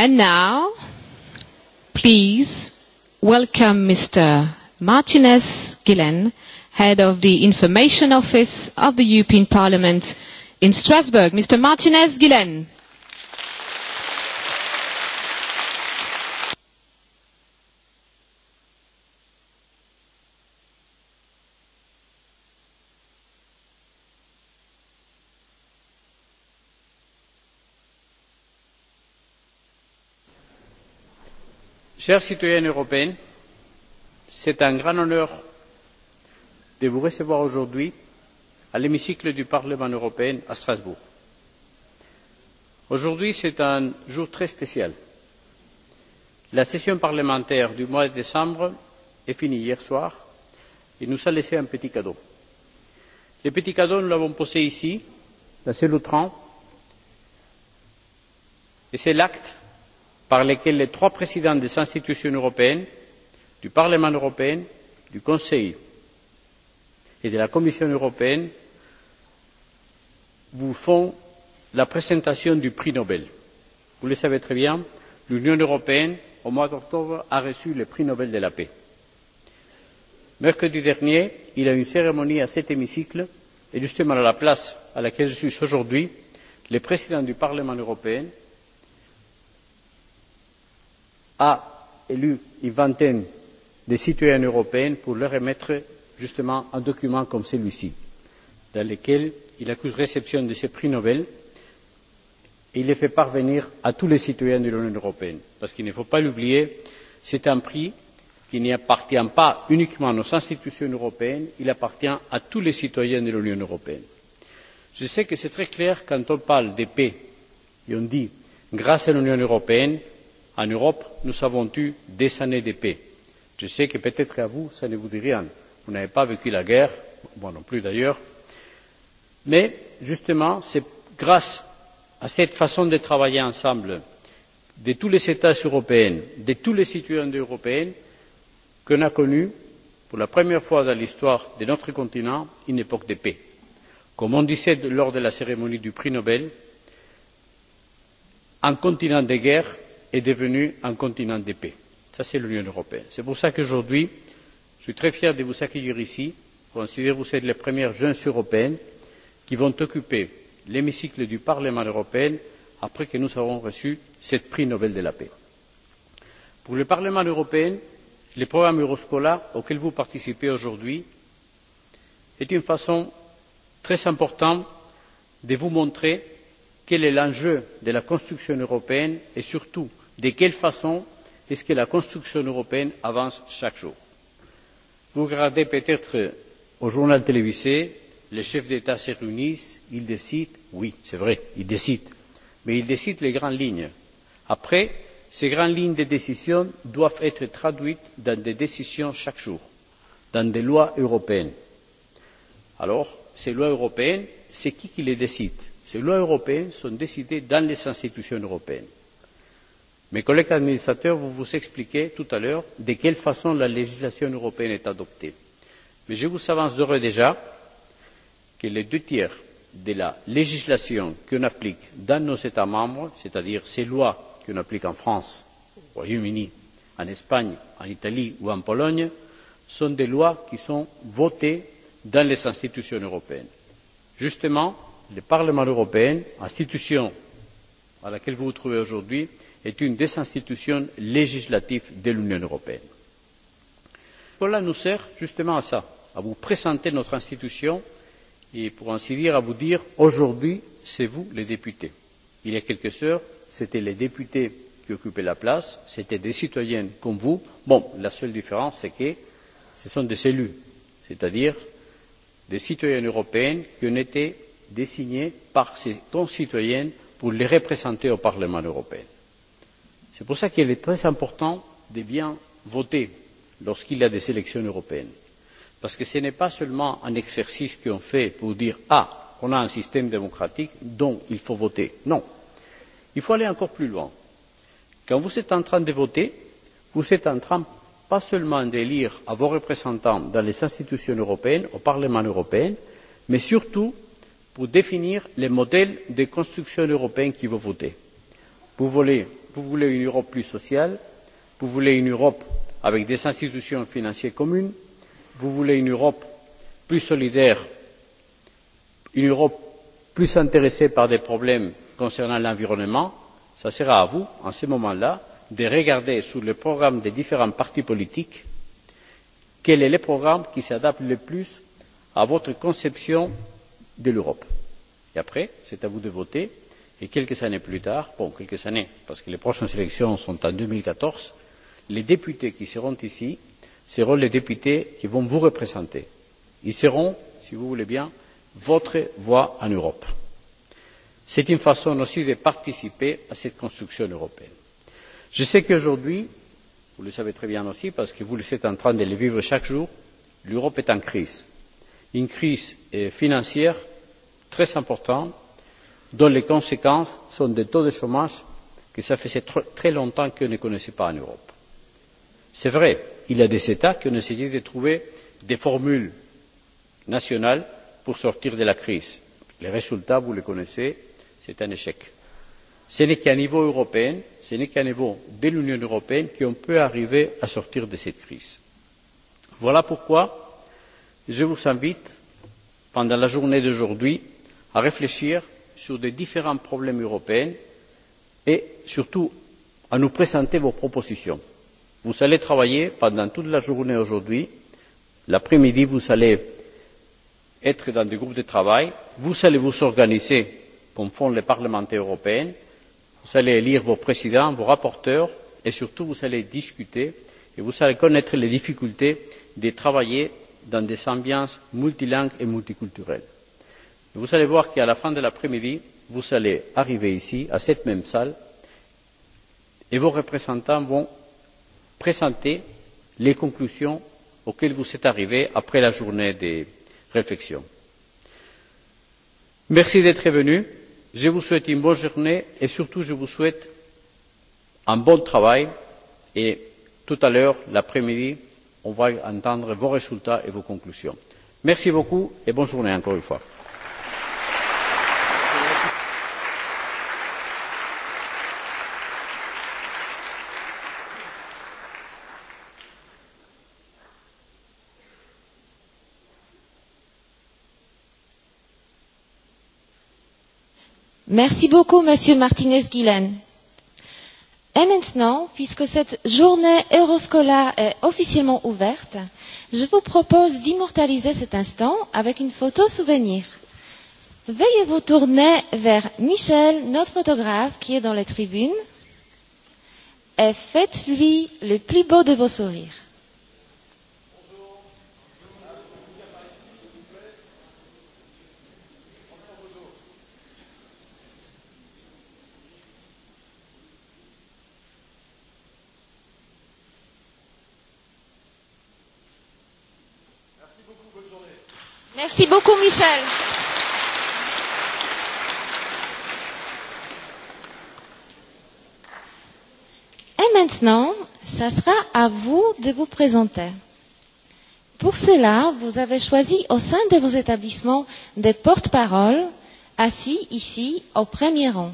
And now, please welcome Mr. Martinez Gillen, Head of the Information Office of the European Parliament in Strasbourg. Mr. Martinez Gillen. Chers citoyens européens, c'est un grand honneur de vous recevoir aujourd'hui à l'hémicycle du Parlement européen à Strasbourg. Aujourd'hui, c'est un jour très spécial. La session parlementaire du mois de décembre est finie hier soir et nous a laissé un petit cadeau. Le petit cadeau, nous l'avons posé ici, dans ce lutrin, et c'est l'acte par lequel les trois présidents des institutions européennes du parlement européen du conseil et de la commission européenne vous font la présentation du prix nobel. vous le savez très bien l'union européenne au mois d'octobre a reçu le prix nobel de la paix. mercredi dernier il y a eu une cérémonie dans cet hémicycle et justement à la place à laquelle je suis aujourd'hui le président du parlement européen a élu une vingtaine de citoyennes européennes pour leur remettre justement un document comme celui ci dans lequel il accuse réception de ce prix nobel et le fait parvenir à tous les citoyens de l'union européenne parce qu'il ne faut pas l'oublier c'est un prix qui n'appartient pas uniquement aux institutions européennes il appartient à tous les citoyens de l'union européenne. je sais que c'est très clair quand on parle de paix et qu'on dit grâce à l'union européenne en europe nous avons eu des années de paix. je sais que peut être à vous cela ne vous dit rien vous n'avez pas vécu la guerre moi non plus d'ailleurs mais justement c'est grâce à cette façon de travailler ensemble de tous les états européens de tous les citoyens européens qu'on a connu pour la première fois dans l'histoire de notre continent une époque de paix. comme on disait lors de la cérémonie du prix nobel un continent en guerre est devenu un continent de paix. Ça, c'est l'Union européenne. C'est pour ça qu'aujourd'hui, je suis très fier de vous accueillir ici. Je considère que vous êtes les premières jeunes européennes qui vont occuper l'hémicycle du Parlement européen après que nous aurons reçu ce prix Nobel de la paix. Pour le Parlement européen, le programme Euroscola auquel vous participez aujourd'hui est une façon très importante de vous montrer quel est l'enjeu de la construction européenne et surtout de quelle façon la construction européenne avance t elle chaque jour? vous regardez peut être le journal télévisé les chefs d'état se réunissent ils décident oui c'est vrai ils décident mais ils décident les grandes lignes. après ces grandes lignes de décision doivent être traduites dans des décisions chaque jour dans des lois européennes. alors ces lois européennes c'est qui qui les décide? ces lois européennes sont décidées dans les institutions européennes mes collègues administrateurs vont vous expliquer tout à l'heure de quelle façon la législation européenne est adoptée mais je vous avance d'ores et déjà que les deux tiers de la législation qu'on applique dans nos états membres c'est à dire ces lois qu'on applique en france au royaume uni en espagne en italie ou en pologne sont des lois qui sont votées dans les institutions européennes. justement le parlement européen institution à laquelle vous vous trouvez aujourd'hui est une des institutions législatives de l'union européenne. hezbollah nous sert justement à cela à vous présenter notre institution et pour ainsi dire à vous dire aujourd'hui c'est vous les députés. il y a quelques heures c'étaient les députés qui occupaient la place c'étaient des citoyens comme vous. la seule différence c'est que ce sont des élus c'est à dire des citoyens européens qui ont été désignés par leurs concitoyens pour les représenter au parlement européen c'est pour cela qu'il est très important de bien voter lorsqu'il y a des élections européennes parce que ce n'est pas seulement un exercice qu'on fait pour dire ah on a un système démocratique donc il faut voter non il faut aller encore plus loin. quand vous êtes en train de voter vous êtes en train pas seulement d'élire vos représentants dans les institutions européennes au parlement européen mais surtout de définir le modèle de construction européenne que vous votez. vous voulez vous voulez une europe plus sociale vous voulez une europe avec des institutions financières communes vous voulez une europe plus solidaire une europe plus intéressée par des problèmes concernant l'environnement ce sera à vous à ce moment là de regarder sur le programme des différents partis politiques quel est le programme qui s'adapte le plus à votre conception de l'europe. et après c'est à vous de voter Et quelques années plus tard, bon, quelques années, parce que les prochaines élections sont en 2014, les députés qui seront ici seront les députés qui vont vous représenter. Ils seront, si vous voulez bien, votre voix en Europe. C'est une façon aussi de participer à cette construction européenne. Je sais qu'aujourd'hui, vous le savez très bien aussi parce que vous êtes en train de le vivre chaque jour, l'Europe est en crise. Une crise euh, financière très importante, dont les conséquences sont des taux de chômage que cela faisait très longtemps qu'on ne connaissait pas en europe. c'est vrai il y a des états qui ont essayé de trouver des formules nationales pour sortir de la crise. les résultats vous les connaissez c'est un échec. ce n'est qu'au niveau européen ce n'est qu'au niveau de l'union européenne qu'on peut arriver à sortir de cette crise. voilà pourquoi je vous invite pendant la journée d'aujourd'hui à réfléchir sur les différents problèmes européens et surtout à nous présenter vos propositions. vous allez travailler pendant toute la journée aujourd'hui l'après midi vous allez être dans des groupes de travail vous allez vous organiser comme font les parlementaires européens vous allez élire vos présidents vos rapporteurs et surtout vous allez discuter et vous allez connaître les difficultés de travailler dans des ambiances multilingues et multiculturelles vous allez voir qu'à la fin de l'après midi vous allez arriver ici à cette même salle et vos représentants vont présenter les conclusions auxquelles vous êtes arrivés après la journée de réflexion. merci d'être venus je vous souhaite une bonne journée et surtout je vous souhaite un bon travail et tout à l'heure l'après midi on va entendre vos résultats et vos conclusions. merci beaucoup et bonne journée encore une fois. Merci beaucoup, Monsieur Martinez-Guilen. Et maintenant, puisque cette journée euroscolaire est officiellement ouverte, je vous propose d'immortaliser cet instant avec une photo souvenir. Veuillez vous tourner vers Michel, notre photographe, qui est dans les tribunes, et faites-lui le plus beau de vos sourires. Merci beaucoup, Michel. Et maintenant, ça sera à vous de vous présenter. Pour cela, vous avez choisi au sein de vos établissements des porte-paroles assis ici au premier rang.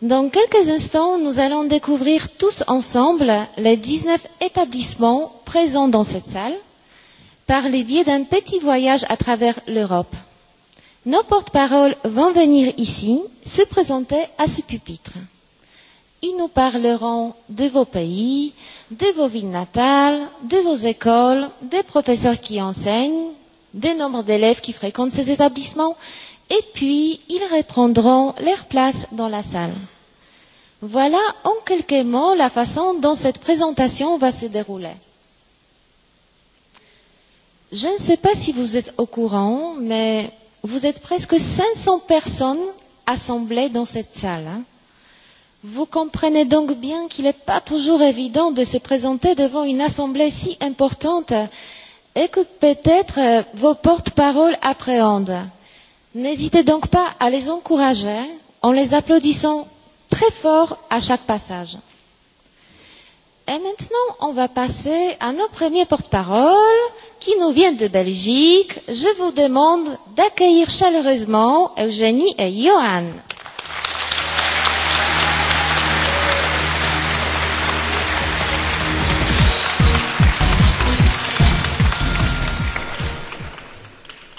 Dans quelques instants, nous allons découvrir tous ensemble les 19 établissements présents dans cette salle par le biais d'un petit voyage à travers l'Europe. Nos porte-paroles vont venir ici se présenter à ce pupitre. Ils nous parleront de vos pays, de vos villes natales, de vos écoles, des professeurs qui enseignent, des nombres d'élèves qui fréquentent ces établissements, et puis ils reprendront leur place dans la salle. Voilà en quelques mots la façon dont cette présentation va se dérouler. Je ne sais pas si vous êtes au courant, mais vous êtes presque 500 personnes assemblées dans cette salle. Vous comprenez donc bien qu'il n'est pas toujours évident de se présenter devant une assemblée si importante et que peut-être euh, vos porte-paroles appréhendent. N'hésitez donc pas à les encourager en les applaudissant très fort à chaque passage. Et maintenant, on va passer à nos premiers porte-parole qui nous viennent de Belgique. Je vous demande d'accueillir chaleureusement Eugénie et Johan.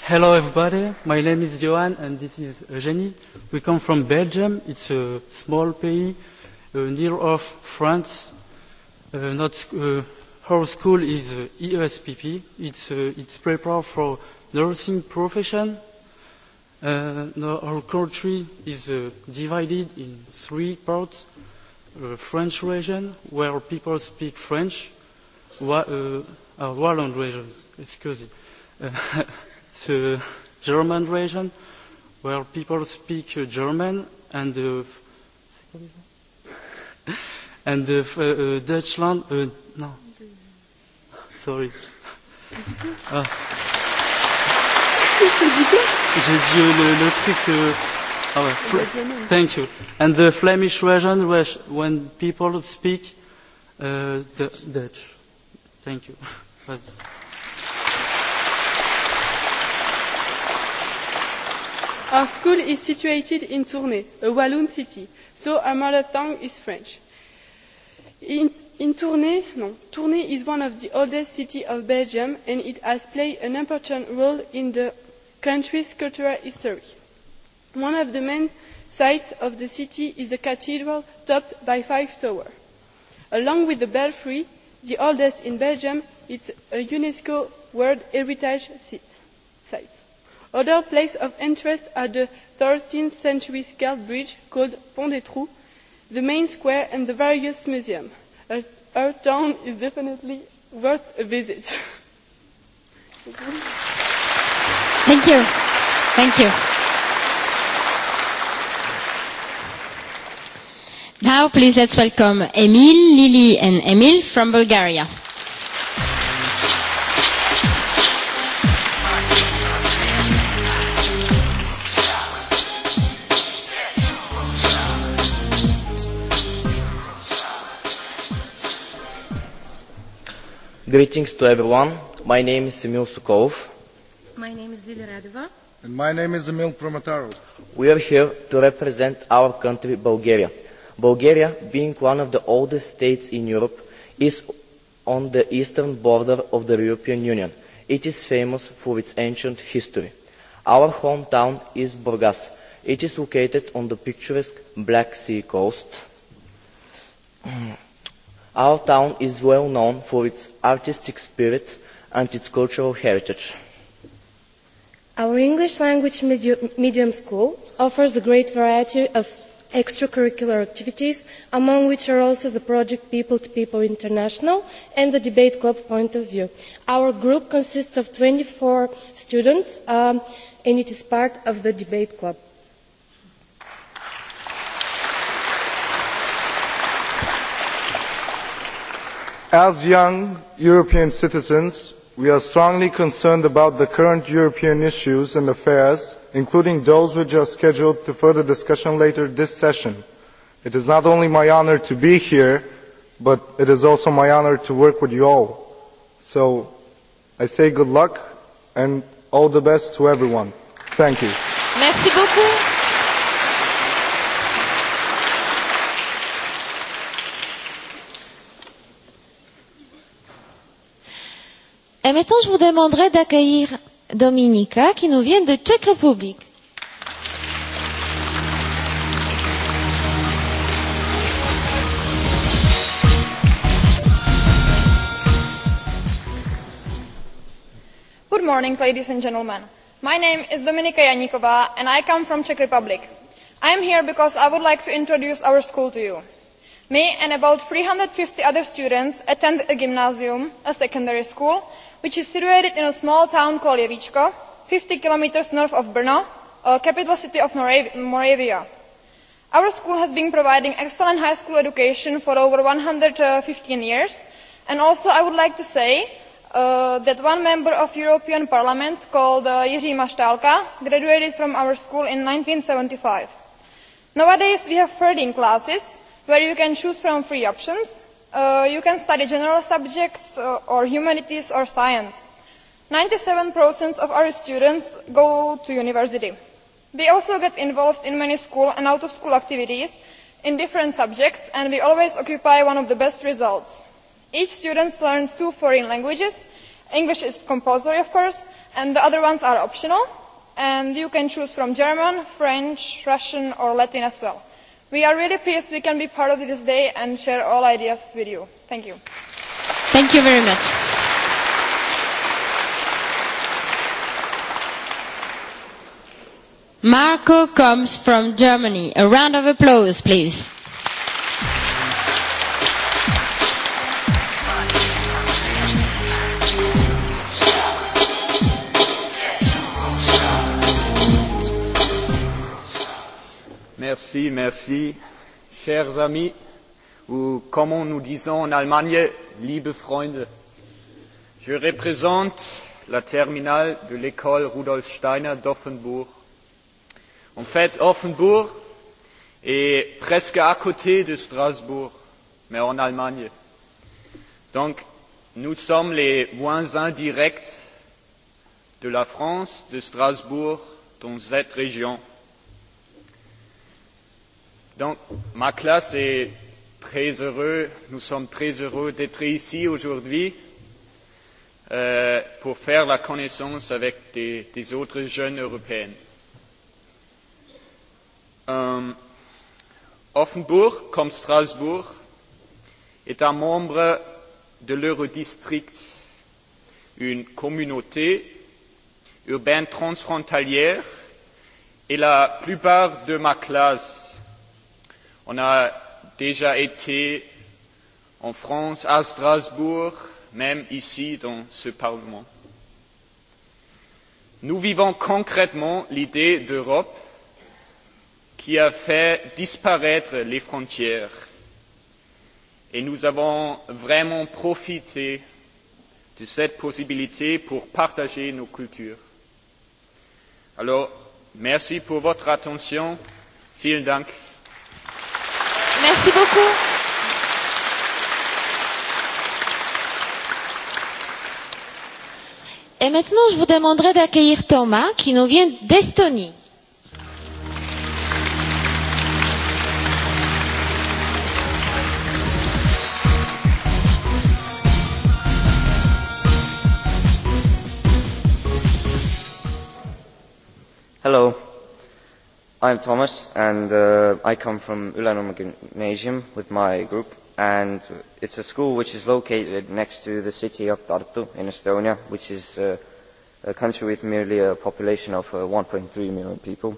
Hello everybody, my name is Johan and this is Eugénie. We come from Belgium, it's a small pays uh, near of France Uh, not, uh, her school is uh, ESPP. It's, uh, it's prepared for nursing profession. Uh, no, our country is uh, divided in three parts. Uh, French region, where people speak French, wa uh, uh, Wallon region, excuse me. Uh, the German region, where people speak uh, German, and uh, En de, uh, uh Duitsland. Uh, no. Sorry. Ah. J'ai dit euh, le, le truc. Euh, ah ouais, Fl thank you. And the Flemish version, when people speak uh, the Dutch. Thank you. Our school is situated in Tournai, a Walloon city, so our mother tongue is French In, in Tournai, no, Tournai is one of the oldest cities of Belgium and it has played an important role in the country's cultural history. One of the main sights of the city is the cathedral topped by five towers. Along with the belfry, the oldest in Belgium, it's a UNESCO World Heritage Site. Other places of interest are the 13th century scaled bridge called Pont des Trous the main square and the various museums. Our, our town is definitely worth a visit. Thank you. Thank you. Now, please let's welcome Emil, Lily, and Emil from Bulgaria. Greetings to everyone. My name is Emil Sukolov. My name is Lili Radeva. And my name is Emil Promatarov. We are here to represent our country, Bulgaria. Bulgaria, being one of the oldest states in Europe, is on the eastern border of the European Union. It is famous for its ancient history. Our hometown is Burgas. It is located on the picturesque Black Sea coast. Our town is well known for its artistic spirit and its cultural heritage. Our English language medium, medium school offers a great variety of extracurricular activities, among which are also the project People to People International and the Debate Club Point of View. Our group consists of 24 students um, and it is part of the Debate Club. as young european citizens we are strongly concerned about the current european issues and affairs including those which are scheduled for further discussion later this session. it is not only my honour to be here but it is also my honour to work with you all so i say good luck and all the best to everyone. thank you. Et eh, maintenant, je vous demanderai d'accueillir Dominika, qui nous vient de Tchèque République. Good morning, ladies and gentlemen. My name is Dominika Janikova, and I come from Czech Republic. I am here because I would like to introduce our school to you me and about three hundred and fifty other students attend a gymnasium a secondary school which is situated in a small town called jeviko fifty kilometres north of brno the capital city of moravia. our school has been providing excellent high school education for over one hundred and fifteen years and also i would like to say uh, that one member of the european parliament called uh, jiří maštálka graduated from our school in. one thousand nine hundred and seventy five nowadays we have thirteen classes where you can choose from three options. Uh, you can study general subjects uh, or humanities or science. 97% of our students go to university. We also get involved in many school and out of school activities in different subjects and we always occupy one of the best results. Each student learns two foreign languages. English is compulsory of course and the other ones are optional and you can choose from German, French, Russian or Latin as well we are really pleased we can be part of this day and share all ideas with you. Thank you. Thank you very much. Marco comes from Germany. A round of applause, please. Merci, merci. Chers amis, ou comment nous disons en Allemagne, liebe Freunde, je représente la terminale de l'école Rudolf Steiner d'Offenbourg. En fait, Offenbourg est presque à côté de Strasbourg, mais en Allemagne. Donc, nous sommes les voisins directs de la France, de Strasbourg, dans cette région. Donc, ma classe est très heureux, nous sommes très heureux d'être ici aujourd'hui euh, pour faire la connaissance avec des, des autres jeunes européennes. Euh, Offenbourg, comme Strasbourg, est un membre de l'Eurodistrict, une communauté urbaine transfrontalière, et la plupart de ma classe On a déjà été en France, à Strasbourg, même ici dans ce Parlement. Nous vivons concrètement l'idée d'Europe qui a fait disparaître les frontières et nous avons vraiment profité de cette possibilité pour partager nos cultures. Alors, merci pour votre attention. Vielen Dank. Merci beaucoup. Et maintenant, je vous demanderai d'accueillir Thomas, qui nous vient d'Estonie. Hello. I'm Thomas, and uh, I come from Ulanum Gymnasium with my group, and it's a school which is located next to the city of Tartu in Estonia, which is uh, a country with merely a population of uh, 1.3 million people.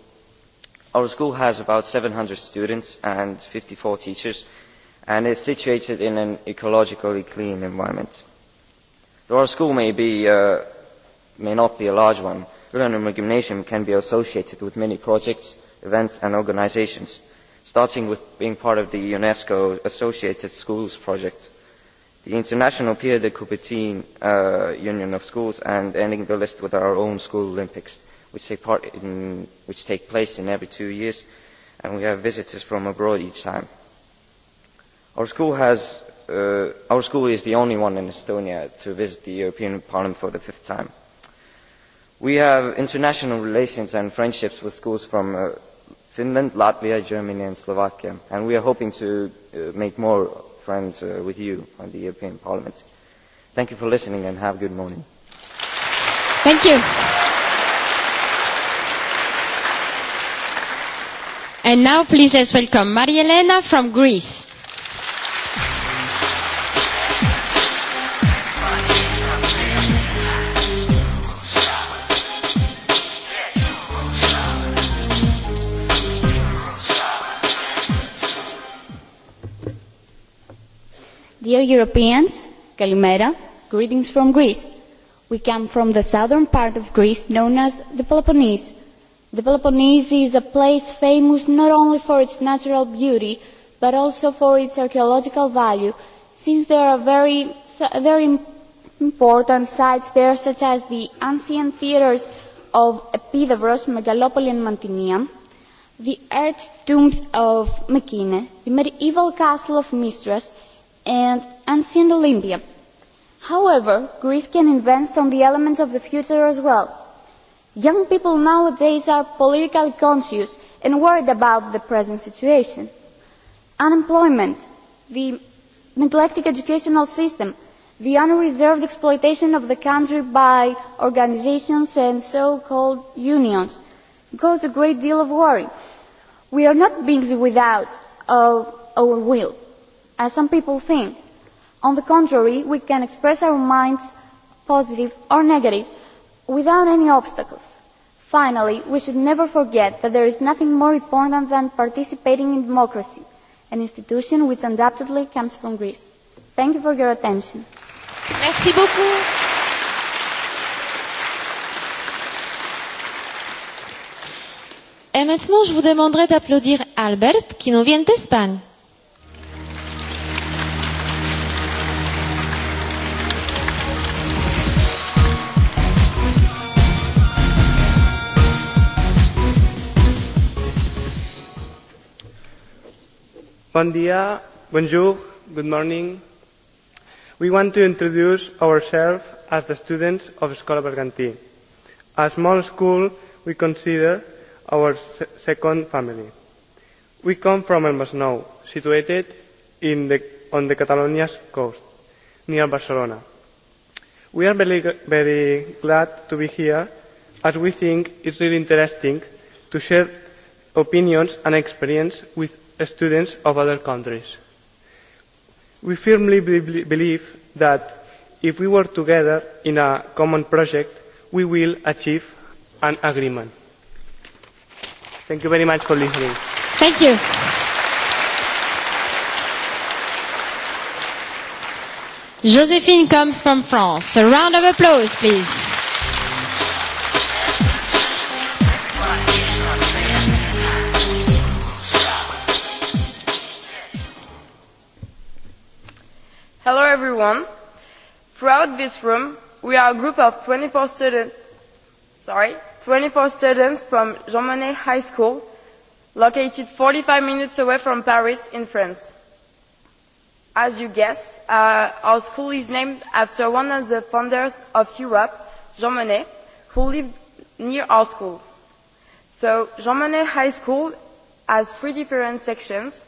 Our school has about 700 students and 54 teachers, and is situated in an ecologically clean environment. Though our school may, be, uh, may not be a large one, Ulanum Gymnasium can be associated with many projects events and organisations starting with being part of the unesco associated schools project the international pierre de coubertin uh, union of schools and ending the list with our own school olympics which take, part in, which take place in every two years and we have visitors from abroad each time. Our school, has, uh, our school is the only one in Estonia to visit the European Parliament for the fifth time. We have international relations and friendships with schools from uh, Finland, Latvia, Germany and Slovakia. And we are hoping to uh, make more friends uh, with you on the European Parliament. Thank you for listening and have a good morning. Thank you. And now please let's welcome Marielena from Greece. Dear Europeans, Kalimera, greetings from Greece. We come from the southern part of Greece known as the Peloponnese. The Peloponnese is a place famous not only for its natural beauty, but also for its archaeological value, since there are very, very important sites there, such as the ancient theatres of Epidavros, Megalopoli and Mantinea, the earth tombs of Mykene, the medieval castle of Mistras, and ancient Olympia. However, Greece can invest on the elements of the future as well. Young people nowadays are politically conscious and worried about the present situation. Unemployment, the neglected educational system, the unreserved exploitation of the country by organizations and so-called unions cause a great deal of worry. We are not beings without uh, our will as some people think. On the contrary, we can express our minds, positive or negative, without any obstacles. Finally, we should never forget that there is nothing more important than participating in democracy, an institution which undoubtedly comes from Greece. Thank you for your attention. Merci beaucoup. Et maintenant, je vous demanderai d'applaudir Albert qui nous vient d'Espagne. Bon dia, bonjour, good morning. We want to introduce ourselves as the students of Escola Bergantí. A small school we consider our se second family. We come from El Masnou, situated in the, on the Catalonia's coast, near Barcelona. We are very, very glad to be here, as we think it's really interesting to share opinions and experience with students of other countries. We firmly be believe that if we work together in a common project, we will achieve an agreement. Thank you very much for listening. Thank you. Josephine comes from France. A round of applause, please. Hello everyone. Throughout this room, we are a group of 24 students, sorry, 24 students from Jean Monnet High School, located 45 minutes away from Paris in France. As you guess, uh, our school is named after one of the founders of Europe, Jean Monnet, who lived near our school. So Jean Monnet High School has three different sections,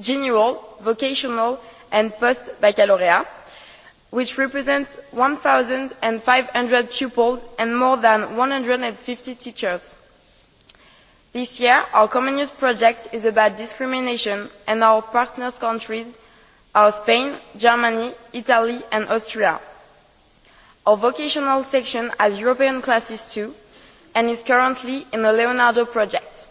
general, vocational, and post baccalaureate, which represents 1,500 pupils and more than 150 teachers. This year, our common use project is about discrimination, and our partners' countries are Spain, Germany, Italy, and Austria. Our vocational section has European classes too, and is currently in the Leonardo project.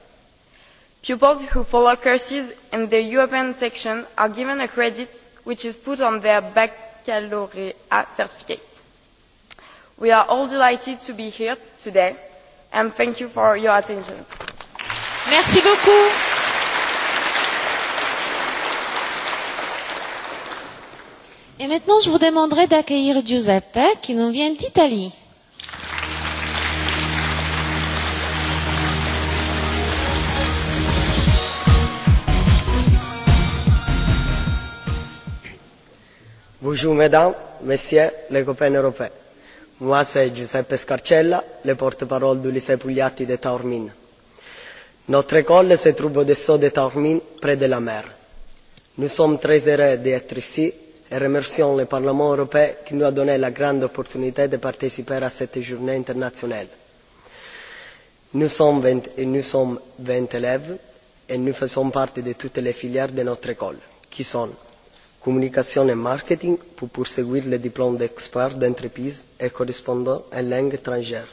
Pupils who follow courses in the European section are given a credit which is put on their baccalaureate uh, certificate. We are all delighted to be here today and thank you for your attention. Merci beaucoup. Et maintenant, je vous demanderai d'accueillir Giuseppe qui nous vient d'Italie. Bonjour mesdames, messieurs, les copains européens. Moi, c'est Giuseppe Scarcella, le porte-parole du lycée Pugliatti de Taormine. Notre école se trouve au-dessous de Taormine, près de la mer. Nous sommes très heureux d'être ici et remercions le Parlement européen qui nous a donné la grande opportunité de participer à cette journée internationale. Nous sommes 20, nous sommes 20 élèves et nous faisons partie de toutes les filières de notre école, qui sont communication et marketing pour poursuivre le diplôme d'expert d'entreprise et correspondant en langue étrangère,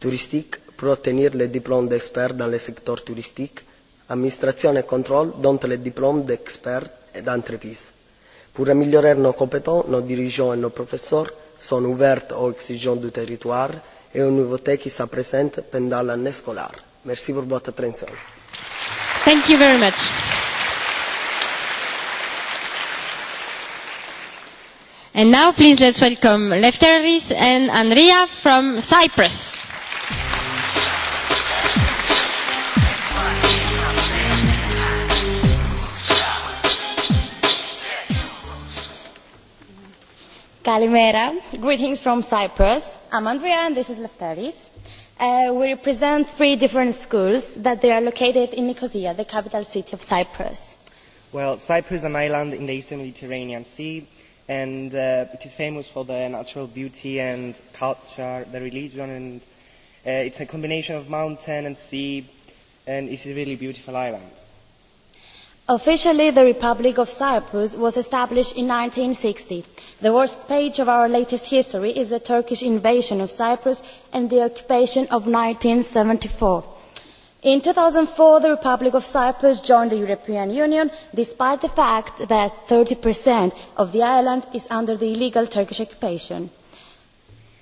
touristique pour obtenir le diplôme d'expert dans le secteur touristique, administration et contrôle dont le diplôme d'expert d'entreprise. Pour améliorer nos compétences, nos dirigeants et nos professeurs sont ouverts aux exigences du territoire et aux nouveautés qui se présentent pendant l'année scolaire. Merci pour votre attention. Thank you very much. And now please let's welcome Lefteris and Andrea from Cyprus. Kalimera. Greetings from Cyprus. I'm Andrea and this is Lefteris. Uh, we represent three different schools that they are located in Nicosia, the capital city of Cyprus. Well, Cyprus is an island in the eastern Mediterranean Sea and uh, it is famous for the natural beauty and culture, the religion, and uh, it's a combination of mountain and sea, and it's a really beautiful island. Officially, the Republic of Cyprus was established in 1960. The worst page of our latest history is the Turkish invasion of Cyprus and the occupation of 1974 In 2004, the Republic of Cyprus joined the European Union despite the fact that 30% of the island is under the illegal Turkish occupation.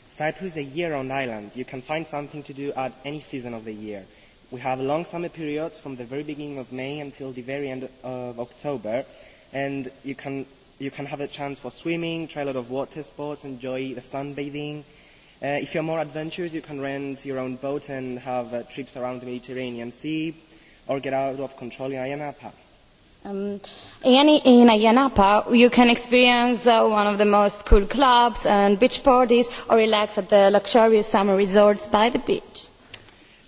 Cyprus is a year-round island. You can find something to do at any season of the year. We have long summer periods from the very beginning of May until the very end of October, and you can, you can have a chance for swimming, try a lot of water sports, enjoy the sunbathing, Uh, if you're more adventurous, you can rent your own boat and have uh, trips around the Mediterranean Sea or get out of control in Ayia Napa. Um, in, in Ayia Napa, you can experience uh, one of the most cool clubs and beach parties or relax at the luxurious summer resorts by the beach.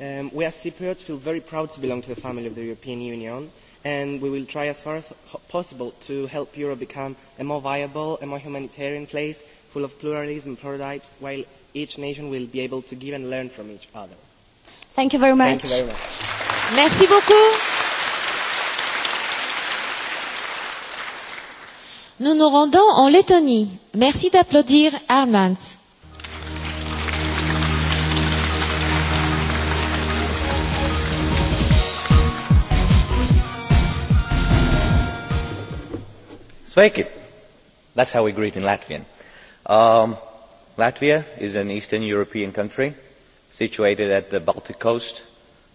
Um, we as Cypriots feel very proud to belong to the family of the European Union and we will try as far as possible to help Europe become a more viable, a more humanitarian place full of pluralism, prototypes, while each nation will be able to give and learn from each other. Thank you very much. Thank you very much. Merci beaucoup. Nous nous rendons en Lettonie. Merci d'applaudir Armand. Sveiki! That's how we greet in Latvian. Um, latvia is an eastern european country situated at the baltic coast,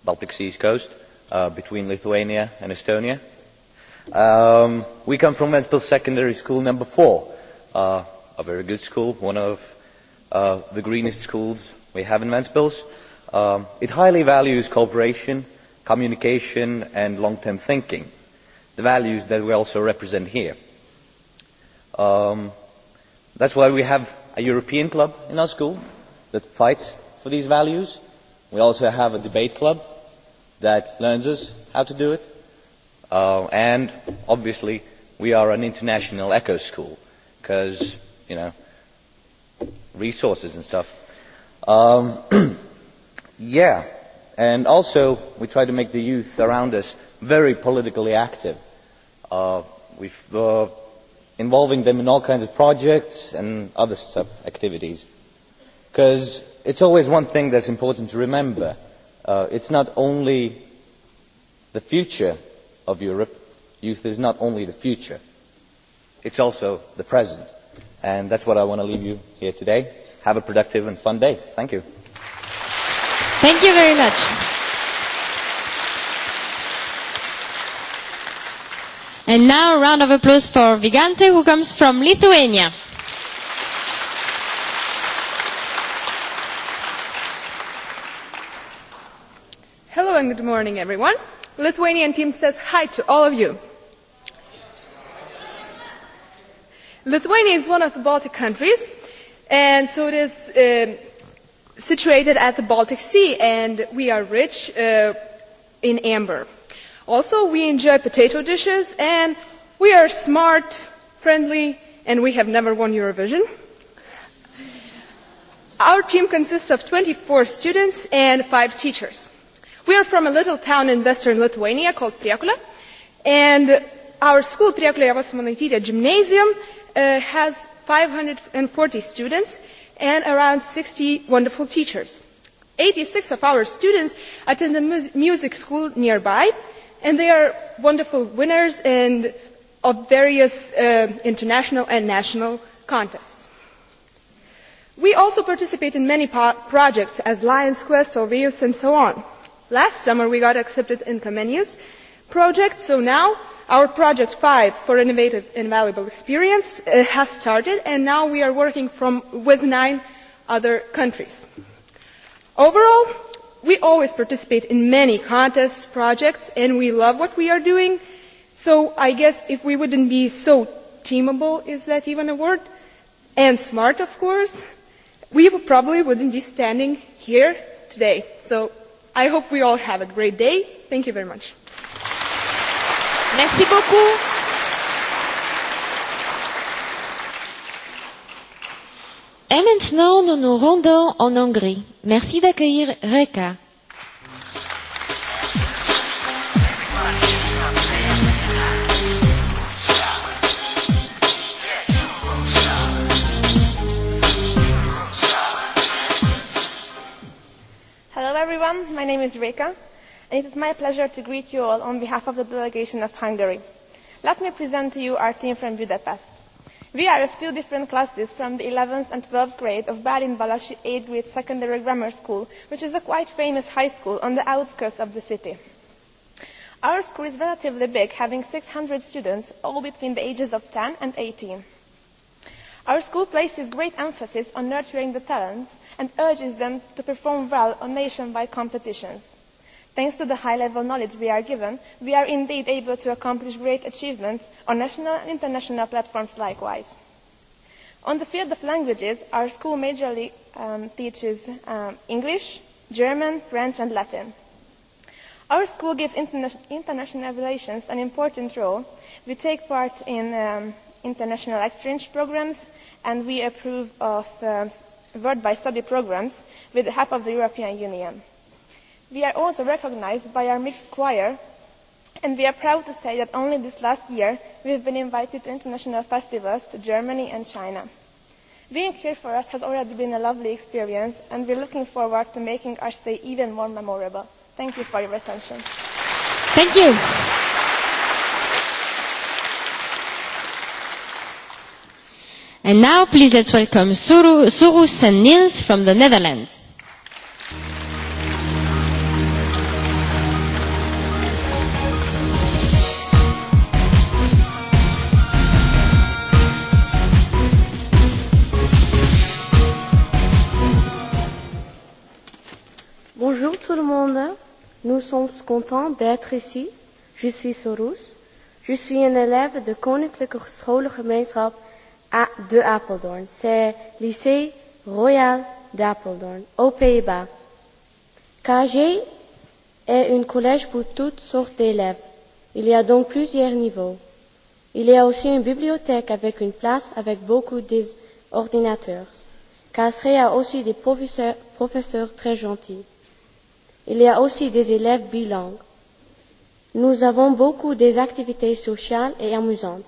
baltic sea's coast, uh, between lithuania and estonia. Um, we come from Ventspils Secondary School number four, uh, a very good school, one of uh, the greenest schools we have in Ventspils. Um, it highly values cooperation, communication, and long-term thinking, the values that we also represent here. Um, that's why we have a European club in our school that fights for these values. We also have a debate club that learns us how to do it. Uh, and obviously, we are an international eco school because, you know, resources and stuff. Um, yeah. And also, we try to make the youth around us very politically active. Uh, we've uh, involving them in all kinds of projects and other stuff, activities. Because it's always one thing that's important to remember. Uh, it's not only the future of Europe. Youth is not only the future. It's also the present. And that's what I want to leave you here today. Have a productive and fun day. Thank you. Thank you very much. And now a round of applause for Vigante who comes from Lithuania. Hello and good morning everyone. Lithuanian team says hi to all of you. Lithuania is one of the Baltic countries and so it is uh, situated at the Baltic Sea and we are rich uh, in amber. Also, we enjoy potato dishes and we are smart, friendly, and we have never won Eurovision. Our team consists of 24 students and 5 teachers. We are from a little town in western Lithuania called Priakula, and our school, Priakula Javasmanaitytė Gymnasium, uh, has 540 students and around 60 wonderful teachers. 86 of our students attend a music school nearby, and they are wonderful winners in, of various uh, international and national contests. We also participate in many po- projects as Lions Quest, Orbeus, and so on. Last summer we got accepted in Comenius project, so now our project 5 for innovative and valuable experience uh, has started and now we are working from, with nine other countries. Overall, we always participate in many contests, projects, and we love what we are doing. So I guess if we wouldn't be so teamable, is that even a word? And smart, of course, we probably wouldn't be standing here today. So I hope we all have a great day. Thank you very much. Merci beaucoup. Et maintenant, nous nous rendons en Hongrie. Merci d'accueillir Reka. Hello everyone, my name is Reka, and it is my pleasure to greet you all on behalf of the delegation of Hungary. Let me present to you our team from Budapest we are of two different classes from the eleventh and twelfth grade of balin balai eighth grade secondary grammar school which is a quite famous high school on the outskirts of the city. our school is relatively big having six hundred students all between the ages of ten and. eighteen our school places great emphasis on nurturing the talents and urges them to perform well on nationwide competitions thanks to the high level knowledge we are given we are indeed able to accomplish great achievements on national and international platforms likewise. on the field of languages our school majorly um, teaches um, english german french and latin. our school gives interna- international relations an important role. we take part in um, international exchange programs and we approve of um, worldwide study programs with the help of the european union we are also recognised by our mixed choir and we are proud to say that only this last year we have been invited to international festivals to germany and china. being here for us has already been a lovely experience and we are looking forward to making our stay even more memorable. thank you for your attention. thank you. And now please let's welcome Soros and Niels from the Netherlands. Bonjour tout le monde. Nous sommes contents d'être ici. Je suis Sorous. Je suis un élève de Koninklijke Scholengemeenschap de Apeldoorn. C'est lycée royal d'Apeldoorn, aux Pays-Bas. KG est un collège pour toutes sortes d'élèves. Il y a donc plusieurs niveaux. Il y a aussi une bibliothèque avec une place avec beaucoup d'ordinateurs. Casseré a aussi des professeurs, professeurs très gentils. Il y a aussi des élèves bilingues. Nous avons beaucoup des activités sociales et amusantes.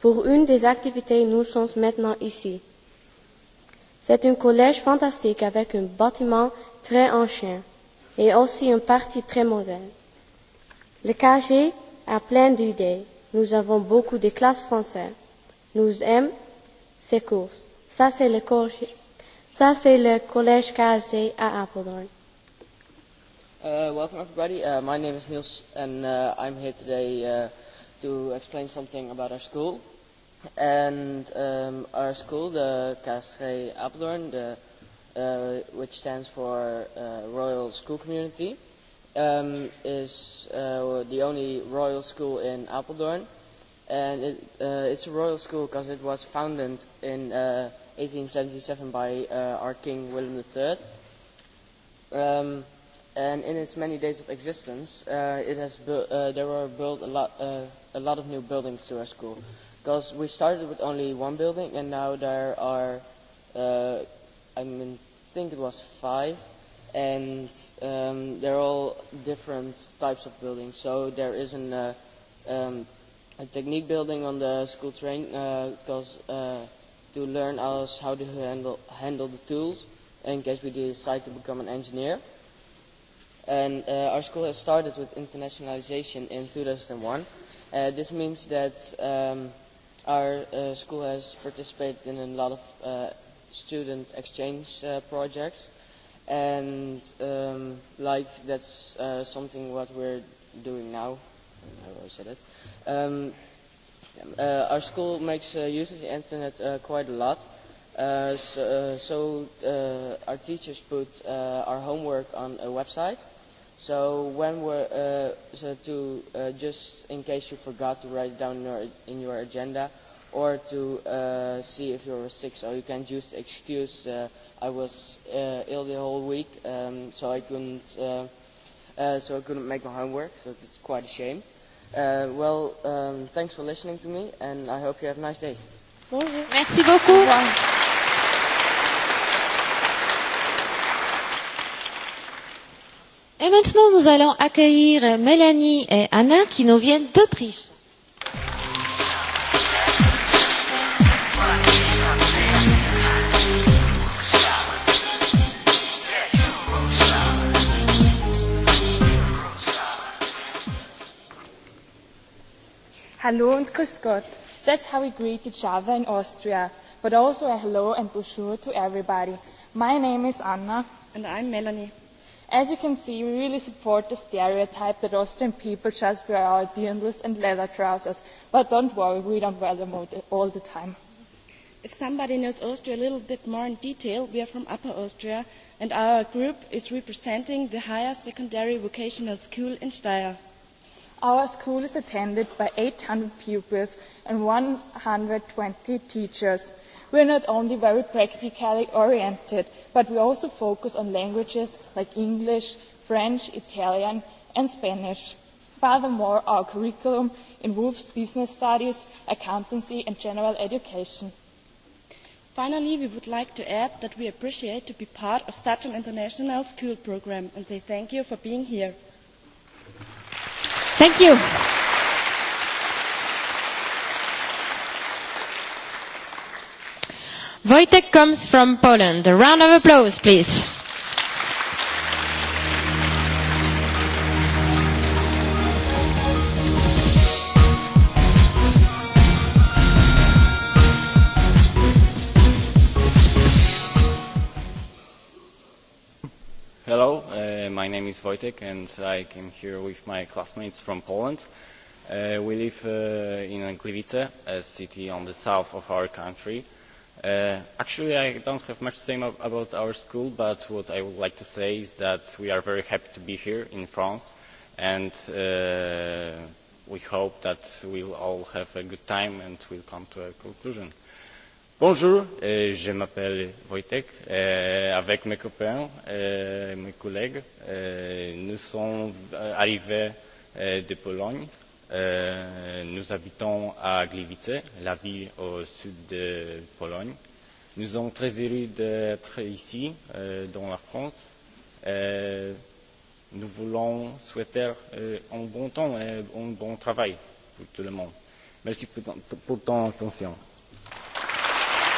Pour une des activités, nous sommes maintenant ici. C'est un collège fantastique avec un bâtiment très ancien et aussi un parti très moderne. Le KG a plein d'idées. Nous avons beaucoup de classes françaises. Nous aimons ces courses. Ça, c'est le, collège, ça, c'est le collège KG à Apeldoorn. Uh, welcome, everybody. Uh, my name is Niels, and uh, I'm here today uh, to explain something about our school. And um, our school, the KSG Apeldoorn, the, uh, which stands for uh, Royal School Community, um, is uh, the only royal school in Apeldoorn. And it, uh, it's a royal school because it was founded in uh, 1877 by uh, our King Willem III. Um, and in its many days of existence, uh, it has bu- uh, there were built a lot, uh, a lot of new buildings to our school. Because we started with only one building, and now there are, uh, I mean, think it was five, and um, they're all different types of buildings. So there is an, uh, um, a technique building on the school train, because uh, uh, to learn us how to handle, handle the tools in case we decide to become an engineer. And uh, our school has started with internationalization in 2001. Uh, this means that um, our uh, school has participated in a lot of uh, student exchange uh, projects. And um, like that's uh, something what we're doing now. I said it. Um, uh, our school makes uh, use of the internet uh, quite a lot. Uh, so uh, so uh, our teachers put uh, our homework on a website So when we're, uh, so to uh, just in case you forgot to write it down in your, in your agenda, or to uh, see if you're sick, so you can just excuse uh, I was uh, ill the whole week, um, so I couldn't, uh, uh, so I couldn't make my homework. So it's quite a shame. Uh, well, um, thanks for listening to me, and I hope you have a nice day. Bonjour. Merci beaucoup. Au revoir. Et maintenant, nous allons accueillir Mélanie et Anna qui nous viennent d'Autriche. Hallo und grüß Gott. That's how we greet each other in Austria, but also a hello and bonjour to everybody. My name is Anna. And I'm Melanie. As you can see, we really support the stereotype that Austrian people just wear our dirndls and leather trousers. But don't worry, we don't wear them all the, all the time. If somebody knows Austria a little bit more in detail, we are from Upper Austria, and our group is representing the higher secondary vocational school in Steyr. Our school is attended by 800 pupils and 120 teachers we are not only very practically oriented but we also focus on languages like english french italian and spanish. furthermore our curriculum involves business studies accountancy and general education. finally we would like to add that we appreciate being part of such an international school programme and say thank you for being here. thank you. Wojtek comes from Poland. A round of applause, please. Hello, uh, my name is Wojtek and I came here with my classmates from Poland. Uh, we live uh, in Gliwice, a city on the south of our country Uh, actually, I don't have much to say about our school, but what I would like to say is that we are very happy to be here in France, and uh, we hope that we'll all have a good time and we'll come to a conclusion. Bonjour, euh, je m'appelle Wojtek, euh, avec mes copains, euh, mes collègues. Euh, nous sommes uh, arrivés euh, de Pologne. Euh, Euh, nous habitons à Gliwice, la ville au sud de Pologne. Nous sommes très heureux d'être ici, euh, dans la France. Euh, nous voulons souhaiter euh, un bon temps et un bon travail pour tout le monde. Merci pour, pour ton attention.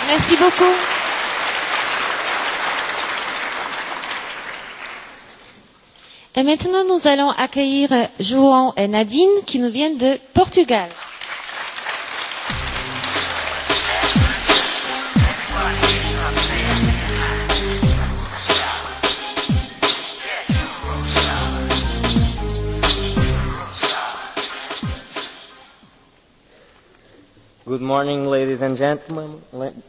Merci beaucoup. Et maintenant, nous allons accueillir João et Nadine qui nous viennent de Portugal. Good morning, ladies and gentlemen.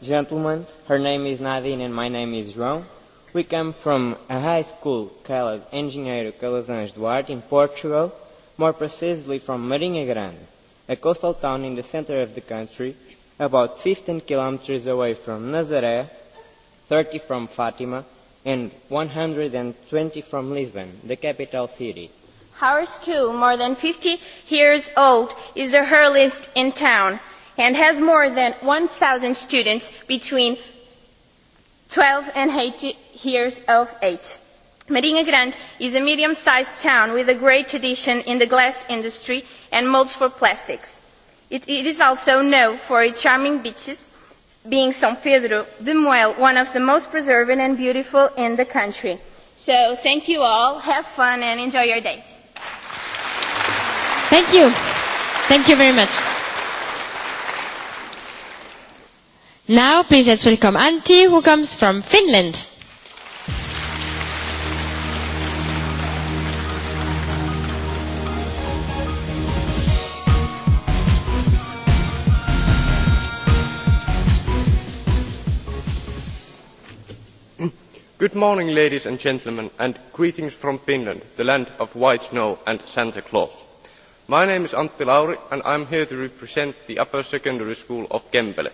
gentlemen. Her name is Nadine and my name is João. We come from a high school called Engenheiro Calazans Duarte in Portugal, more precisely from Marinha Grande, a coastal town in the center of the country, about 15 kilometers away from Nazaré, 30 from Fatima, and 120 from Lisbon, the capital city. Our school, more than 50 years old, is the earliest in town and has more than 1,000 students between 12 and 80 years of age. Medina Grande is a medium-sized town with a great tradition in the glass industry and molds for plastics. It, it is also known for its charming beaches, being São Pedro de Moel, one of the most preserved and beautiful in the country. So thank you all, have fun and enjoy your day. Thank you. Thank you very much. Now please let's welcome Antti who comes from Finland. Good morning, ladies and gentlemen, and greetings from Finland, the land of white snow and Santa Claus. My name is Antti Lauri, and I'm here to represent the upper secondary school of Kempele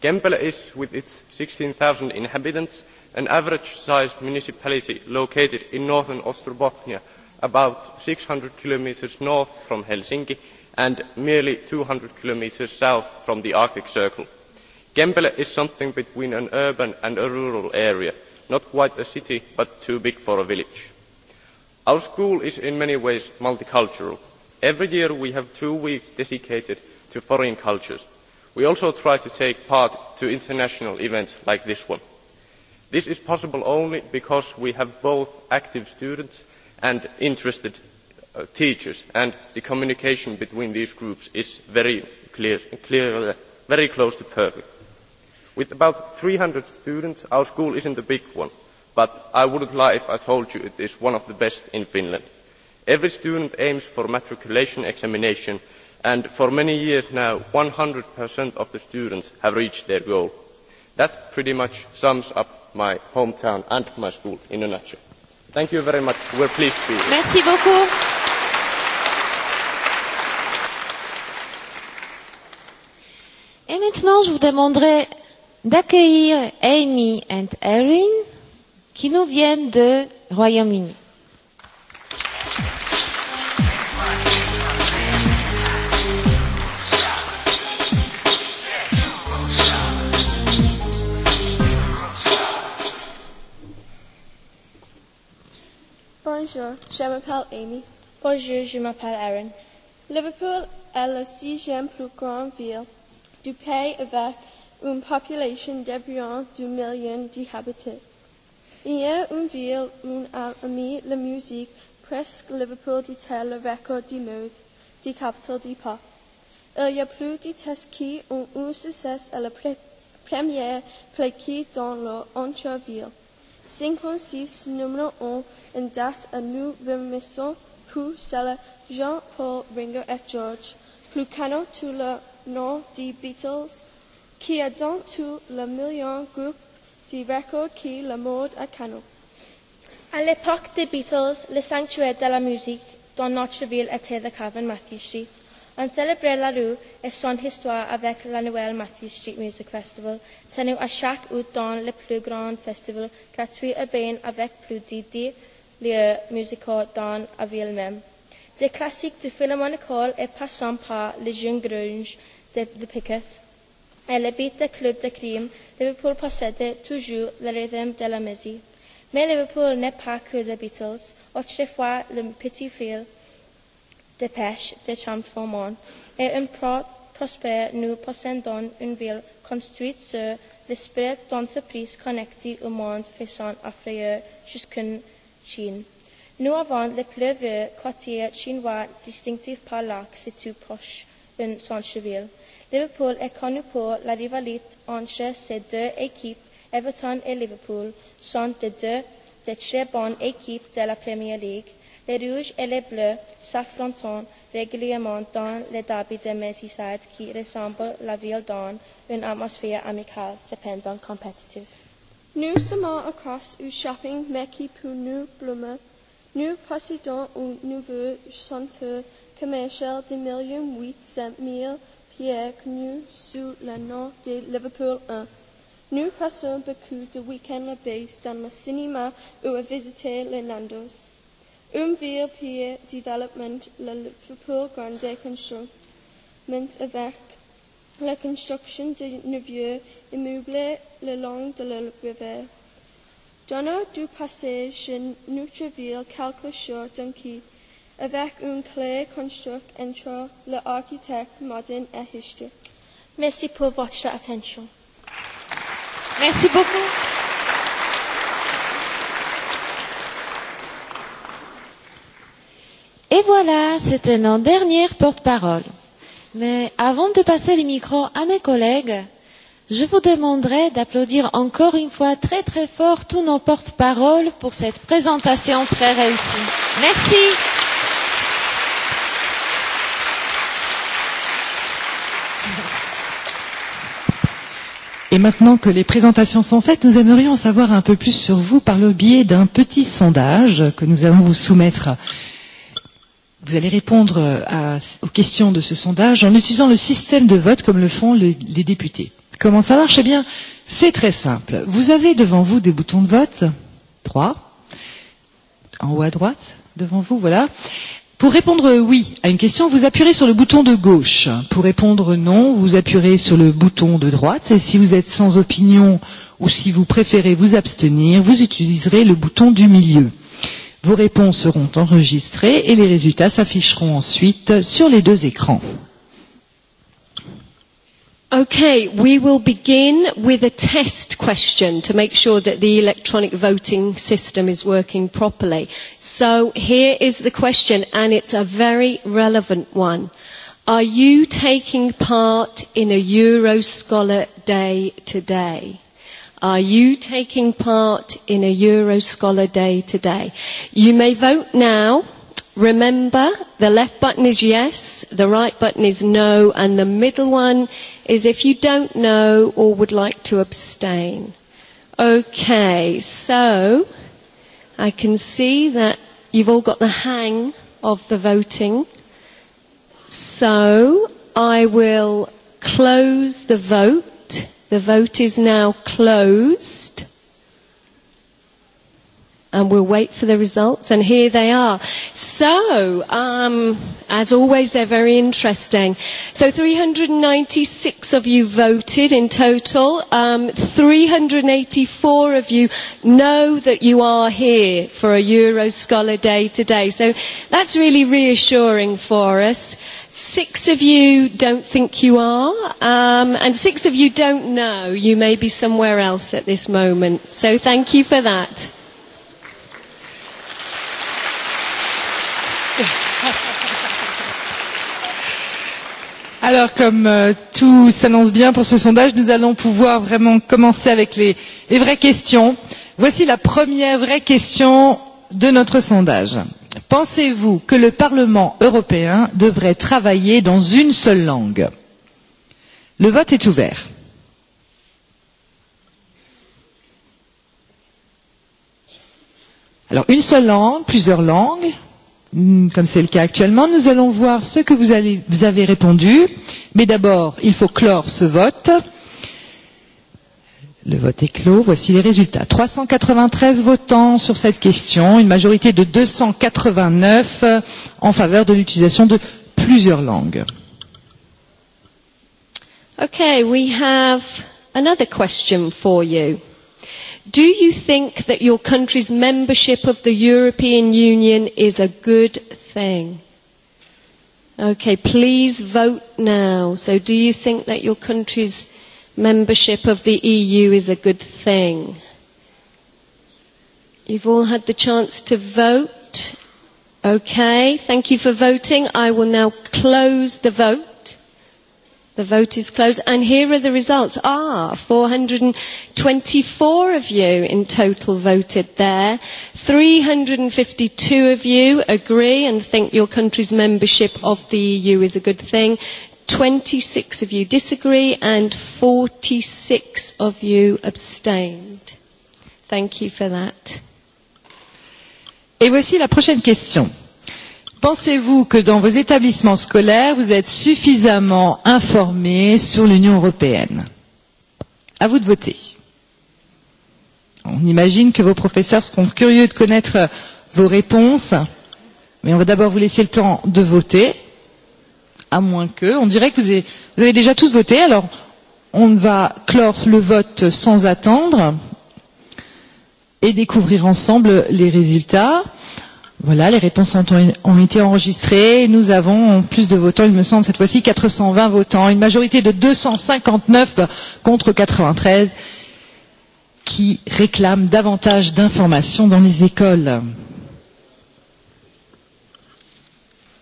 gembela is with its sixteen zero inhabitants an average sized municipality located in northern ostrobothnia about six hundred kilometres north from helsinki and merely two hundred kilometres south from the arctic circle. gembela is something between an urban and a rural area not quite a city but too big for a village. our school is in many ways multicultural. every year we have two weeks dedicated to foreign cultures we also try to take part in international events like this one. this is possible only because we have both active students and interested uh, teachers and the communication between these groups is very, clear, clear, very close to perfect. with about three hundred students our school is not a big one but i would not lie if i told you it is one of the best in finland. every student aims for matriculation examination and for many years now one hundred of the students have reached their goal. that pretty much sums up my hometown and my school in a nutshell. thank you very much we are pleased to be here. Merci beaucoup. Et maintenant, je vous demanderai d'accueillir Amy et Erin qui nous viennent du Royaume-Uni. Bonjour, je m'appelle Amy. Bonjour, je m'appelle Erin. Liverpool est la sixième plus grande ville du pays avec une population d'environ 2 millions d'habitants. Il y a une ville où on a mis la musique presque Liverpool dit-elle le record du mode du capital du pop. Il y a plus de tests qui ont eu succès à la première plaquée dans leur entre-ville. 56 numéro 1 en date à nous remercions pour cela Jean-Paul Ringo et George, plus canon tout le nom des Beatles, qui a dans tout le million groupe de records qui le mode à canon. À l'époque des Beatles, le sanctuaire de la musique dans notre ville était le Cavern Matthew Street On célébrait la rue et son histoire avec l'annuel Matthew Street Music Festival, tenu à chaque août dans le plus grand festival gratuit urbain avec plus de 10 lieux musicaux dans la ville même. Des classiques du Philharmonic Hall et passant par les jeunes grunge de, de Pickett et les beats des clubs de crime, Liverpool possédait toujours le rythme de la musique. Mais Liverpool n'est pas que les Beatles, autrefois le petit fil de pêche des champs et une pro prospère nous possédons une ville construite sur l'esprit d'entreprise connectée au monde faisant affaire jusqu'en Chine. Nous avons le plus vieux quartier chinois distinctif par lac situé proche d'un centre-ville. Liverpool est connu pour la rivalité entre ses deux équipes, Everton et Liverpool, sont des deux des très bonnes équipes de la Premier League Les rouges et les bleus s'affrontent régulièrement dans les derbies de Merseyside qui ressemblent la ville dans une atmosphère amicale, cependant compétitive. Nous sommes across au shopping Meki pour nous blâmer. Nous possédons un nouveau centre commercial de 1 800 000 connu sous le nom de Liverpool 1. Nous passons beaucoup de week-ends là-bas dans le cinéma ou à visiter les Nandos. UMVP Development, le programme de construction avec la construction de nouveaux immeubles le long de la rivière. Donnant du passé chez notre ville quelques jours d'enquête avec une clé construite entre l'architecte moderne et historique. Merci pour votre attention. Merci beaucoup. Et voilà, c'était nos dernières porte-paroles. Mais avant de passer le micro à mes collègues, je vous demanderai d'applaudir encore une fois très très fort tous nos porte-paroles pour cette présentation très réussie. Merci. Et maintenant que les présentations sont faites, nous aimerions en savoir un peu plus sur vous par le biais d'un petit sondage que nous allons vous soumettre. Euh, Vous allez répondre euh, à, aux questions de ce sondage en utilisant le système de vote comme le font les, les députés. Comment ça marche Eh bien, c'est très simple. Vous avez devant vous des boutons de vote, trois, en haut à droite, devant vous, voilà. Pour répondre oui à une question, vous appuierez sur le bouton de gauche. Pour répondre non, vous appuierez sur le bouton de droite. Et si vous êtes sans opinion ou si vous préférez vous abstenir, vous utiliserez le bouton du milieu. Euh, Vos réponses seront enregistrées et les résultats s'afficheront ensuite sur les deux écrans. Okay, we will begin with a test question to make sure that the electronic voting system is working properly. So here is the question, and it's a very relevant one. Are you taking part in a Euroscholar Day today? Are you taking part in a Euroscholar Day today? You may vote now. Remember, the left button is yes, the right button is no, and the middle one is if you don't know or would like to abstain. Okay, so I can see that you've all got the hang of the voting. So I will close the vote The vote is now closed and we'll wait for the results. And here they are. So, um, as always, they're very interesting. So, 396 of you voted in total. Um, 384 of you know that you are here for a Euro Scholar Day today. So, that's really reassuring for us. Six of you don't think you are, um, and six of you don't know. You may be somewhere else at this moment. So, thank you for that. Alors, comme euh, tout s'annonce bien pour ce sondage, nous allons pouvoir vraiment commencer avec les, les vraies questions. Voici la première vraie question de notre sondage. Pensez-vous que le Parlement européen devrait travailler dans une seule langue Le vote est ouvert. Alors, une seule langue, plusieurs langues Hmm, comme c'est le cas actuellement. Nous allons voir ce que vous, allez, vous avez répondu. Mais d'abord, il faut clore ce vote. Le vote est clos. Voici les résultats. 393 votants sur cette question, une majorité de 289 euh, en faveur de l'utilisation de plusieurs langues. Okay, we have another question for you. Do you think that your country's membership of the European Union is a good thing? Okay, please vote now. So do you think that your country's membership of the EU is a good thing? You've all had the chance to vote. Okay, thank you for voting. I will now close the vote. The vote is closed. And here are the results. Ah, 424 of you in total voted there. 352 of you agree and think your country's membership of the EU is a good thing. 26 of you disagree and 46 of you abstained. Thank you for that. Et voici la prochaine question. Pensez-vous que dans vos établissements scolaires, vous êtes suffisamment informés sur l'Union européenne À vous de voter. On imagine que vos professeurs seront curieux de connaître vos réponses, mais on va d'abord vous laisser le temps de voter, à moins que. On dirait que vous avez, vous avez déjà tous voté, alors on va clore le vote sans attendre et découvrir ensemble les résultats. Euh, Voilà, les réponses ont, ont été enregistrées. Nous avons plus de votants, il me semble, cette fois-ci 420 votants, une majorité de 259 contre 93 qui réclament davantage d'informations dans les écoles.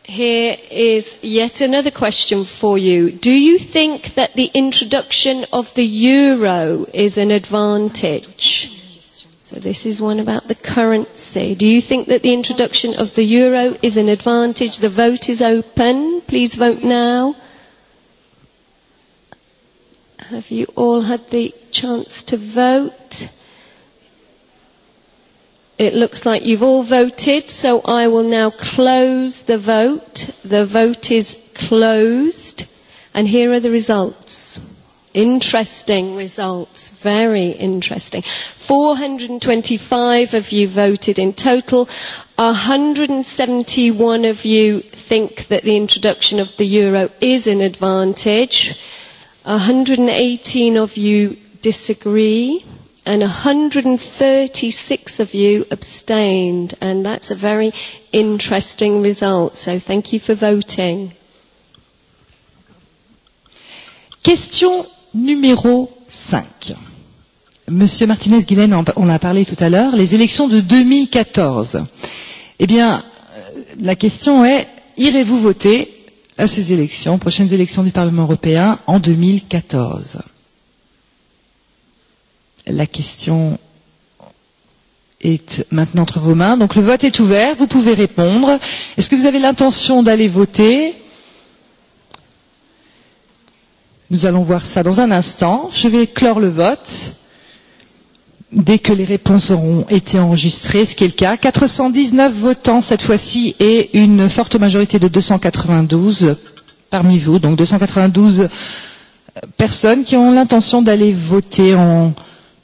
Here is yet another question for you. Do you think that the introduction of the euro is an advantage? So this is one about the currency. Do you think that the introduction of the euro is an advantage? The vote is open. Please vote now. Have you all had the chance to vote? It looks like you've all voted, so I will now close the vote. The vote is closed. And here are the results. Interesting results. Very interesting. 425 of you voted in total. 171 of you think that the introduction of the euro is an advantage. 118 of you disagree. And 136 of you abstained. And that's a very interesting result. So thank you for voting. Question numéro 5. Monsieur Martinez-Guilaine, on a parlé tout à l'heure, les élections de 2014. Eh bien, euh, la question est, irez-vous voter à ces élections, prochaines élections du Parlement européen en 2014 La question est maintenant entre vos mains. Donc le vote est ouvert, vous pouvez répondre. Est-ce que vous avez l'intention d'aller voter euh, Nous allons voir ça dans un instant. Je vais clore le vote dès que les réponses auront été enregistrées, ce qui est le cas. 419 votants cette fois-ci et une forte majorité de 292 parmi vous, donc 292 personnes qui ont l'intention d'aller voter en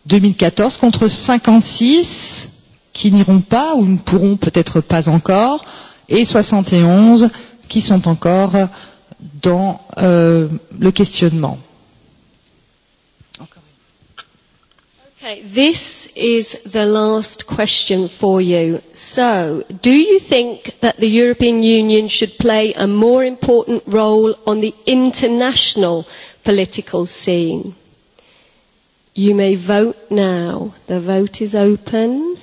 2014 contre 56 qui n'iront pas ou ne pourront peut-être pas encore et 71 qui sont encore euh, dans euh, le questionnement. Okay, this is the last question for you. So, do you think that the European Union should play a more important role on the international political scene? You may vote now. The vote is open.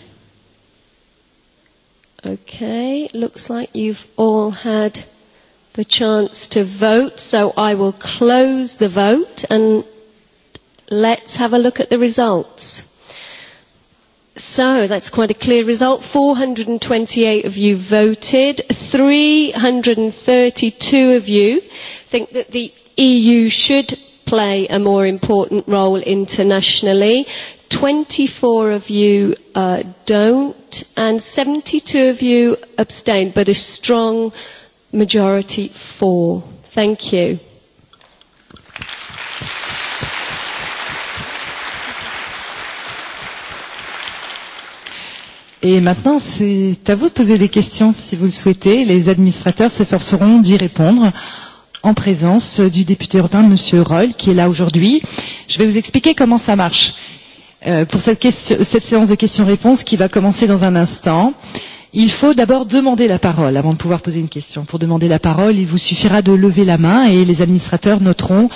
Okay, looks like you've all had the chance to vote, so I will close the vote and let's have a look at the results. So that's quite a clear result. 428 of you voted. 332 of you think that the EU should play a more important role internationally. 24 of you uh, don't, and 72 of you abstained, but a strong majority for. Thank you. Et maintenant, c'est à vous de poser des questions si vous le souhaitez. Les administrateurs s'efforceront d'y répondre en présence du député européen, M. Reul, qui est là aujourd'hui. Je vais vous expliquer comment ça marche. Euh, pour cette, question, cette séance de questions-réponses qui va commencer dans un instant. Il faut d'abord demander la parole avant de pouvoir poser une question. Pour demander la parole, il vous suffira de lever la main et les administrateurs noteront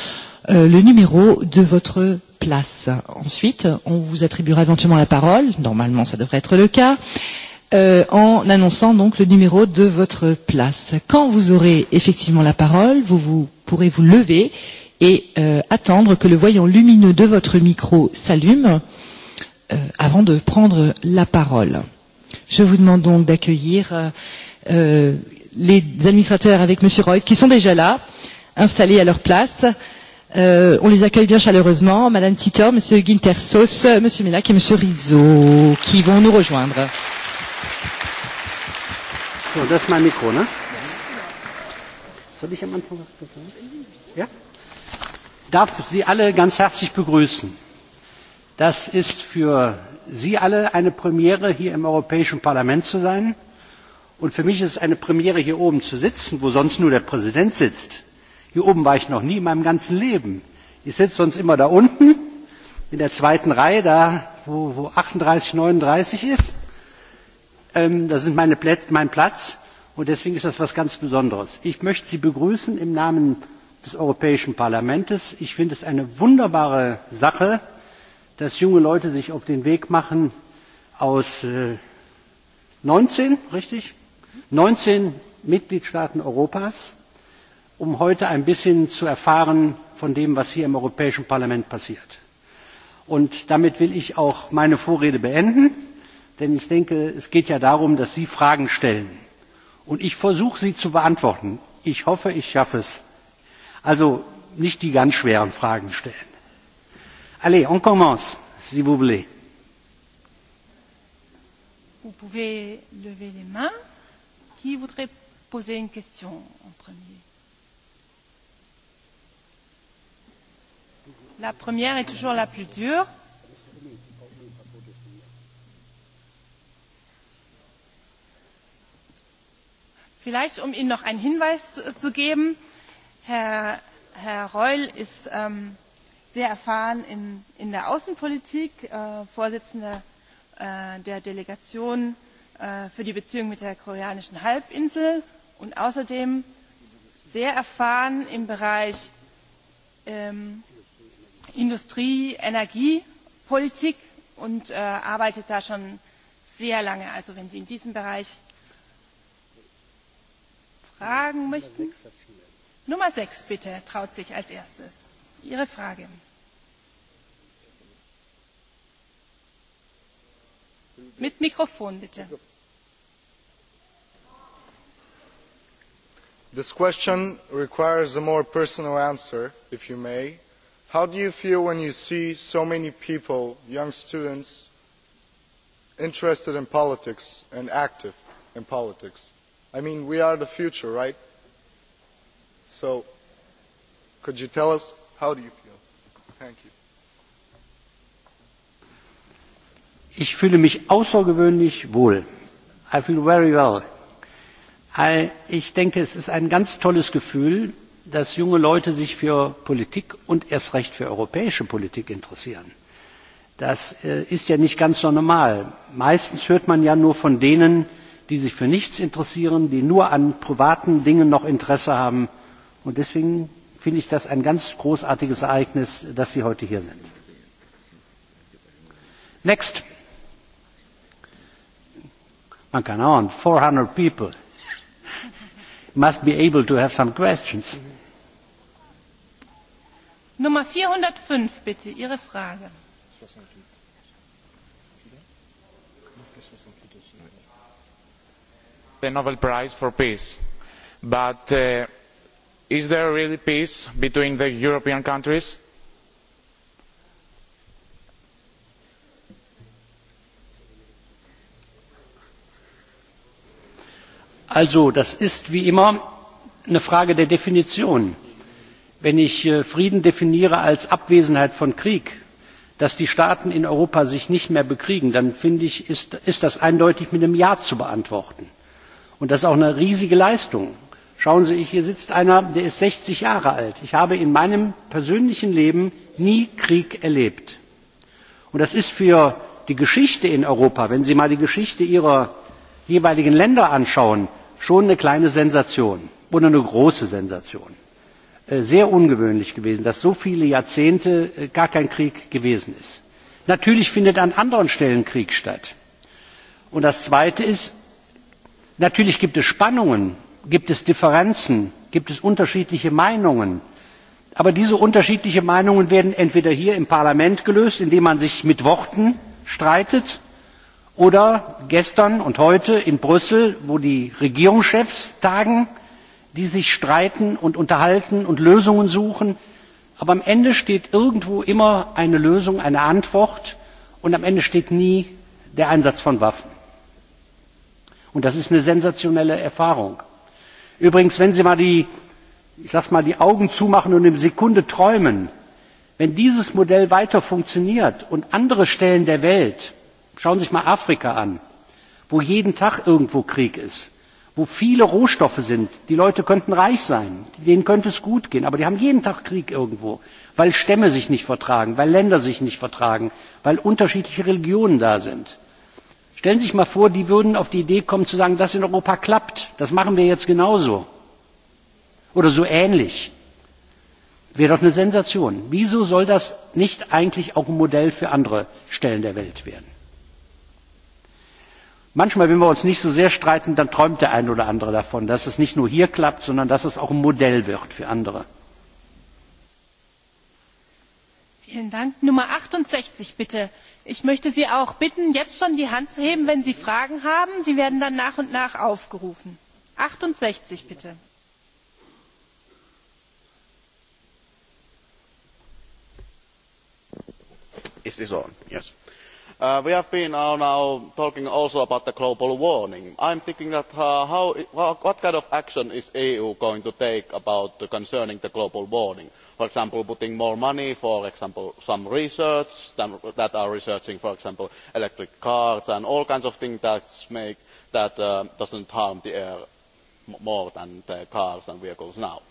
euh, le numéro de votre place. Ensuite, on vous attribuera éventuellement la parole, normalement ça devrait être le cas, euh, en annonçant donc le numéro de votre place. Quand vous aurez effectivement la parole, vous, vous pourrez vous lever et euh, attendre que le voyant lumineux de votre micro s'allume euh, avant de prendre la parole. Je vous demande donc d'accueillir euh, euh les administrateurs avec M. Roy qui sont déjà là, installés à leur place. Euh, on les accueille bien chaleureusement, Madame Titor, Monsieur Guintersos, Monsieur Mélac et Monsieur Rizzo, qui vont nous rejoindre. So, das ist mein Mikro, ne? Das habe ich am Anfang gesagt darf Sie alle ganz herzlich begrüßen. Das ist für Sie alle eine Premiere, hier im Europäischen Parlament zu sein. Und für mich ist es eine Premiere, hier oben zu sitzen, wo sonst nur der Präsident sitzt. Hier oben war ich noch nie in meinem ganzen Leben. Ich sitze sonst immer da unten in der zweiten Reihe, da wo, wo 38, 39 ist. Ähm, das ist meine Plätze, mein Platz und deswegen ist das etwas ganz Besonderes. Ich möchte Sie begrüßen im Namen des Europäischen Parlaments. Ich finde es eine wunderbare Sache, dass junge Leute sich auf den Weg machen aus äh, 19, richtig? 19 Mitgliedstaaten Europas, um heute ein bisschen zu erfahren von dem, was hier im Europäischen Parlament passiert. Und damit will ich auch meine Vorrede beenden, denn ich denke, es geht ja darum, dass Sie Fragen stellen. Und ich versuche, sie zu beantworten. Ich hoffe, ich schaffe es. Also nicht die ganz schweren Fragen stellen. Allez, on commence, si vous voulez. Vous pouvez lever les mains. Qui voudrait poser une question en premier La première est toujours la plus dure. Vielleicht, um Ihnen noch einen Hinweis zu geben, Herr, Herr Reul ist ähm, sehr erfahren in, in der Außenpolitik, äh, Vorsitzender äh, der Delegation äh, für die Beziehung mit der koreanischen Halbinsel und außerdem sehr erfahren im Bereich ähm, Industrie, Energiepolitik und äh, arbeitet da schon sehr lange. Also wenn Sie in diesem Bereich fragen möchten. 6, Nummer 6 bitte, traut sich als erstes. Ihre Frage. Mit Mikrofon bitte. This question requires a more personal answer, if you may. How do you feel when you see so many people, young students, interested in politics and active in politics? I mean, we are the future, right? So, could you tell us how do you feel? Thank you. Ich fühle mich außergewöhnlich wohl. I feel very well. I, ich denke, es ist ein ganz tolles Gefühl, dass junge Leute sich für Politik und erst recht für europäische Politik interessieren. Das äh, ist ja nicht ganz so normal. Meistens hört man ja nur von denen, die sich für nichts interessieren, die nur an privaten Dingen noch Interesse haben Und deswegen finde ich das ein ganz großartiges Ereignis, dass Sie heute hier sind. Next. Man kann on, 400 people must be able to have some questions. Nummer 405, bitte, Ihre Frage. The Nobel Prize for Peace. But uh, is there really peace between the european countries? also das ist wie immer eine frage der definition. wenn ich äh, frieden definiere als abwesenheit von krieg dass die staaten in europa sich nicht mehr bekriegen dann finde ich ist das eindeutig mit einem ja zu beantworten und das ist auch eine riesige leistung schauen sie hier sitzt einer der ist sechzig jahre alt. ich habe in meinem persönlichen leben nie krieg erlebt. und das ist für die geschichte in europa wenn sie einmal die geschichte ihrer jeweiligen länder anschauen schon eine kleine sensation oder eine große sensation äh, sehr ungewöhnlich gewesen dass so viele jahrzehnte äh, gar kein krieg gewesen ist. natürlich findet an anderen stellen krieg statt. und das zweite ist natürlich gibt es spannungen gibt es differenzen gibt es unterschiedliche meinungen aber diese unterschiedlichen meinungen werden entweder hier im parlament gelöst indem man sich mit worten streitet oder gestern und heute in brüssel wo die regierungschefs tagen die sich streiten und unterhalten und lösungen suchen aber am ende steht irgendwo immer eine lösung eine antwort und am ende steht nie der einsatz von waffen. das ist eine sensationelle erfahrung übrigens wenn sie mal die ich sage es mal die augen zumachen und eine sekunde träumen wenn dieses modell weiter funktioniert und andere stellen der welt schauen sie sich mal afrika an wo jeden tag irgendwo krieg ist wo viele rohstoffe sind die leute könnten reich sein denen könnte es gut gehen aber die haben jeden tag krieg irgendwo weil stämme sich nicht vertragen weil länder sich nicht vertragen weil unterschiedliche religionen da sind stellen sie sich mal vor die würden auf die idee kommen zu sagen was in europa klappt das machen wir jetzt genauso oder so ähnlich. das wäre doch eine sensation. wieso soll das nicht eigentlich auch ein modell für andere stellen der welt werden? manchmal wenn wir uns nicht so sehr streiten dann träumt der eine oder andere davon dass es nicht nur hier klappt sondern dass es auch ein modell wird für andere. nummer achtundsechzig bitte. ich möchte sie auch bitten jetzt schon die hand zu heben wenn sie fragen haben sie werden dann nach und nach aufgerufen. achtundsechzig bitte. is this on? yes. Uh, we have been now talking also about global warming. i am thinking uh, what kind of action is the eu going to take concerning global warming for example putting more money for example into some research that is researching for example electric cars and all kinds of things that uh, do not harm the air more than cars and vehicles now?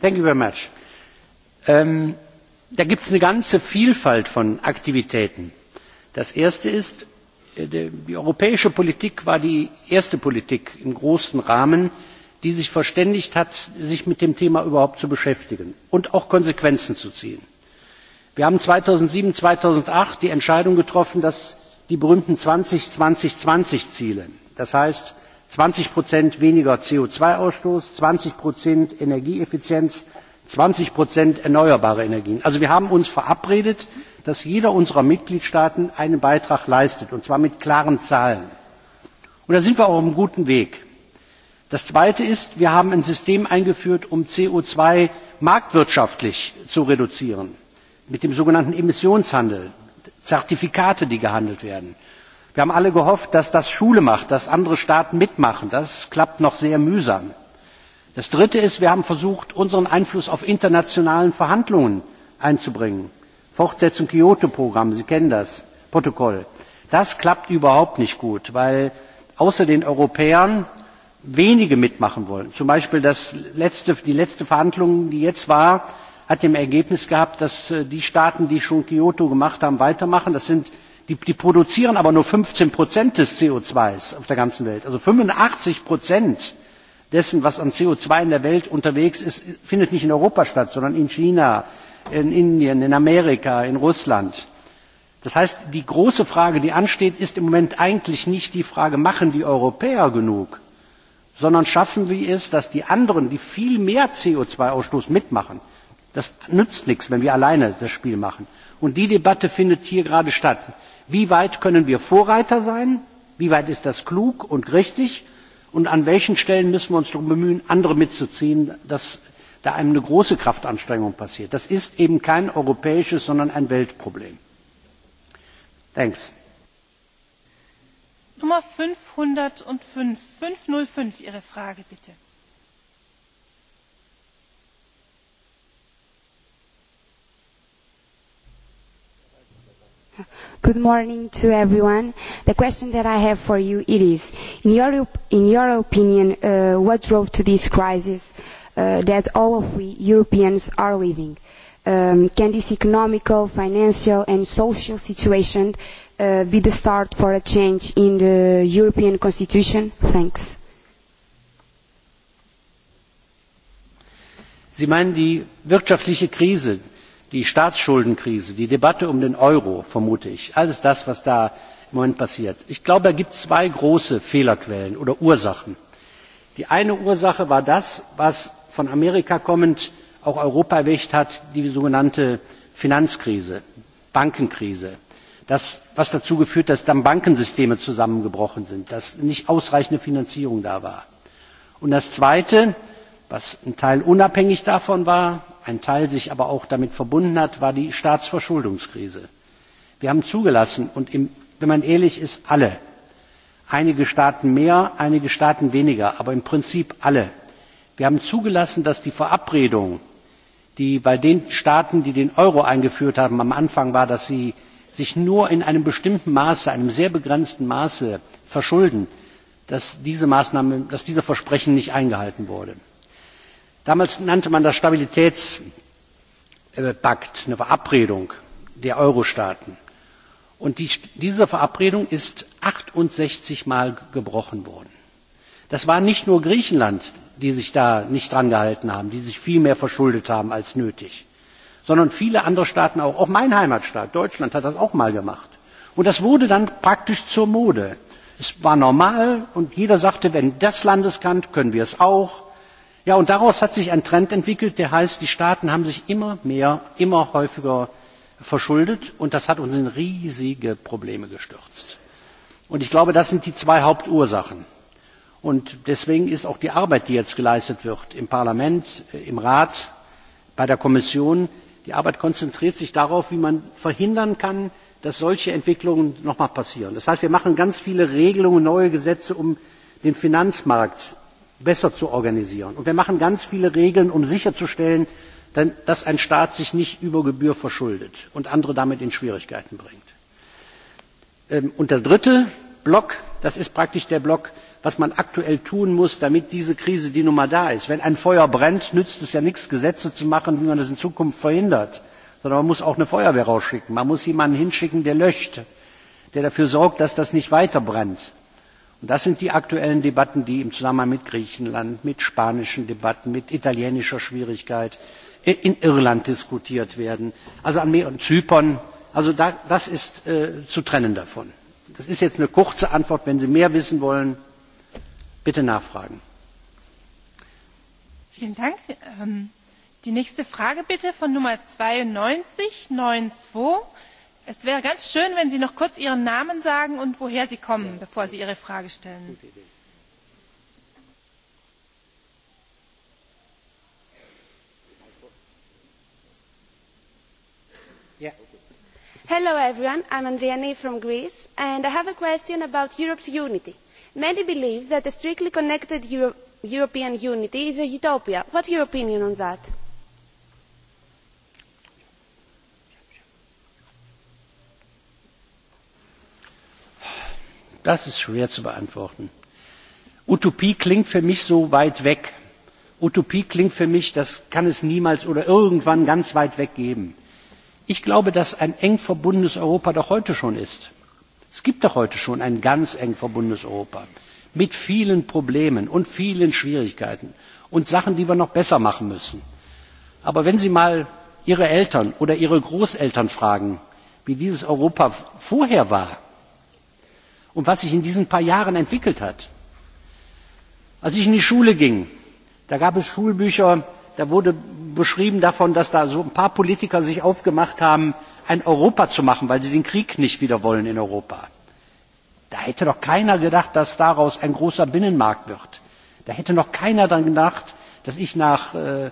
thank you very much. Um, da gibt es eine ganze vielfalt von aktivitäten. das erste ist äh, die europäische politik war die erste politik im großen rahmen die sich verständigt hat sich mit dem thema überhaupt zu beschäftigen und auch konsequenzen zu ziehen. wir haben zweitausendsieben zweitausendacht die entscheidung getroffen dass die berühmten zwanzig zwanzig zwanzig ziele das heißt zwanzig weniger co zwei ausstoß zwanzig energieeffizienz zwanzig erneuerbare energien. also wir haben uns verabredet dass jeder unserer mitgliedstaaten einen beitrag leistet und zwar mit klaren zahlen. da sind wir auf einem guten weg. das zweite ist wir haben ein system eingeführt um co zwei marktwirtschaftlich zu reduzieren mit dem sogenannten emissionshandel zertifikaten die gehandelt werden. wir haben alle gehofft dass das schule macht dass andere staaten mitmachen. das klappt noch sehr mühsam das dritte ist wir haben versucht unseren einfluss auf internationale verhandlungen einzubringen fortsetzung kyoto programm sie kennen das protokoll. das klappt überhaupt nicht gut weil außer den europäern wenige mitmachen wollen. zum beispiel die letzte verhandlung die jetzt war hat zum ergebnis gehabt dass äh, die staaten die schon kyoto gemacht haben weitermachen. die produzieren aber nur fünfzehn des co zwei auf der ganzen welt also fünfundachtzig dessen, was an CO2 in der Welt unterwegs ist, findet nicht in Europa statt, sondern in China, in Indien, in Amerika, in Russland. Das heißt, die große Frage, die ansteht, ist im Moment eigentlich nicht die Frage, machen die Europäer genug, sondern schaffen wir es, dass die anderen, die viel mehr CO2-Ausstoß mitmachen, das nützt nichts, wenn wir alleine das Spiel machen. Und die Debatte findet hier gerade statt. Wie weit können wir Vorreiter sein? Wie weit ist das klug und richtig? und an welchen Stellen müssen wir uns darum bemühen, andere mitzuziehen, dass da eine große Kraftanstrengung passiert. Das ist eben kein europäisches, sondern ein Weltproblem. Thanks. Nummer 505, 505, Ihre Frage bitte. Good morning to everyone. The question that I have for you it is, in your, in your opinion, uh, what drove to this crisis uh, that all of we Europeans are living? Um, can this economical, financial and social situation uh, be the start for a change in the European Constitution? Thanks. Sie meinen die wirtschaftliche Krise, die staatsschuldenkrise die debatte um den euro vermute ich alles das was da im moment passiert. ich glaube es gibt zwei große fehlerquellen oder ursachen. die eine ursache war das was von amerika kommend auch europa erwischt hat die sogenannte finanzkrise bankenkrise was dazu geführt hat dass dann bankensysteme zusammengebrochen sind dass nicht ausreichende finanzierung da war. und das zweite was zum teil unabhängig davon war ein Teil sich aber auch damit verbunden hat, war die Staatsverschuldungskrise. Wir haben zugelassen und im, wenn man ehrlich ist, alle, einige Staaten mehr, einige Staaten weniger, aber im Prinzip alle. Wir haben zugelassen, dass die Verabredung, die bei den Staaten, die den Euro eingeführt haben, am Anfang war, dass sie sich nur in einem bestimmten Maße, einem sehr begrenzten Maße verschulden, dass, diese Maßnahme, dass diese Versprechen nicht eingehalten wurde damals nannte man das stabilitätspakt eine verabredung der eurostaaten und diese verabredung ist achtundsechzig mal gebrochen worden. das war nicht nur griechenland die sich da nicht daran gehalten haben die sich viel mehr verschuldet haben als nötig sondern viele andere staaten auch. auch mein heimatstaat deutschland hat das auch mal gemacht. das wurde dann praktisch zur mode. es war normal und jeder sagte wenn das land es kann können wir es Ja, und daraus hat sich ein Trend entwickelt, der heißt, die Staaten haben sich immer mehr, immer häufiger verschuldet und das hat uns in riesige Probleme gestürzt. Und ich glaube, das sind die zwei Hauptursachen. Und deswegen ist auch die Arbeit, die jetzt geleistet wird im Parlament, äh, im Rat, bei der Kommission, die Arbeit konzentriert sich darauf, wie man verhindern kann, dass solche Entwicklungen nochmal passieren. Das heißt, wir machen ganz viele Regelungen, neue Gesetze, um den Finanzmarkt besser zu organisieren. Und wir machen ganz viele regeln um sicherzustellen dass ein staat sich nicht über gebühr verschuldet und andere damit in schwierigkeiten bringt. Ähm, und der dritte block das ist praktisch der block was man aktuell tun muss damit diese krise die nun einmal da ist wenn ein feuer brennt nützt es ja nichts gesetze zu machen wie man das in zukunft verhindert sondern man muss auch eine feuerwehr rausschicken man muss jemanden hinschicken der löscht der dafür sorgt dass das nicht weiter brennt. Das sind die aktuellen Debatten, die im Zusammenhang mit Griechenland, mit spanischen Debatten, mit italienischer Schwierigkeit in Irland diskutiert werden, also an Meer und Zypern. Also da, das ist äh, zu trennen davon. Das ist jetzt eine kurze Antwort. Wenn Sie mehr wissen wollen, bitte nachfragen. Vielen Dank. Ähm, die nächste Frage bitte von Nummer 9292 es wäre ganz schön wenn sie noch kurz ihren namen sagen und woher sie kommen bevor sie ihre frage stellen. Yeah. hello everyone i am andriani from greece and i have a question about europe's unity. many believe that a strictly connected Euro european unity is a utopia. what is your opinion on that? Das ist schwer zu beantworten. Utopie klingt für mich so weit weg. Utopie klingt für mich, das kann es niemals oder irgendwann ganz weit weg geben. Ich glaube, dass ein eng verbundenes Europa doch heute schon ist. Es gibt doch heute schon ein ganz eng verbundenes Europa mit vielen Problemen und vielen Schwierigkeiten und Sachen, die wir noch besser machen müssen. Aber wenn Sie mal Ihre Eltern oder Ihre Großeltern fragen, wie dieses Europa vorher war, und was sich in diesen paar Jahren entwickelt hat. Als ich in die Schule ging, da gab es Schulbücher, da wurde beschrieben davon, dass da so ein paar Politiker sich aufgemacht haben, ein Europa zu machen, weil sie den Krieg nicht wieder wollen in Europa. Da hätte doch keiner gedacht, dass daraus ein großer Binnenmarkt wird. Da hätte noch keiner daran gedacht, dass ich nach, äh,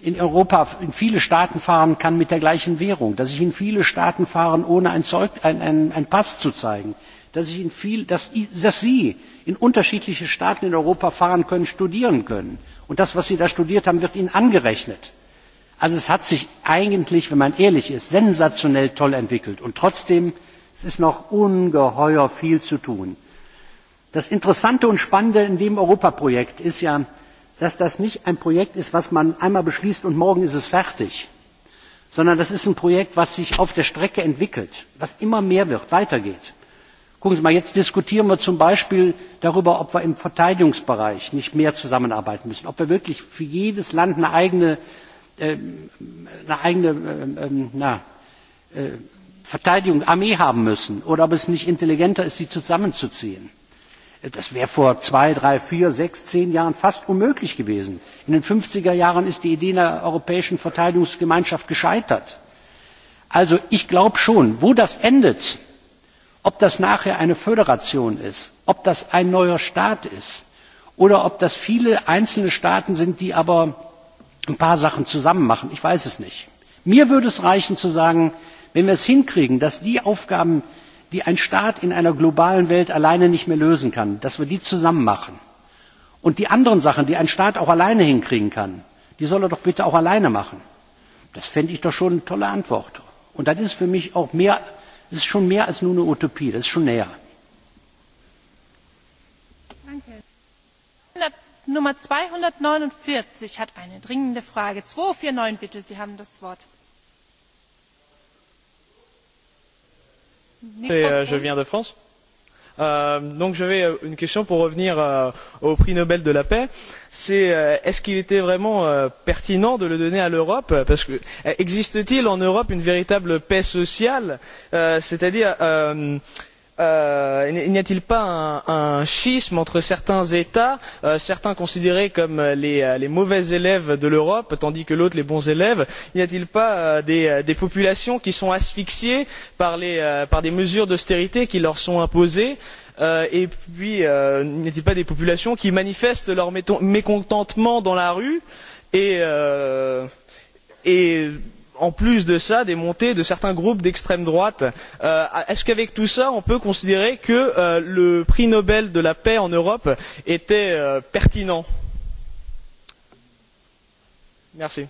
in Europa in viele Staaten fahren kann mit der gleichen Währung, dass ich in viele Staaten fahren, ohne einen ein, ein Pass zu zeigen dass, ich in viel, dass, dass Sie in unterschiedliche Staaten in Europa fahren können, studieren können. Und das, was Sie da studiert haben, wird Ihnen angerechnet. Also es hat sich eigentlich, wenn man ehrlich ist, sensationell toll entwickelt. Und trotzdem, es ist noch ungeheuer viel zu tun. Das Interessante und Spannende in dem Europaprojekt ist ja, dass das nicht ein Projekt ist, was man einmal beschließt und morgen ist es fertig, sondern das ist ein Projekt, was sich auf der Strecke entwickelt, was immer mehr wird, weitergeht gucken sie mal jetzt diskutieren wir zum beispiel darüber ob wir im verteidigungsbereich nicht mehr zusammenarbeiten müssen ob wir wirklich für jedes land eine eigene ähm, ähm, ähm, äh, armee haben müssen oder ob es nicht intelligenter ist sie zusammenzuziehen. das wäre vor zwei drei vier sechs zehn jahren fast unmöglich gewesen. in den fünfzig er jahren ist die idee einer europäischen verteidigungsgemeinschaft gescheitert. also ich glaube schon wo das endet ob das nachher eine föderation ist ob das ein neuer staat ist oder ob das viele einzelne staaten sind die aber ein paar sachen zusammen machen ich weiß es nicht. mir würde es reichen zu sagen wenn wir es hinkriegen dass wir die aufgaben die ein staat in einer globalen welt alleine nicht mehr lösen kann zusammen machen und die anderen sachen die ein staat auch alleine hinkriegen kann die soll er doch bitte auch alleine machen. das fände ich doch schon eine tolle antwort. und dann ist für mich auch Das ist schon mehr als nur eine Utopie, das ist schon näher. Danke. Nummer 249 hat eine dringende Frage. 249 bitte, Sie haben das Wort. Microphone. Et euh, je viens de France Euh, donc j'avais euh, une question pour revenir euh, au prix Nobel de la paix. C'est euh, est-ce euh, qu'il était vraiment euh, pertinent de le donner à l'Europe Parce que euh, existe-t-il en Europe une véritable paix sociale euh, C'est-à-dire euh, euh, n'y a t il pas un, un schisme entre certains états euh, certains considérés comme les, euh, les mauvais élèves de l'europe tandis que d'autres les bons élèves? n'y a t il pas euh, des, euh, des populations qui sont asphyxiées par, les, euh, par des mesures d'austérité qui leur sont imposées? et puis n'y a t il pas des populations qui manifestent leur mécontentement dans la rue et, et en plus de ça des montées de certains groupes d'extrême droite. Euh, Est-ce qu'avec tout ça, on peut considérer que euh, le prix Nobel de la paix en Europe était euh, pertinent Merci.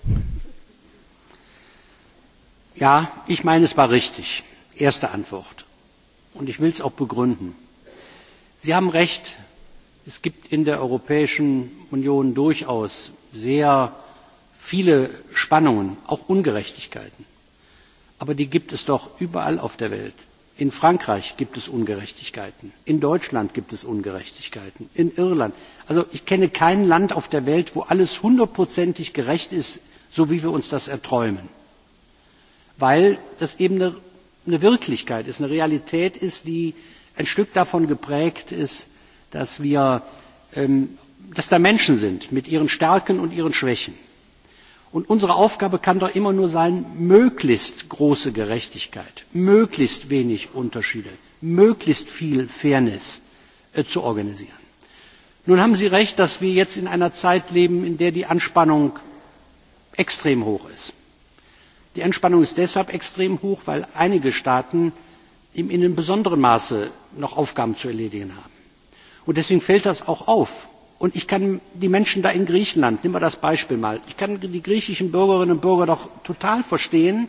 Ja, ich meine, es war richtig. Erste Antwort. Und ich will es auch begründen. Sie haben recht. Es gibt in der Europäischen Union durchaus sehr viele Spannungen, auch Ungerechtigkeiten. Aber die gibt es doch überall auf der Welt. In Frankreich gibt es Ungerechtigkeiten, in Deutschland gibt es Ungerechtigkeiten, in Irland. Also ich kenne kein Land auf der Welt, wo alles hundertprozentig gerecht ist, so wie wir uns das erträumen. Weil das eben eine, eine Wirklichkeit ist, eine Realität ist, die ein Stück davon geprägt ist, dass wir, ähm, dass da Menschen sind mit ihren Stärken und ihren Schwächen Und unsere Aufgabe kann doch immer nur sein, möglichst große Gerechtigkeit, möglichst wenig Unterschiede, möglichst viel Fairness äh, zu organisieren. Nun haben Sie recht, dass wir jetzt in einer Zeit leben, in der die Anspannung extrem hoch ist. Die Anspannung ist deshalb extrem hoch, weil einige Staaten in einem besonderen Maße noch Aufgaben zu erledigen haben. Und deswegen fällt das auch auf. Und ich kann die Menschen da in Griechenland, nehmen wir das Beispiel mal, ich kann die griechischen Bürgerinnen und Bürger doch total verstehen,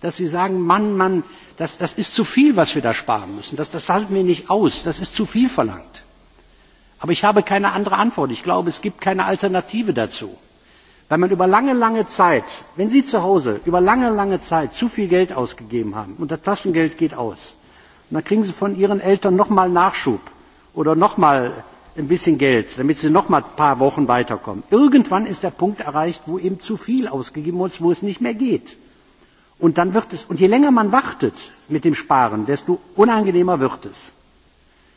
dass sie sagen, Mann, Mann, das, das ist zu viel, was wir da sparen müssen. Das, das halten wir nicht aus. Das ist zu viel verlangt. Aber ich habe keine andere Antwort. Ich glaube, es gibt keine Alternative dazu. Weil man über lange, lange Zeit, wenn Sie zu Hause über lange, lange Zeit zu viel Geld ausgegeben haben und das Taschengeld geht aus, und dann kriegen Sie von Ihren Eltern nochmal Nachschub oder nochmal ein bisschen Geld, damit sie noch mal ein paar Wochen weiterkommen. Irgendwann ist der Punkt erreicht, wo eben zu viel ausgegeben wird, wo es nicht mehr geht. Und dann wird es, und je länger man wartet mit dem Sparen, desto unangenehmer wird es.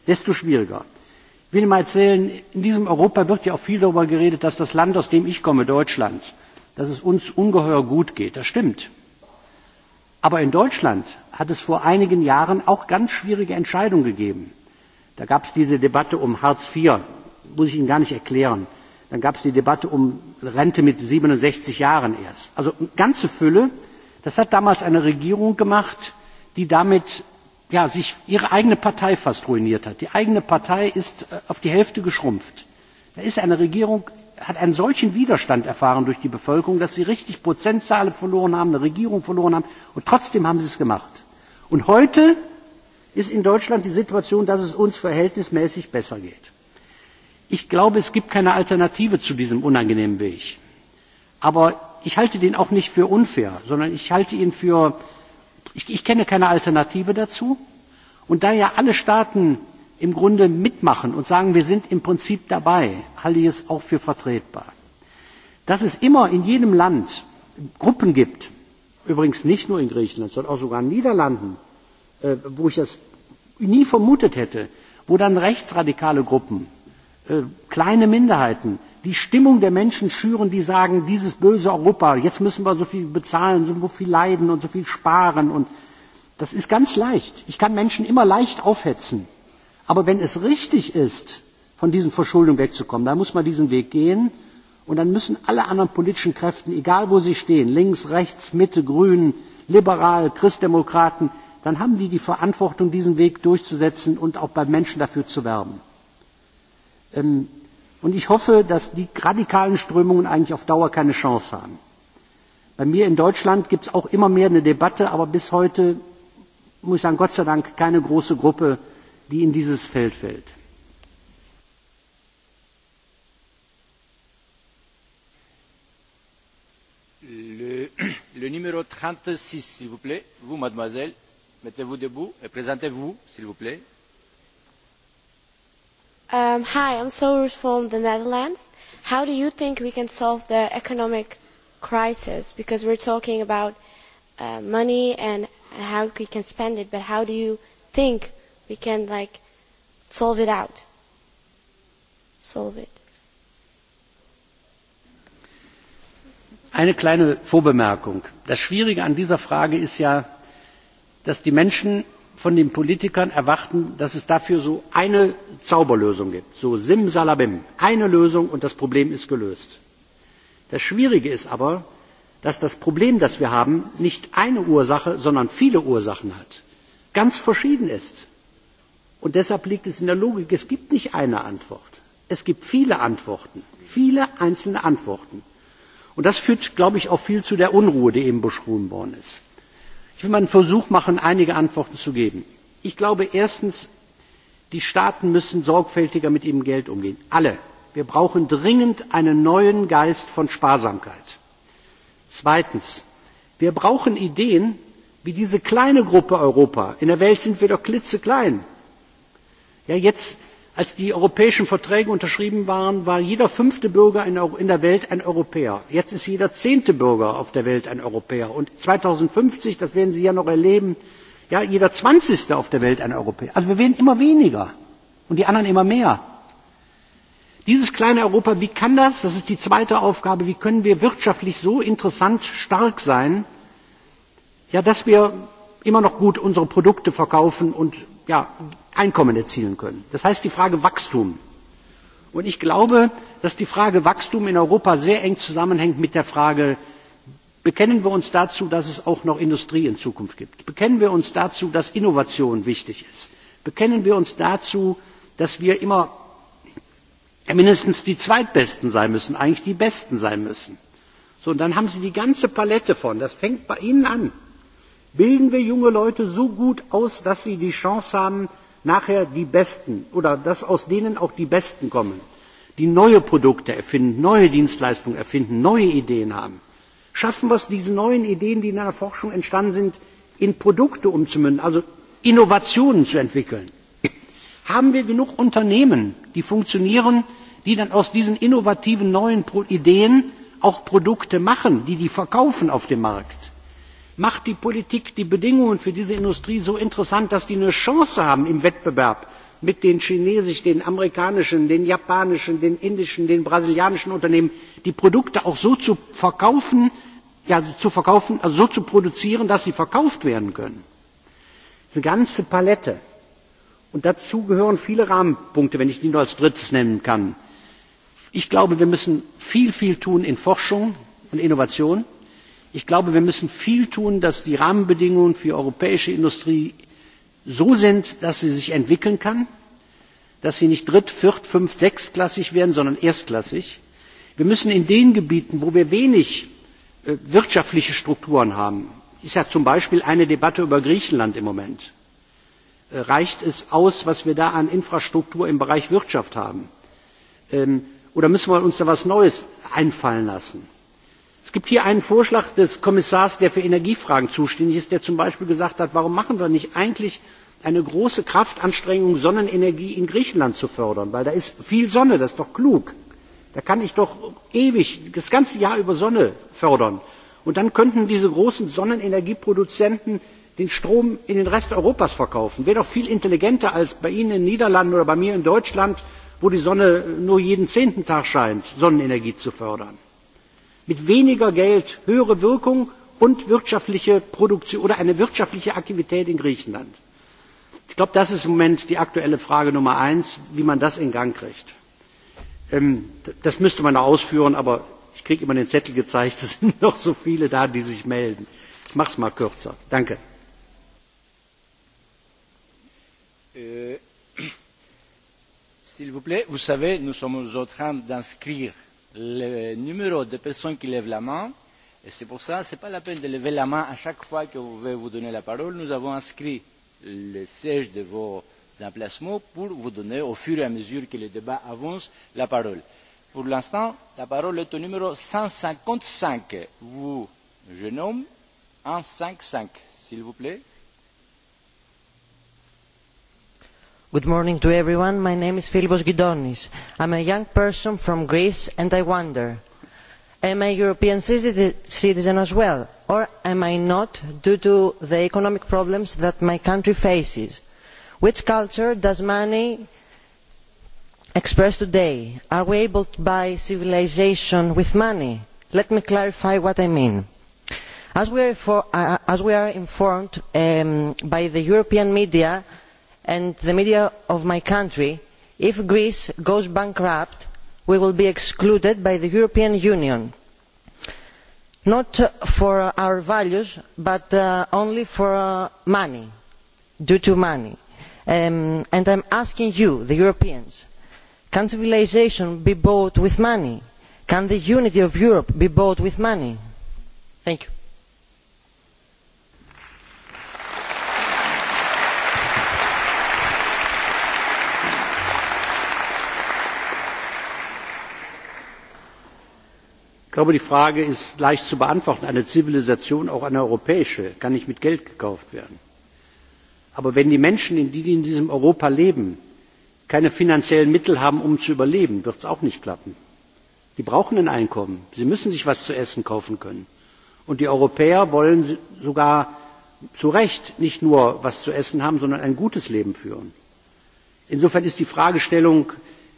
Desto schwieriger. Ich will Ihnen mal erzählen, in diesem Europa wird ja auch viel darüber geredet, dass das Land, aus dem ich komme, Deutschland, dass es uns ungeheuer gut geht. Das stimmt. Aber in Deutschland hat es vor einigen Jahren auch ganz schwierige Entscheidungen gegeben Da gab es diese Debatte um Hartz IV, muss ich Ihnen gar nicht erklären. Dann gab es die Debatte um Rente mit 67 Jahren erst. Also eine ganze Fülle. Das hat damals eine Regierung gemacht, die damit ja, sich ihre eigene Partei fast ruiniert hat. Die eigene Partei ist äh, auf die Hälfte geschrumpft. Da ist eine Regierung, hat einen solchen Widerstand erfahren durch die Bevölkerung, dass sie richtig Prozentzahlen verloren haben, eine Regierung verloren haben und trotzdem haben sie es gemacht. Und heute ist in deutschland die situation dass es uns verhältnismäßig besser geht. ich glaube es gibt keine alternative zu diesem unangenehmen weg. aber ich halte den auch nicht für unfair sondern ich kenne keine alternative dazu. und da ja alle staaten im grunde mitmachen und sagen wir sind im prinzip dabei halte ich es auch für vertretbar. dass es immer in jedem land gruppen gibt übrigens nicht nur in griechenland sondern auch sogar in den niederlanden Äh, wo ich das nie vermutet hätte, wo dann rechtsradikale Gruppen, äh, kleine Minderheiten, die Stimmung der Menschen schüren, die sagen, dieses böse Europa, jetzt müssen wir so viel bezahlen, so viel leiden und so viel sparen. Und das ist ganz leicht. Ich kann Menschen immer leicht aufhetzen. Aber wenn es richtig ist, von diesen Verschuldungen wegzukommen, dann muss man diesen Weg gehen. Und dann müssen alle anderen politischen Kräften, egal wo sie stehen, links, rechts, Mitte, Grün, liberal, Christdemokraten, dann haben die die Verantwortung, diesen Weg durchzusetzen und auch bei Menschen dafür zu werben. Ähm, und ich hoffe, dass die radikalen Strömungen eigentlich auf Dauer keine Chance haben. Bei mir in Deutschland gibt es auch immer mehr eine Debatte, aber bis heute muss ich sagen, Gott sei Dank keine große Gruppe, die in dieses Feld fällt. Le, le numéro 36, s'il vous plaît, vous, mademoiselle. Mettez-vous debout et présentez-vous, s'il vous plaît. Um, hi, I'm Soros from the Netherlands. How do you think we can solve the economic crisis? Because we're talking about uh, money and how we can spend it, but how do you think we can like solve it out? Solve it. Eine kleine Vorbemerkung. Das Schwierige an dieser Frage ist ja, dass die menschen von den politikern erwarten dass es dafür so eine zauberlösung gibt so simsalabim eine lösung und das problem ist gelöst. das schwierige ist aber dass das problem das wir haben nicht eine ursache sondern viele ursachen hat ganz verschieden ist. und deshalb liegt es in der logik es gibt nicht eine antwort es gibt viele antworten viele einzelne antworten. und das führt glaube ich auch viel zu der unruhe die eben beschrieben worden ist. Ich will mal einen Versuch machen, einige Antworten zu geben. Ich glaube erstens, die Staaten müssen sorgfältiger mit ihrem Geld umgehen. Alle. Wir brauchen dringend einen neuen Geist von Sparsamkeit. Zweitens, wir brauchen Ideen, wie diese kleine Gruppe Europa. In der Welt sind wir doch klitzeklein. Ja, jetzt als die europäischen verträge unterschrieben wurden war jeder fünfte bürger in der welt ein europäer. jetzt ist jeder zehnte bürger auf der welt ein europäer und zweitausendfünfzig das werden sie ja noch erleben ist jeder zwanzigste auf der welt ein europäer. also wir werden immer weniger und die anderen immer mehr. dieses kleine europa wie kann das das ist die zweite aufgabe wie können wir wirtschaftlich so interessant stark sein dass wir immer noch gut unsere produkte verkaufen und Einkommen erzielen können. Das heißt die Frage Wachstum. Und ich glaube, dass die Frage Wachstum in Europa sehr eng zusammenhängt mit der Frage, bekennen wir uns dazu, dass es auch noch Industrie in Zukunft gibt? Bekennen wir uns dazu, dass Innovation wichtig ist? Bekennen wir uns dazu, dass wir immer mindestens die Zweitbesten sein müssen, eigentlich die Besten sein müssen? So, und dann haben Sie die ganze Palette von. Das fängt bei Ihnen an. Bilden wir junge Leute so gut aus, dass sie die Chance haben, nachher die Besten oder dass aus denen auch die Besten kommen, die neue Produkte erfinden, neue Dienstleistungen erfinden, neue Ideen haben. Schaffen wir es, diese neuen Ideen, die in der Forschung entstanden sind, in Produkte umzumünzen, also Innovationen zu entwickeln. Haben wir genug Unternehmen, die funktionieren, die dann aus diesen innovativen neuen Ideen auch Produkte machen, die die verkaufen auf dem Markt? macht die politik die bedingungen für diese industrie so interessant dass sie eine chance haben im wettbewerb mit den chinesischen den amerikanischen den japanischen den indischen den brasilianischen unternehmen die produkte auch so zu produzieren dass sie verkauft werden können. eine ganze palette. und dazu gehören viele rahmenpunkte wenn ich die nur als drittes nennen kann. ich glaube wir müssen viel tun in forschung und innovation ich glaube wir müssen viel tun dass die rahmenbedingungen für die europäische industrie so sind dass sie sich entwickeln kann dass sie nicht dritt viert fünf sechsklassig wird sondern erstklassig. wir müssen in den gebieten wo wir wenig äh, wirtschaftliche strukturen haben es ist zum beispiel eine debatte über griechenland im moment äh, reicht es aus was wir da an infrastruktur im bereich wirtschaft haben ähm, oder müssen wir uns da etwas neues einfallen lassen? es gibt hier einen vorschlag des kommissars der für energiefragen zuständig ist der zum beispiel gesagt hat warum machen wir nicht eigentlich eine große kraftanstrengung sonnenenergie in griechenland zu fördern weil da ist viel sonne das ist doch klug da kann ich doch ewig das ganze jahr über sonne fördern und dann könnten diese großen sonnenenergieproduzenten den strom in den rest europas verkaufen wäre doch viel intelligenter als bei ihnen in den niederlanden oder bei mir in deutschland wo die sonne nur jeden zehnten tag scheint sonnenenergie zu fördern mit weniger Geld höhere Wirkung und wirtschaftliche Produktion oder eine wirtschaftliche Aktivität in Griechenland. Ich glaube, das ist im Moment die aktuelle Frage Nummer eins, wie man das in Gang kriegt. Ähm, das müsste man noch ausführen, aber ich kriege immer den Zettel gezeigt, es sind noch so viele da, die sich melden. Ich mache es mal kürzer. Danke. Euh, s'il vous plaît, vous savez, nous sommes en train d'inscrire euh, le numéro de personnes qui lèvent la main. Et c'est pour ça, ce n'est pas la peine de lever la main à chaque fois que vous vais vous donner la parole. Nous avons inscrit le siège de vos emplacements pour vous donner, au fur et à mesure que le débat avance, la parole. Pour l'instant, la parole est au numéro 155. Vous, je nomme 155, s'il vous plaît. Good morning to everyone. My name is Philippos Gidonis. I'm a young person from Greece and I wonder, am I a European citizen as well or am I not due to the economic problems that my country faces? Which culture does money express today? Are we able to buy civilization with money? Let me clarify what I mean. As we are, for, uh, as we are informed um, by the European media, and the media of my country if greece goes bankrupt we will be excluded by the european union not for our values but uh, only for uh, money due to money um, and i am asking you the europeans can civilization be bought with money? can the unity of europe be bought with money? thank you. Ich glaube, die Frage ist leicht zu beantworten. Eine Zivilisation, auch eine europäische, kann nicht mit Geld gekauft werden. Aber wenn die Menschen, die in diesem Europa leben, keine finanziellen Mittel haben, um zu überleben, wird es auch nicht klappen. Die brauchen ein Einkommen. Sie müssen sich was zu essen kaufen können. Und die Europäer wollen sogar zu Recht nicht nur was zu essen haben, sondern ein gutes Leben führen. Insofern ist die Fragestellung,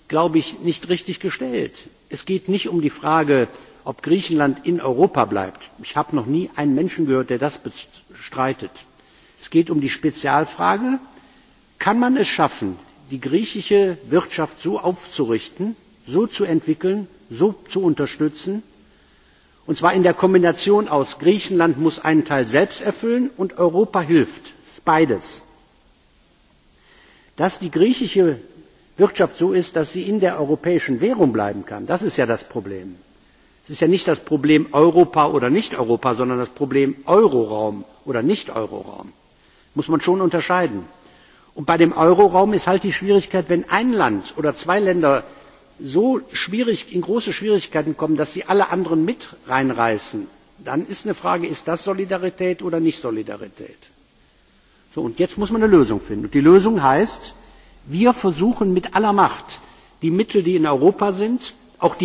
glaube ich, nicht richtig gestellt es geht nicht um die frage ob griechenland in europa bleibt ich habe noch nie einen menschen gehört der das bestreitet. es geht um die spezialfrage kann man es schaffen die griechische wirtschaft so aufzurichten so zu entwickeln so zu unterstützen und zwar in der kombination aus griechenland muss einen teil selbst erfüllen und europa hilft beides dass die griechische wirtschaft so ist dass sie in der europäischen währung bleiben kann. das ist ja das problem. es ist ja nicht das problem europa oder nicht europa sondern das problem euroraum oder nicht euroraum. das muss man schon unterscheiden. und bei dem euroraum ist halt die schwierigkeit wenn ein land oder zwei länder so in große schwierigkeiten kommen dass sie alle anderen mit reinreißen dann ist eine frage ist das solidarität oder nicht solidarität? und jetzt muss man eine lösung finden. und die lösung wir versuchen mit aller macht die mittel die in europa sind auch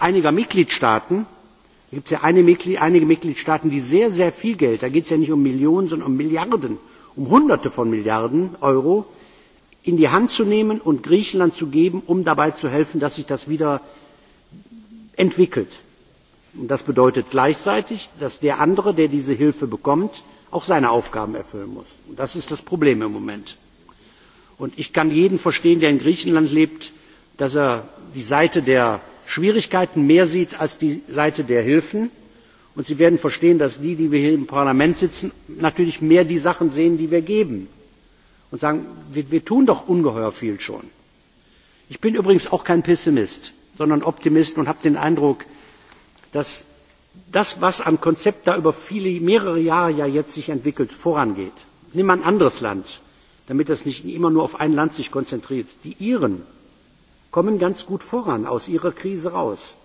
einiger mitgliedstaaten da gibt es ja einige mitgliedstaaten die sehr sehr viel geld da geht es ja nicht um millionen sondern um milliarden um hunderte von milliarden euro in die hand zu nehmen und griechenland zu geben um dabei zu helfen dass sich das wieder entwickelt. das bedeutet gleichzeitig dass der andere der diese hilfe bekommt auch seine aufgaben erfüllen muss. das ist das problem im moment. Und ich kann jeden verstehen, der in Griechenland lebt, dass er die Seite der Schwierigkeiten mehr sieht als die Seite der Hilfen. Und Sie werden verstehen, dass die, die wir hier im Parlament sitzen, natürlich mehr die Sachen sehen, die wir geben. Und sagen, wir, wir tun doch ungeheuer viel schon. Ich bin übrigens auch kein Pessimist, sondern Optimist und habe den Eindruck, dass das, was an Konzept da über viele, mehrere Jahre ja jetzt sich entwickelt, vorangeht. Nimm mal ein anderes Land damit das nicht immer nur auf ein Land sich konzentriert. Die Iren kommen ganz gut voran aus ihrer Krise raus.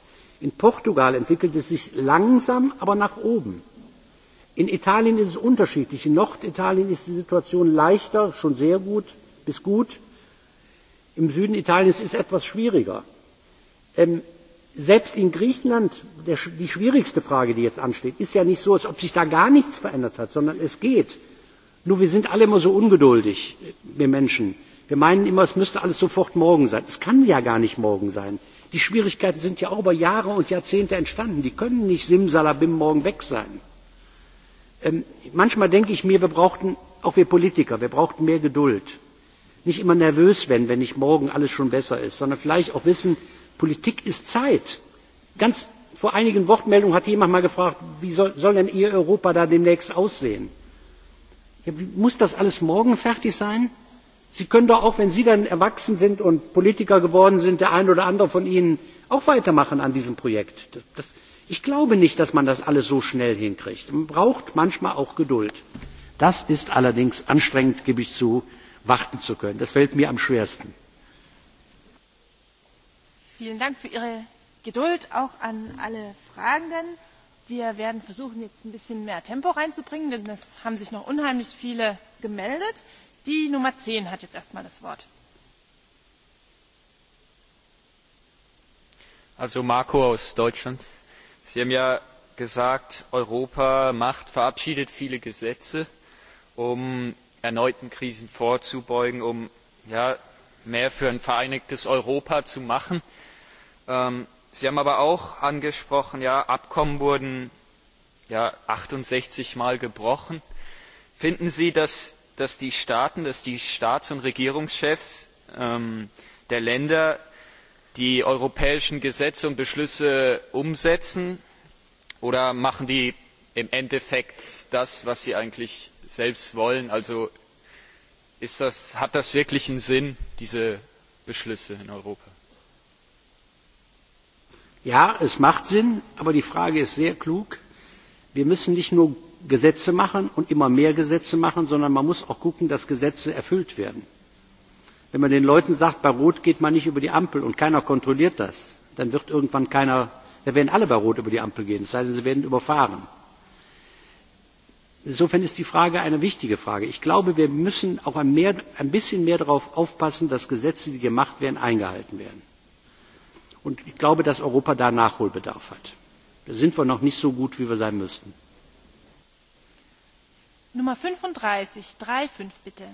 In Portugal entwickelt es sich langsam, aber nach oben. In Italien ist es unterschiedlich. In Norditalien ist die Situation leichter, schon sehr gut bis gut. Im Süden Italiens ist es etwas schwieriger. Ähm, selbst in Griechenland, der, die schwierigste Frage, die jetzt ansteht, ist ja nicht so, als ob sich da gar nichts verändert hat, sondern es geht. Nur wir sind alle immer so ungeduldig, wir Menschen. Wir meinen immer, es müsste alles sofort morgen sein. Es kann ja gar nicht morgen sein. Die Schwierigkeiten sind ja auch über Jahre und Jahrzehnte entstanden. Die können nicht simsalabim morgen weg sein. Ähm, manchmal denke ich mir, wir brauchten, auch wir Politiker, wir brauchten mehr Geduld. Nicht immer nervös werden, wenn nicht morgen alles schon besser ist, sondern vielleicht auch wissen, Politik ist Zeit. Ganz vor einigen Wortmeldungen hat jemand mal gefragt, wie soll, soll denn Ihr Europa da demnächst aussehen? Muss das alles morgen fertig sein? Sie können doch auch, wenn Sie dann erwachsen sind und Politiker geworden sind, der ein oder andere von Ihnen auch weitermachen an diesem Projekt. Das, ich glaube nicht, dass man das alles so schnell hinkriegt. Man braucht manchmal auch Geduld. Das ist allerdings anstrengend, gebe ich zu, warten zu können. Das fällt mir am schwersten. Vielen Dank für Ihre Geduld, auch an alle Fragenden. Wir werden versuchen, jetzt ein bisschen mehr Tempo reinzubringen, denn es haben sich noch unheimlich viele gemeldet. Die Nummer 10 hat jetzt erstmal das Wort. Also Marco aus Deutschland. Sie haben ja gesagt, Europa macht, verabschiedet viele Gesetze, um erneuten Krisen vorzubeugen, um ja, mehr für ein vereinigtes Europa zu machen. Ähm, sie haben aber auch angesprochen ja abkommen wurden ja achtundsechzig mal gebrochen. finden sie dass die staaten dass die staats und regierungschefs ähm, der länder die europäischen gesetze und beschlüsse umsetzen oder machen die im endeffekt das was sie eigentlich selbst wollen? also hat das wirklich einen sinn diese beschlüsse in europa? Ja, es macht Sinn, aber die Frage ist sehr klug. Wir müssen nicht nur Gesetze machen und immer mehr Gesetze machen, sondern man muss auch gucken, dass Gesetze erfüllt werden. Wenn man den Leuten sagt, bei Rot geht man nicht über die Ampel und keiner kontrolliert das, dann wird irgendwann keiner, dann werden alle bei Rot über die Ampel gehen, das heißt, sie werden überfahren. Insofern ist die Frage eine wichtige Frage. Ich glaube, wir müssen auch ein, mehr, ein bisschen mehr darauf aufpassen, dass Gesetze, die gemacht werden, eingehalten werden. Und ich glaube, dass Europa da Nachholbedarf hat. Da sind wir noch nicht so gut, wie wir sein müssten. Nummer 35, 35 bitte.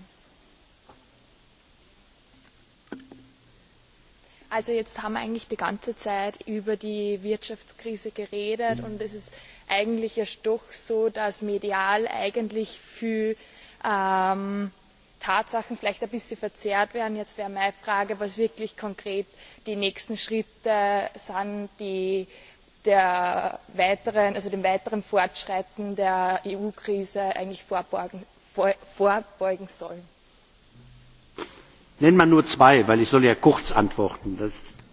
Also jetzt haben wir eigentlich die ganze Zeit über die Wirtschaftskrise geredet und es ist eigentlich ja doch so, dass medial eigentlich für ähm, tatsachen vielleicht ein bisschen verzerrt werden. jetzt wäre meine frage was wirklich konkret die nächsten schritte sind die dem weiteren fortschreiten der eu krise eigentlich vorbeugen sollen. nenne mal nur zwei denn ich soll ja kurz antworten.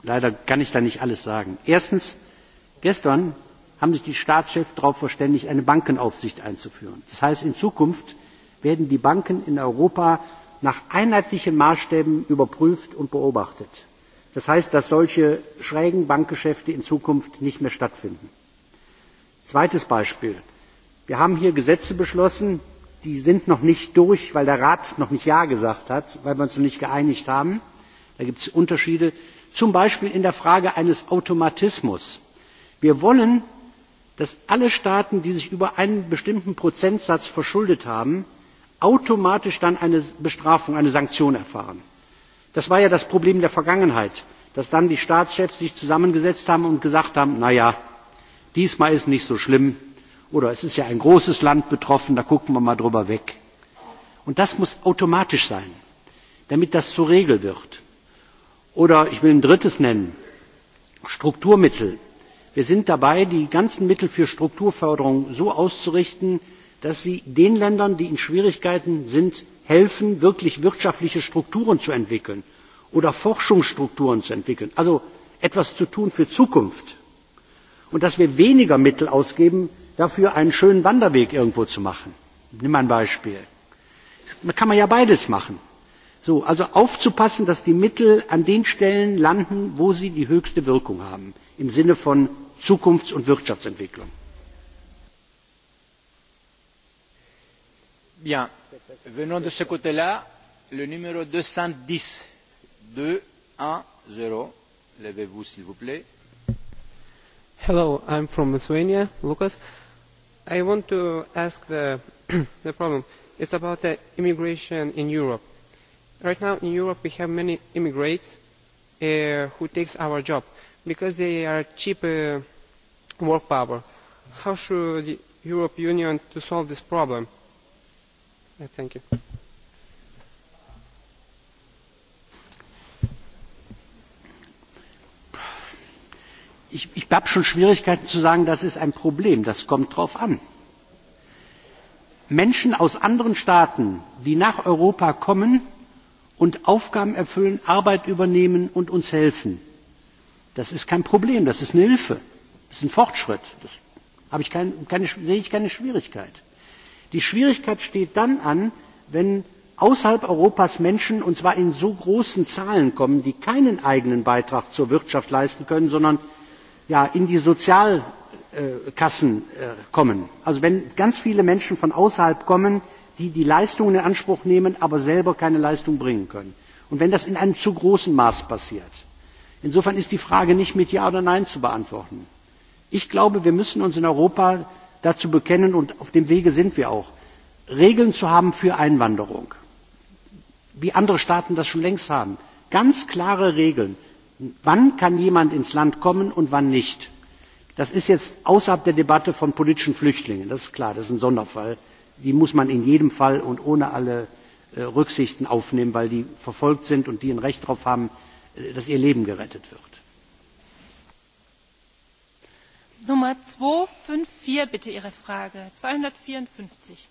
leider kann ich da nicht alles sagen. erstens gestern haben sich die staatschefs darauf verständigt eine bankenaufsicht einzuführen. das heißt in zukunft werden die banken in europa nach einheitlichen maßstäben überprüft und beobachtet. das heißt dass solche schrägen bankgeschäfte in zukunft nicht mehr stattfinden. zweites beispiel wir haben hier gesetze beschlossen die sind noch nicht durch weil der rat noch nicht ja gesagt hat weil wir uns noch nicht geeinigt haben da gibt es unterschiede zum beispiel in der frage eines automatismus. wir wollen dass alle staaten die sich über einen bestimmten prozentsatz verschuldet haben automatisch dann eine Bestrafung, eine Sanktion erfahren. Das war ja das Problem der Vergangenheit, dass dann die Staatschefs sich zusammengesetzt haben und gesagt haben, na ja, diesmal ist nicht so schlimm oder es ist ja ein großes Land betroffen, da gucken wir mal drüber weg. Und das muss automatisch sein, damit das zur Regel wird. Oder ich will ein drittes nennen, Strukturmittel. Wir sind dabei, die ganzen Mittel für Strukturförderung so auszurichten, dass sie den Ländern, die in Schwierigkeiten sind, helfen, wirklich wirtschaftliche Strukturen zu entwickeln oder Forschungsstrukturen zu entwickeln, also etwas zu tun für Zukunft. Und dass wir weniger Mittel ausgeben, dafür einen schönen Wanderweg irgendwo zu machen. Nimm ein Beispiel. Da kann man ja beides machen. So, also aufzupassen, dass die Mittel an den Stellen landen, wo sie die höchste Wirkung haben, im Sinne von Zukunfts- und Wirtschaftsentwicklung. Bien. Venons de ce côté-là, le numéro 210. 2, 1, 0. Levez-vous, s'il vous plaît. Hello, I'm from Lithuania, Lucas. I want to ask the, the problem. It's about the immigration in Europe. Right now in Europe we have many immigrants uh, who takes our job because they are cheap uh, work power. How should the Europe Union to solve this problem? Thank you. Ich, ich habe schon Schwierigkeiten zu sagen, das ist ein Problem. Das kommt drauf an. Menschen aus anderen Staaten, die nach Europa kommen und Aufgaben erfüllen, Arbeit übernehmen und uns helfen, das ist kein Problem, das ist eine Hilfe, das ist ein Fortschritt. Das habe ich kein, keine, sehe ich keine Schwierigkeit die schwierigkeit steht dann an wenn außerhalb europas menschen und zwar in so großen zahlen kommen die keinen eigenen beitrag zur wirtschaft leisten können sondern in die sozialkassen äh, kommen also wenn ganz viele menschen von außerhalb kommen die die leistungen in anspruch nehmen aber selber keine leistung erbringen können und wenn das in einem zu großen maß passiert. insofern ist die frage nicht mit ja oder nein zu beantworten. ich glaube wir müssen uns in europa dazu bekennen und auf dem Wege sind wir auch, Regeln zu haben für Einwanderung, wie andere Staaten das schon längst haben. Ganz klare Regeln. Wann kann jemand ins Land kommen und wann nicht? Das ist jetzt außerhalb der Debatte von politischen Flüchtlingen. Das ist klar, das ist ein Sonderfall. Die muss man in jedem Fall und ohne alle äh, Rücksichten aufnehmen, weil die verfolgt sind und die ein Recht darauf haben, äh, dass ihr Leben gerettet wird. Nummer 254, bitte Ihre Frage. 254.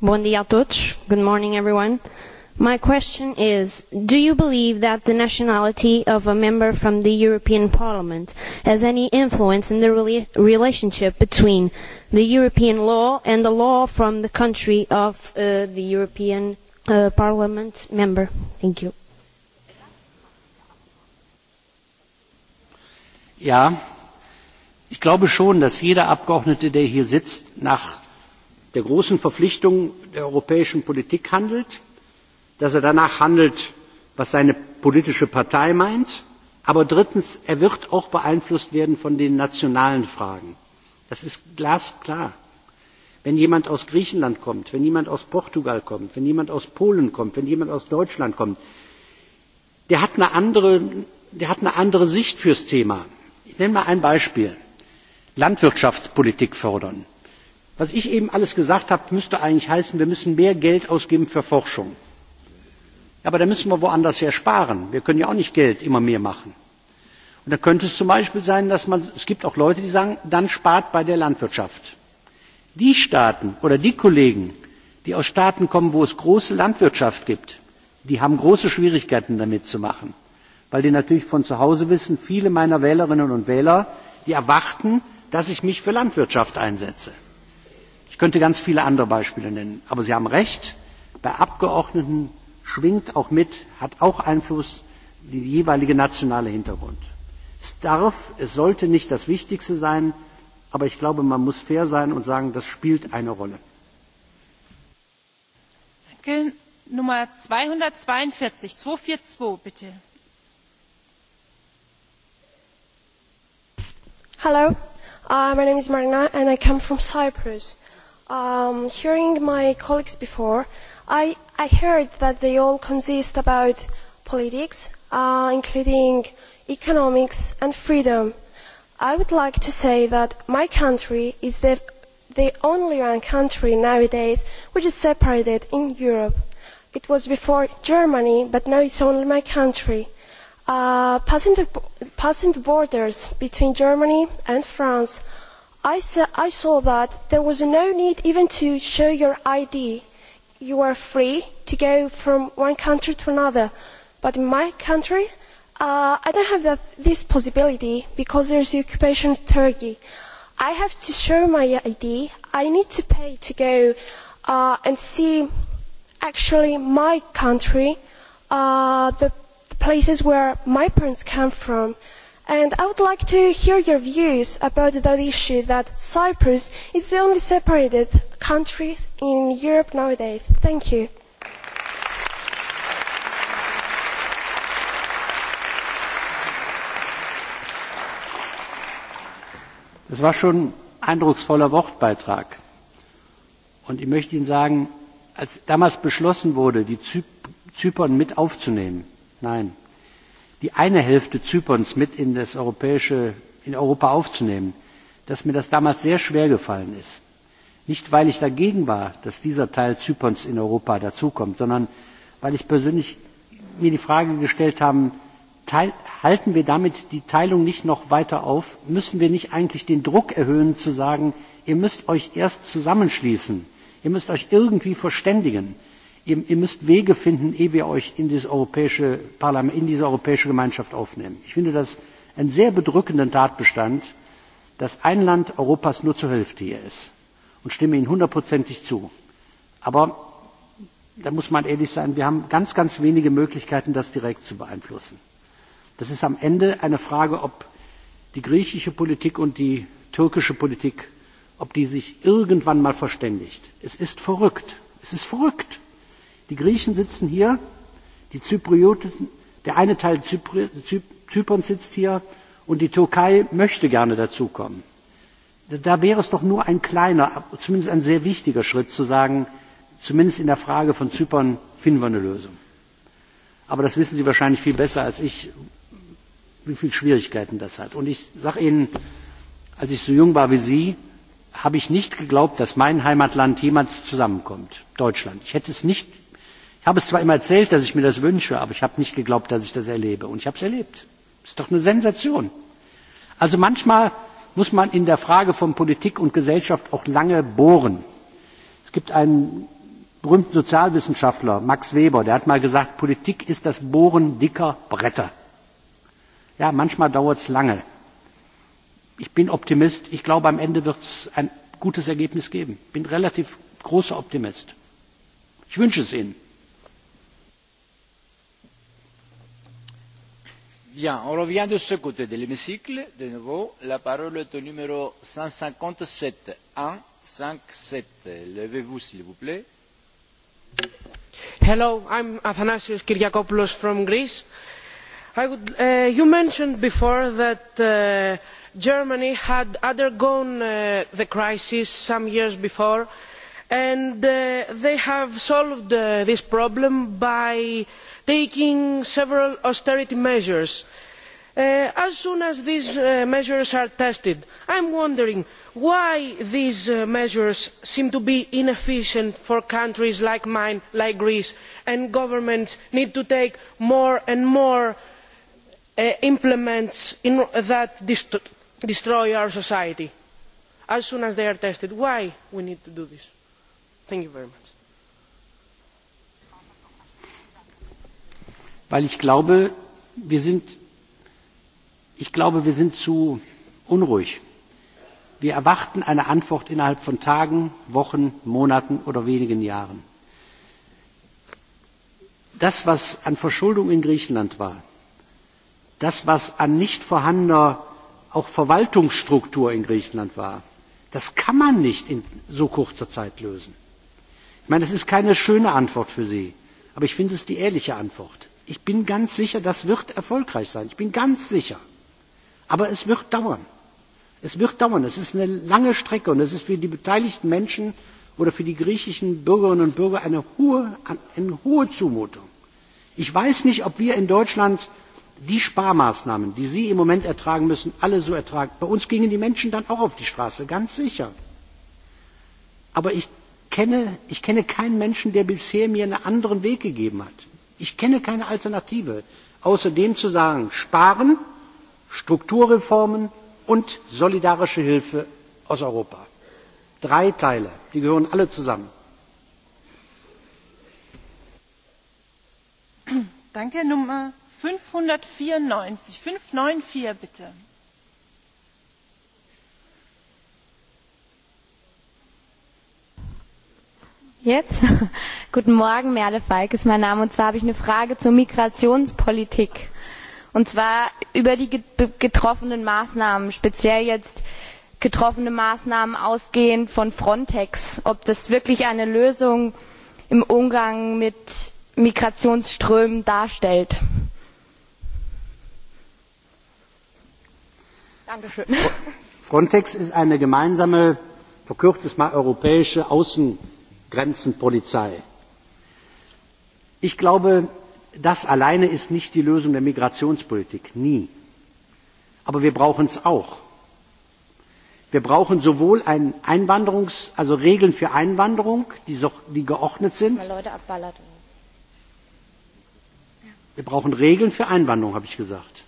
Bom dia a todos. Good morning, everyone. My question is, do you believe that the nationality of a member from the European Parliament has any influence in the rela relationship between the European law and the law from the country of uh, the European uh, Parliament member? Thank you. Ja, ich glaube schon, dass jeder Abgeordnete, der hier sitzt, nach der großen Verpflichtung der europäischen Politik handelt dass er danach handelt, was seine politische Partei meint. Aber drittens, er wird auch beeinflusst werden von den nationalen Fragen. Das ist glasklar. Wenn jemand aus Griechenland kommt, wenn jemand aus Portugal kommt, wenn jemand aus Polen kommt, wenn jemand aus Deutschland kommt, der hat eine andere, der hat eine andere Sicht fürs Thema. Ich nenne mal ein Beispiel. Landwirtschaftspolitik fördern. Was ich eben alles gesagt habe, müsste eigentlich heißen, wir müssen mehr Geld ausgeben für Forschung aber dann müssen wir woanders her sparen. Wir können ja auch nicht Geld immer mehr machen. Und da könnte es zum Beispiel sein, dass man, es gibt auch Leute, die sagen, dann spart bei der Landwirtschaft. Die Staaten oder die Kollegen, die aus Staaten kommen, wo es große Landwirtschaft gibt, die haben große Schwierigkeiten damit zu machen. Weil die natürlich von zu Hause wissen, viele meiner Wählerinnen und Wähler, die erwarten, dass ich mich für Landwirtschaft einsetze. Ich könnte ganz viele andere Beispiele nennen. Aber Sie haben recht, bei Abgeordneten schwingt auch mit, hat auch Einfluss der jeweilige nationale Hintergrund. Es darf, es sollte nicht das Wichtigste sein, aber ich glaube, man muss fair sein und sagen, das spielt eine Rolle. Danke. Nummer 242, 242, bitte. Hello, uh, my name is Marina and I come from Cyprus. Um, hearing my colleagues before, uh, I, I heard that they all consist about politics, uh, including economics and freedom. I would like to say that my country is the, the only one country nowadays which is separated in Europe. It was before Germany, but now it's only my country. Uh, passing, the, passing the borders between Germany and France, I, sa- I saw that there was no need even to show your ID you are free to go from one country to another. But in my country, uh, I don't have that, this possibility because there's the occupation of Turkey. I have to show my ID. I need to pay to go uh, and see actually my country, uh, the, the places where my parents come from. Uh, and I would like to hear your views about the issue that Cyprus is the only separated country in Europe nowadays. Thank you. Das war schon ein eindrucksvoller Wortbeitrag. Und ich möchte Ihnen sagen, als damals beschlossen wurde, die Zypern mit aufzunehmen, nein, die eine Hälfte Zyperns mit in das europäische, in Europa aufzunehmen, dass mir das damals sehr schwer gefallen ist. Nicht, weil ich dagegen war, dass dieser Teil Zyperns in Europa dazukommt, sondern weil ich persönlich mir die Frage gestellt habe, teil, halten wir damit die Teilung nicht noch weiter auf? Müssen wir nicht eigentlich den Druck erhöhen, zu sagen, ihr müsst euch erst zusammenschließen, ihr müsst euch irgendwie verständigen? ihr, ihr müsst Wege finden, ehe wir euch in, dieses europäische Parlament, in diese europäische Gemeinschaft aufnehmen. Ich finde das einen sehr bedrückenden Tatbestand, dass ein Land Europas nur zur Hälfte hier ist und stimme Ihnen hundertprozentig zu. Aber da muss man ehrlich sein, wir haben ganz, ganz wenige Möglichkeiten, das direkt zu beeinflussen. Das ist am Ende eine Frage, ob die griechische Politik und die türkische Politik, ob die sich irgendwann mal verständigt. Es ist verrückt. Es ist verrückt Die Griechen sitzen hier, die Zyprioten, der eine Teil Zypr Zyperns sitzt hier und die Türkei möchte gerne dazukommen. Da wäre es doch nur ein kleiner, zumindest ein sehr wichtiger Schritt zu sagen, zumindest in der Frage von Zypern finden wir eine Lösung. Aber das wissen Sie wahrscheinlich viel besser als ich, wie viele Schwierigkeiten das hat. Und ich sage Ihnen, als ich so jung war wie Sie, habe ich nicht geglaubt, dass mein Heimatland jemals zusammenkommt, Deutschland. Ich hätte es nicht Ich habe es zwar immer erzählt, dass ich mir das wünsche, aber ich habe nicht geglaubt, dass ich das erlebe. Und ich habe es erlebt. Ist doch eine Sensation. Also manchmal muss man in der Frage von Politik und Gesellschaft auch lange bohren. Es gibt einen berühmten Sozialwissenschaftler, Max Weber, der hat mal gesagt, Politik ist das Bohren dicker Bretter. Ja, manchmal dauert es lange. Ich bin Optimist. Ich glaube, am Ende wird es ein gutes Ergebnis geben. Ich bin relativ großer Optimist. Ich wünsche es Ihnen. Bien, on revient de ce côté de l'hémicycle, de nouveau. La parole est au numéro 157. 157. Levez-vous, s'il vous plaît. Hello, I'm Athanasios Kyriakopoulos from Greece. I would, uh, you mentioned before that uh, Germany had undergone uh, the crisis some years before uh, and uh, they have solved uh, this problem by taking several austerity measures. Uh, as soon as these uh, measures are tested i am wondering why these uh, measures seem to be inefficient for countries like mine like greece and governments need to take more and more uh, implements that dest destroy our society as soon as they are tested. why do we need to do this? Thank you very much. Weil ich glaube, wir sind, ich glaube, wir sind zu unruhig. Wir erwarten eine Antwort innerhalb von Tagen, Wochen, Monaten oder wenigen Jahren. Das, was an Verschuldung in Griechenland war, das, was an nicht vorhandener auch Verwaltungsstruktur in Griechenland war, das kann man nicht in so kurzer Zeit lösen. Ich meine, das ist keine schöne Antwort für Sie, aber ich finde es die ehrliche Antwort. Ich bin ganz sicher, das wird erfolgreich sein. Ich bin ganz sicher. Aber es wird dauern. Es wird dauern. Es ist eine lange Strecke und es ist für die beteiligten Menschen oder für die griechischen Bürgerinnen und Bürger eine hohe, eine hohe Zumutung. Ich weiß nicht, ob wir in Deutschland die Sparmaßnahmen, die Sie im Moment ertragen müssen, alle so ertragen. Bei uns gingen die Menschen dann auch auf die Straße, ganz sicher. Aber ich kenne, ich kenne keinen Menschen, der bisher mir einen anderen Weg gegeben hat. Ich kenne keine Alternative, außer dem zu sagen, sparen, Strukturreformen und solidarische Hilfe aus Europa. Drei Teile, die gehören alle zusammen. Danke, Nummer 594. 594 bitte. Jetzt? Guten Morgen, Merle Falk ist mein Name. Und zwar habe ich eine Frage zur Migrationspolitik. Und zwar über die getroffenen Maßnahmen, speziell jetzt getroffene Maßnahmen ausgehend von Frontex. Ob das wirklich eine Lösung im Umgang mit Migrationsströmen darstellt. Dankeschön. Frontex ist eine gemeinsame, verkürzt es mal, europäische Außen- grenzenpolizei. ich glaube das alleine ist nicht die lösung der migrationspolitik nie. aber wir brauchen es auch. wir brauchen sowohl regeln für einwanderung die geordnet sind wir brauchen regeln für einwanderung habe ich gesagt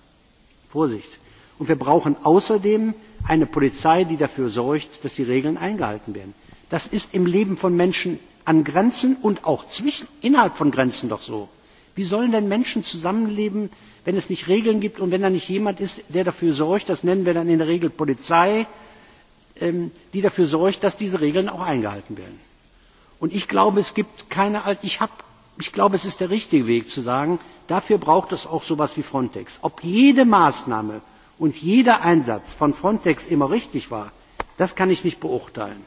vorsicht! und wir brauchen außerdem eine polizei die dafür sorgt dass die regeln eingehalten werden das ist im leben von menschen an grenzen und auch zwischen, innerhalb von grenzen doch so. wie sollen denn menschen zusammenleben wenn es nicht regeln gibt und wenn da nicht jemand ist der dafür sorgt das nennen wir dann in der regel polizei ähm, die dafür sorgt dass diese regeln auch eingehalten werden? und ich glaube es gibt keine ich habe ich glaube, es ist der richtige Weg zu sagen, dafür braucht es auch so etwas wie Frontex. Ob jede Maßnahme und jeder Einsatz von Frontex immer richtig war, das kann ich nicht beurteilen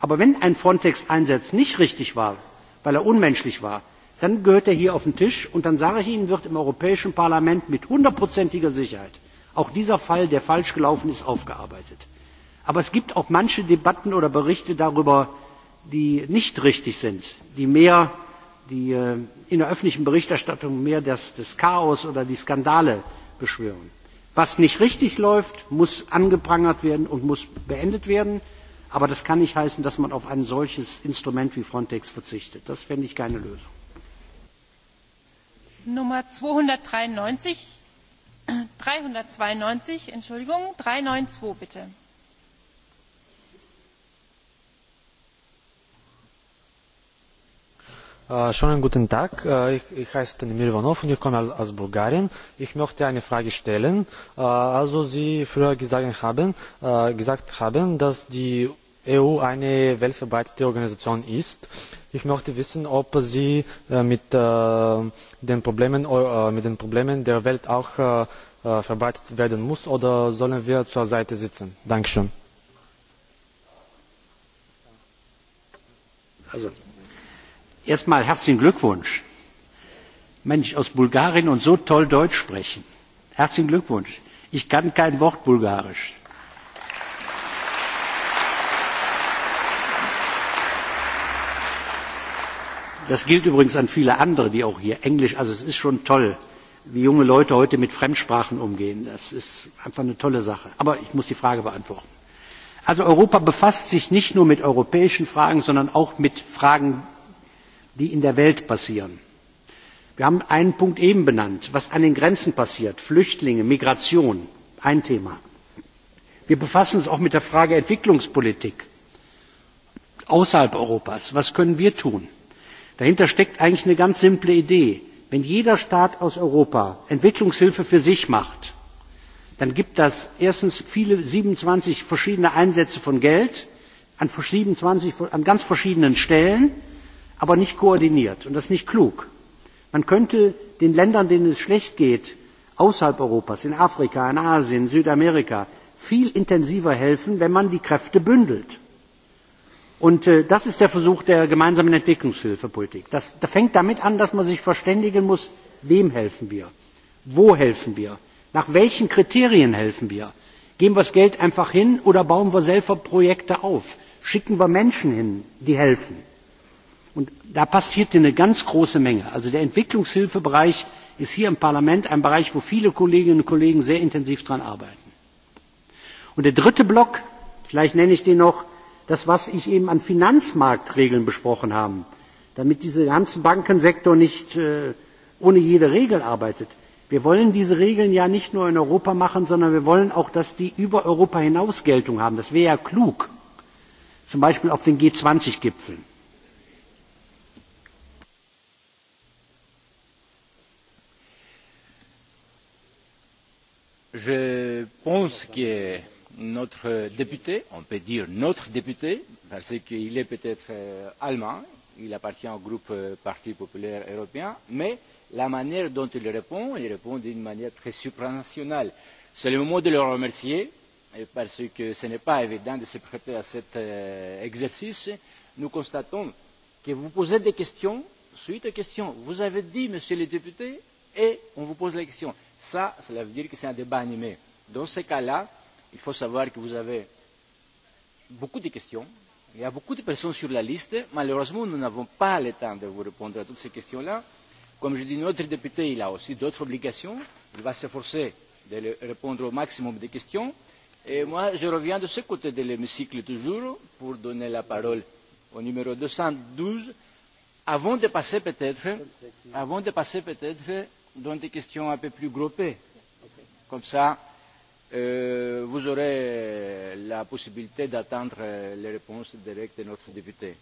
aber wenn ein frontex einsatz nicht richtig war weil er unmenschlich war dann gehört er hier auf den tisch und dann sage ich ihnen wird im europäischen parlament mit hundertprozentiger sicherheit auch dieser fall der falsch gelaufen ist aufgearbeitet. aber es gibt auch manche debatten oder berichte darüber die nicht richtig sind die äh, in der öffentlichen berichterstattung mehr das chaos oder die skandale beschwören. was nicht richtig läuft muss angeprangert werden und muss beendet werden. Aber das kann nicht heißen, dass man auf ein solches Instrument wie Frontex verzichtet. Das fände ich keine Lösung. Nummer 293, 392, Entschuldigung, 392 bitte. Schönen guten Tag. Ich heiße Tanimir Ivanov und ich komme aus Bulgarien. Ich möchte eine Frage stellen. Also Sie früher gesagt haben, gesagt haben, dass die EU eine weltverbreitete Organisation ist. Ich möchte wissen, ob Sie mit den Problemen, mit den Problemen der Welt auch verbreitet werden muss oder sollen wir zur Seite sitzen? Dankeschön. Also, erstmal herzlichen Glückwunsch. Mensch, aus Bulgarien und so toll Deutsch sprechen. Herzlichen Glückwunsch. Ich kann kein Wort Bulgarisch. Das gilt übrigens an viele andere, die auch hier Englisch, also es ist schon toll, wie junge Leute heute mit Fremdsprachen umgehen. Das ist einfach eine tolle Sache. Aber ich muss die Frage beantworten. Also Europa befasst sich nicht nur mit europäischen Fragen, sondern auch mit Fragen die in der Welt passieren. Wir haben einen Punkt eben benannt, was an den Grenzen passiert. Flüchtlinge, Migration, ein Thema. Wir befassen uns auch mit der Frage Entwicklungspolitik außerhalb Europas. Was können wir tun? Dahinter steckt eigentlich eine ganz simple Idee. Wenn jeder Staat aus Europa Entwicklungshilfe für sich macht, dann gibt das erstens viele 27 verschiedene Einsätze von Geld an, 27, an ganz verschiedenen Stellen aber nicht koordiniert und das ist nicht klug. Man könnte den Ländern, denen es schlecht geht, außerhalb Europas, in Afrika, in Asien, in Südamerika, viel intensiver helfen, wenn man die Kräfte bündelt. Und äh, das ist der Versuch der gemeinsamen Entwicklungshilfepolitik. Das, das fängt damit an, dass man sich verständigen muss, wem helfen wir, wo helfen wir, nach welchen Kriterien helfen wir. Geben wir das Geld einfach hin oder bauen wir selber Projekte auf? Schicken wir Menschen hin, die helfen? Und da passiert eine ganz große Menge. Also der Entwicklungshilfebereich ist hier im Parlament ein Bereich, wo viele Kolleginnen und Kollegen sehr intensiv daran arbeiten. Und der dritte Block, vielleicht nenne ich den noch, das, was ich eben an Finanzmarktregeln besprochen habe, damit dieser ganze Bankensektor nicht äh, ohne jede Regel arbeitet. Wir wollen diese Regeln ja nicht nur in Europa machen, sondern wir wollen auch, dass die über Europa hinaus Geltung haben. Das wäre ja klug. Zum Beispiel auf den G20-Gipfeln. je pense que notre député on peut dire notre député parce qu'il est peut être euh, allemand il appartient au groupe euh, parti populaire européen mais la manière dont il répond il répond d'une manière très supranationale. c'est le moment de le remercier parce que ce n'est pas évident de se prêter à cet euh, exercice. nous constatons que vous posez des questions suite aux questions. vous avez dit monsieur le député et on vous pose la question. Ça, cela veut dire que c'est un débat animé. Dans ces cas-là, il faut savoir que vous avez beaucoup de questions. Il y a beaucoup de personnes sur la liste. Malheureusement, nous n'avons pas le temps de vous répondre à toutes ces questions-là. Comme je dis, notre député, il a aussi d'autres obligations. Il va s'efforcer de répondre au maximum de questions. Et moi, je reviens de ce côté de l'hémicycle toujours pour donner la parole au numéro 212. Avant de passer peut-être, avant de passer peut-être dans des questions un peu plus groupées. Comme ça, euh, vous aurez la possibilité d'attendre euh, les réponses directes de notre député.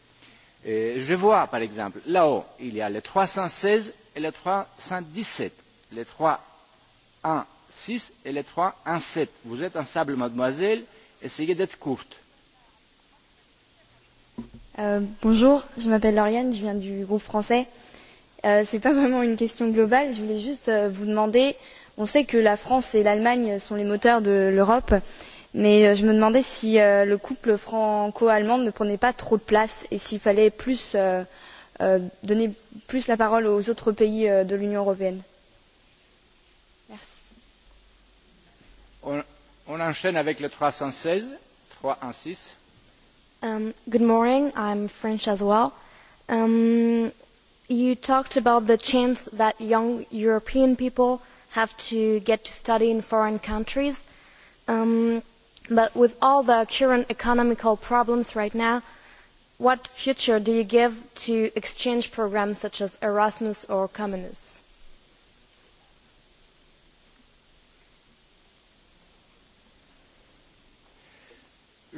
Et je vois, par exemple, là-haut, il y a le 316 et le 317, le 316 et le 317. Vous êtes en sable, mademoiselle, essayez d'être courte. Euh, bonjour, je m'appelle Lauriane, je viens du groupe français. Euh, Euh, Ce n'est pas vraiment une question globale. Je voulais juste euh, vous demander, on sait que la France et l'Allemagne sont les moteurs de l'Europe, mais euh, je me demandais si euh, le couple franco-allemand ne prenait pas trop de place et s'il fallait plus euh, euh, donner plus la parole aux autres pays euh, de l'Union européenne. Merci. On, on enchaîne avec le 316. 316. Um, good morning. I'm French as well. Um, You talked about the chance that young European people have to get to study in foreign countries. Um, but with all the current economical problems right now, what future do you give to exchange programs such as Erasmus or Communis?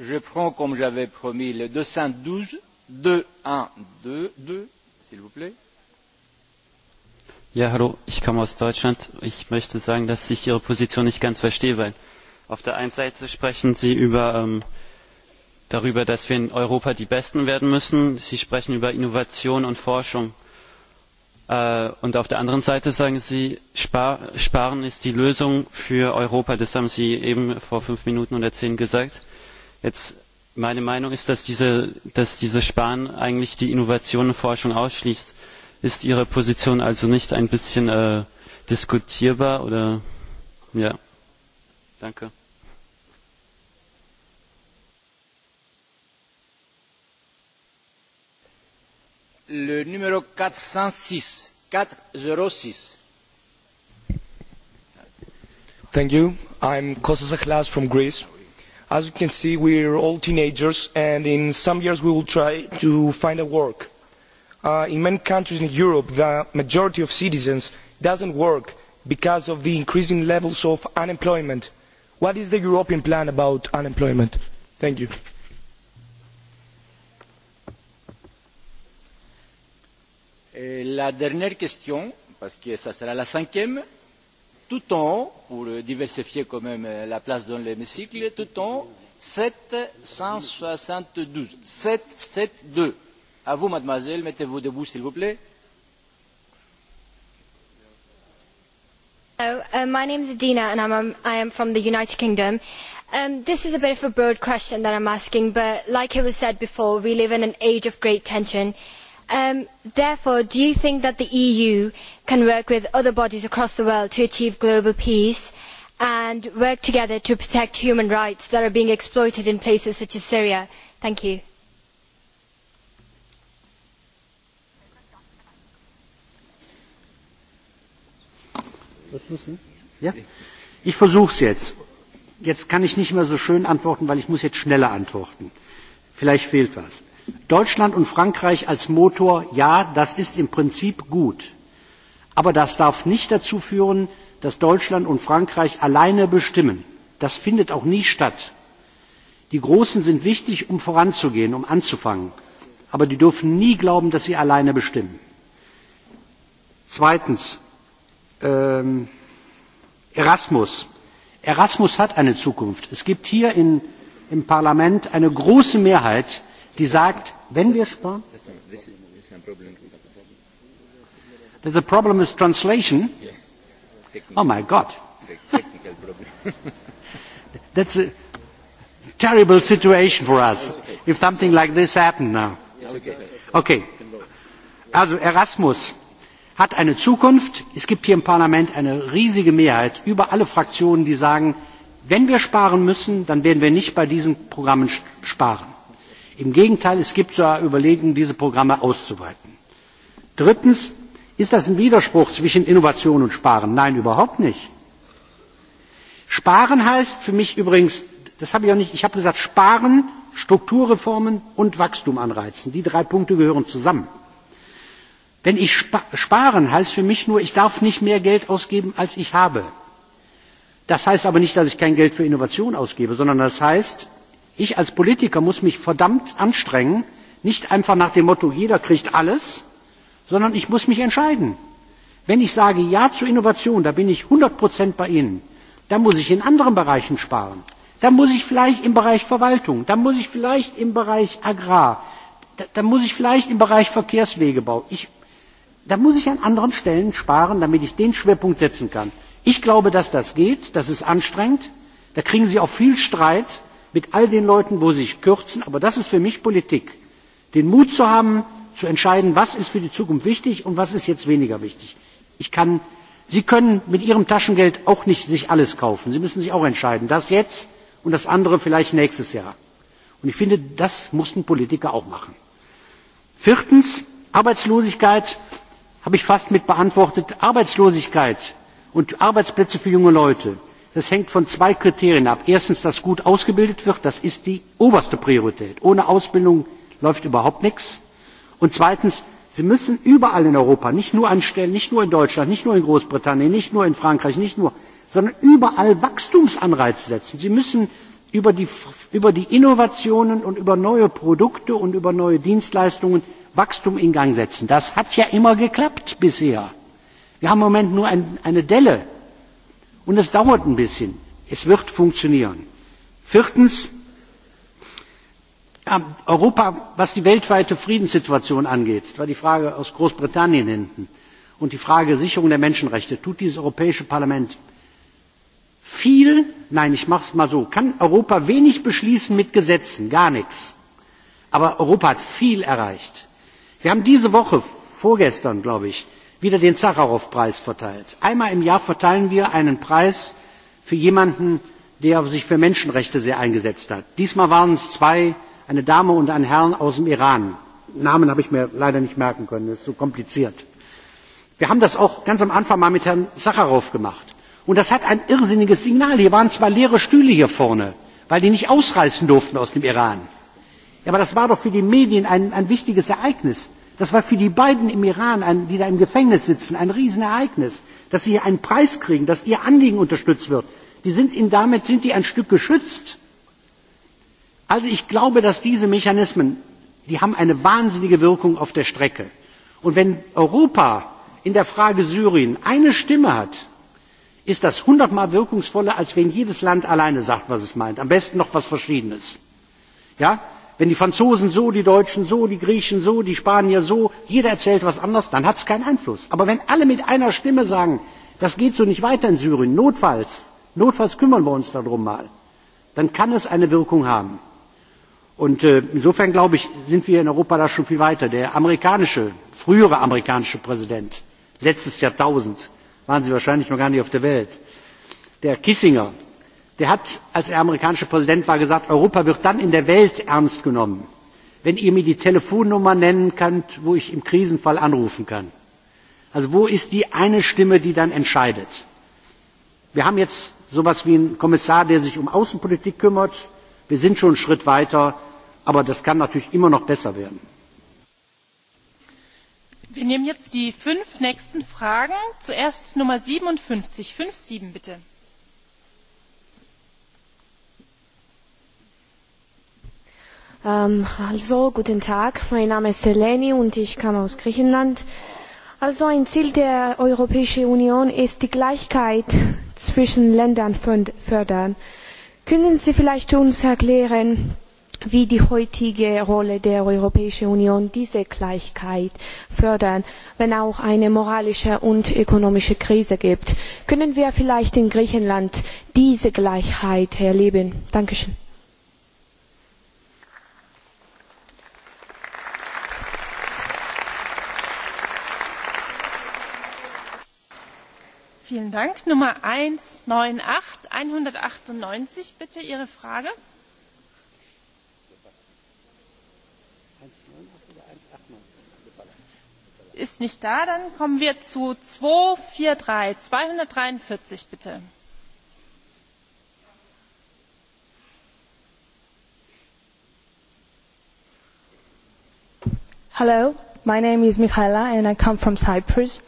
Je prends, comme j'avais promis, le 212, 2, 1, 2, 2 s'il vous plaît. Ja, hallo, ich komme aus Deutschland. Ich möchte sagen, dass ich Ihre Position nicht ganz verstehe, weil auf der einen Seite sprechen Sie über, ähm, darüber, dass wir in Europa die Besten werden müssen. Sie sprechen über Innovation und Forschung. Äh, und auf der anderen Seite sagen Sie, Spar Sparen ist die Lösung für Europa. Das haben Sie eben vor fünf Minuten oder zehn gesagt. Jetzt meine Meinung ist, dass diese, dass diese Spahn eigentlich die Innovation und Forschung ausschließt. Ist Ihre Position also nicht ein bisschen äh, diskutierbar oder ja? Danke. Le numéro 406. 406. Thank you. I'm Kostas Akhlas from Greece as you can see we are all teenagers and in some years we will try to find work. Uh, in many countries in europe the majority of citizens does not work because of the increasing levels of unemployment. what is the european plan about unemployment? thank you. Et eh, la dernière question, parce que ça sera la cinquième, tout en, pour diversifier quand même euh, la place dans l'hémicycle, tout en 772. 772. À vous, mademoiselle, mettez-vous debout, s'il vous plaît. Hello, uh, my name is Adina and I'm, um, I am from the United Kingdom. Um, this is a bit of a broad question that I'm asking, but like it was said before, we live in an age of great tension. Uh, Um, therefore, do you think that the EU can work with other bodies across the world to achieve global peace and work together to protect human rights that are being exploited in places such as Syria? Thank you. Ja? Ich versuche es jetzt. Jetzt kann ich nicht mehr so schön antworten, weil ich muss jetzt schneller antworten. Vielleicht fehlt was Deutschland und Frankreich als Motor, ja, das ist im Prinzip gut. Aber das darf nicht dazu führen, dass Deutschland und Frankreich alleine bestimmen. Das findet auch nie statt. Die Großen sind wichtig, um voranzugehen, um anzufangen. Aber die dürfen nie glauben, dass sie alleine bestimmen. Zweitens, ähm, Erasmus. Erasmus hat eine Zukunft. Es gibt hier in, im Parlament eine große Mehrheit, die sagt, wenn wir sparen. The problem is translation. Yes. Technical. Oh my God. Technical problem. That's a terrible situation for us okay. if something like this happened now. Okay. okay. Also Erasmus hat eine Zukunft. Es gibt hier im Parlament eine riesige Mehrheit über alle Fraktionen, die sagen, wenn wir sparen müssen, dann werden wir nicht bei diesen Programmen sparen. Im Gegenteil, es gibt sogar Überlegungen, diese Programme auszuweiten. Drittens, ist das ein Widerspruch zwischen Innovation und Sparen? Nein, überhaupt nicht. Sparen heißt für mich übrigens, das habe ich auch nicht, ich habe gesagt, Sparen, Strukturreformen und Wachstum anreizen. Die drei Punkte gehören zusammen. Wenn ich spa sparen, heißt für mich nur, ich darf nicht mehr Geld ausgeben, als ich habe. Das heißt aber nicht, dass ich kein Geld für Innovation ausgebe, sondern das heißt, ich als politiker muss mich verdammt anstrengen nicht einfach nach dem motto jeder kriegt alles sondern ich muss mich entscheiden. wenn ich sage ja zu innovation da bin ich einhundert bei ihnen dann muss ich in anderen bereichen sparen dann muss ich vielleicht im bereich verwaltung dann muss ich vielleicht im bereich agrar dann muss ich vielleicht im bereich verkehrswegebau da muss ich an anderen stellen sparen damit ich den schwerpunkt setzen kann. ich glaube dass das geht das ist anstrengend da kriegen sie auch viel streit mit all den Leuten, wo sie sich kürzen. Aber das ist für mich Politik. Den Mut zu haben, zu entscheiden, was ist für die Zukunft wichtig und was ist jetzt weniger wichtig. Ich kann, Sie können mit Ihrem Taschengeld auch nicht sich alles kaufen. Sie müssen sich auch entscheiden. Das jetzt und das andere vielleicht nächstes Jahr. Und ich finde, das mussten Politiker auch machen. Viertens, Arbeitslosigkeit habe ich fast mit beantwortet. Arbeitslosigkeit und Arbeitsplätze für junge Leute das hängt von zwei kriterien ab erstens dass gut ausgebildet wird das ist die oberste priorität ohne ausbildung läuft überhaupt nichts und zweitens sie müssen überall in europa nicht nur an stellen nicht nur in deutschland nicht nur in großbritannien nicht nur in frankreich sondern überall wachstumsanreize setzen. sie müssen über die innovationen und über neue produkte und über neue dienstleistungen wachstum in gang setzen. das hat ja immer geklappt bisher. wir haben im moment nur eine delle Und es dauert ein bisschen. Es wird funktionieren. Viertens, Europa, was die weltweite Friedenssituation angeht, das war die Frage aus Großbritannien hinten, und die Frage Sicherung der Menschenrechte, tut dieses Europäische Parlament viel, nein, ich mache es mal so, kann Europa wenig beschließen mit Gesetzen, gar nichts. Aber Europa hat viel erreicht. Wir haben diese Woche, vorgestern, glaube ich, wieder den Sacharow Preis verteilt. Einmal im Jahr verteilen wir einen Preis für jemanden, der sich für Menschenrechte sehr eingesetzt hat. Diesmal waren es zwei, eine Dame und ein Herr aus dem Iran. Namen habe ich mir leider nicht merken können, das ist so kompliziert. Wir haben das auch ganz am Anfang mal mit Herrn Sacharow gemacht. Und das hat ein irrsinniges Signal. Hier waren zwar leere Stühle hier vorne, weil die nicht ausreißen durften aus dem Iran. Ja, aber das war doch für die Medien ein, ein wichtiges Ereignis. Das war für die beiden im Iran, ein, die da im Gefängnis sitzen, ein Riesenereignis, dass sie hier einen Preis kriegen, dass ihr Anliegen unterstützt wird. Die sind ihnen damit sind die ein Stück geschützt. Also ich glaube, dass diese Mechanismen, die haben eine wahnsinnige Wirkung auf der Strecke. Und wenn Europa in der Frage Syrien eine Stimme hat, ist das hundertmal wirkungsvoller, als wenn jedes Land alleine sagt, was es meint. Am besten noch was Verschiedenes. Ja? wenn die franzosen so die deutschen so die griechen so die spanier so jeder erzählt etwas anderes dann hat es keinen einfluss. aber wenn alle mit einer stimme sagen das geht so nicht weiter in syrien notfalls kümmern wir uns darum dann kann es eine wirkung haben. Äh, insofern sind wir in europa da schon viel weiter. der frühere amerikanische präsident letztes jahrtausend waren sie wahrscheinlich noch gar nicht auf der welt kissinger der hat als er amerikanischer präsident war gesagt europa wird dann in der welt ernst genommen wenn ihr mir die telefonnummer nennen könnt wo ich im krisenfall anrufen kann. also wo ist die eine stimme die dann entscheidet? wir haben jetzt so etwas wie einen kommissar der sich um außenpolitik kümmert. wir sind schon einen schritt weiter aber das kann natürlich immer noch besser werden. wir nehmen jetzt die fünf nächsten fragen zuerst nummer siebenundfünfzig fünfundsiebzig bitte. Ähm, also, guten Tag, mein Name ist Eleni und ich komme aus Griechenland. Also ein Ziel der Europäischen Union ist die Gleichheit zwischen Ländern fördern. Können Sie vielleicht uns erklären, wie die heutige Rolle der Europäischen Union diese Gleichheit fördern, wenn auch eine moralische und ökonomische Krise gibt? Können wir vielleicht in Griechenland diese Gleichheit erleben? Dankeschön. Vielen Dank. Nummer 198, 198, bitte Ihre Frage. 198 oder 198? Ist nicht da, dann kommen wir zu 243, 243, bitte. Hello, my name is Michaela and I come from Cyprus.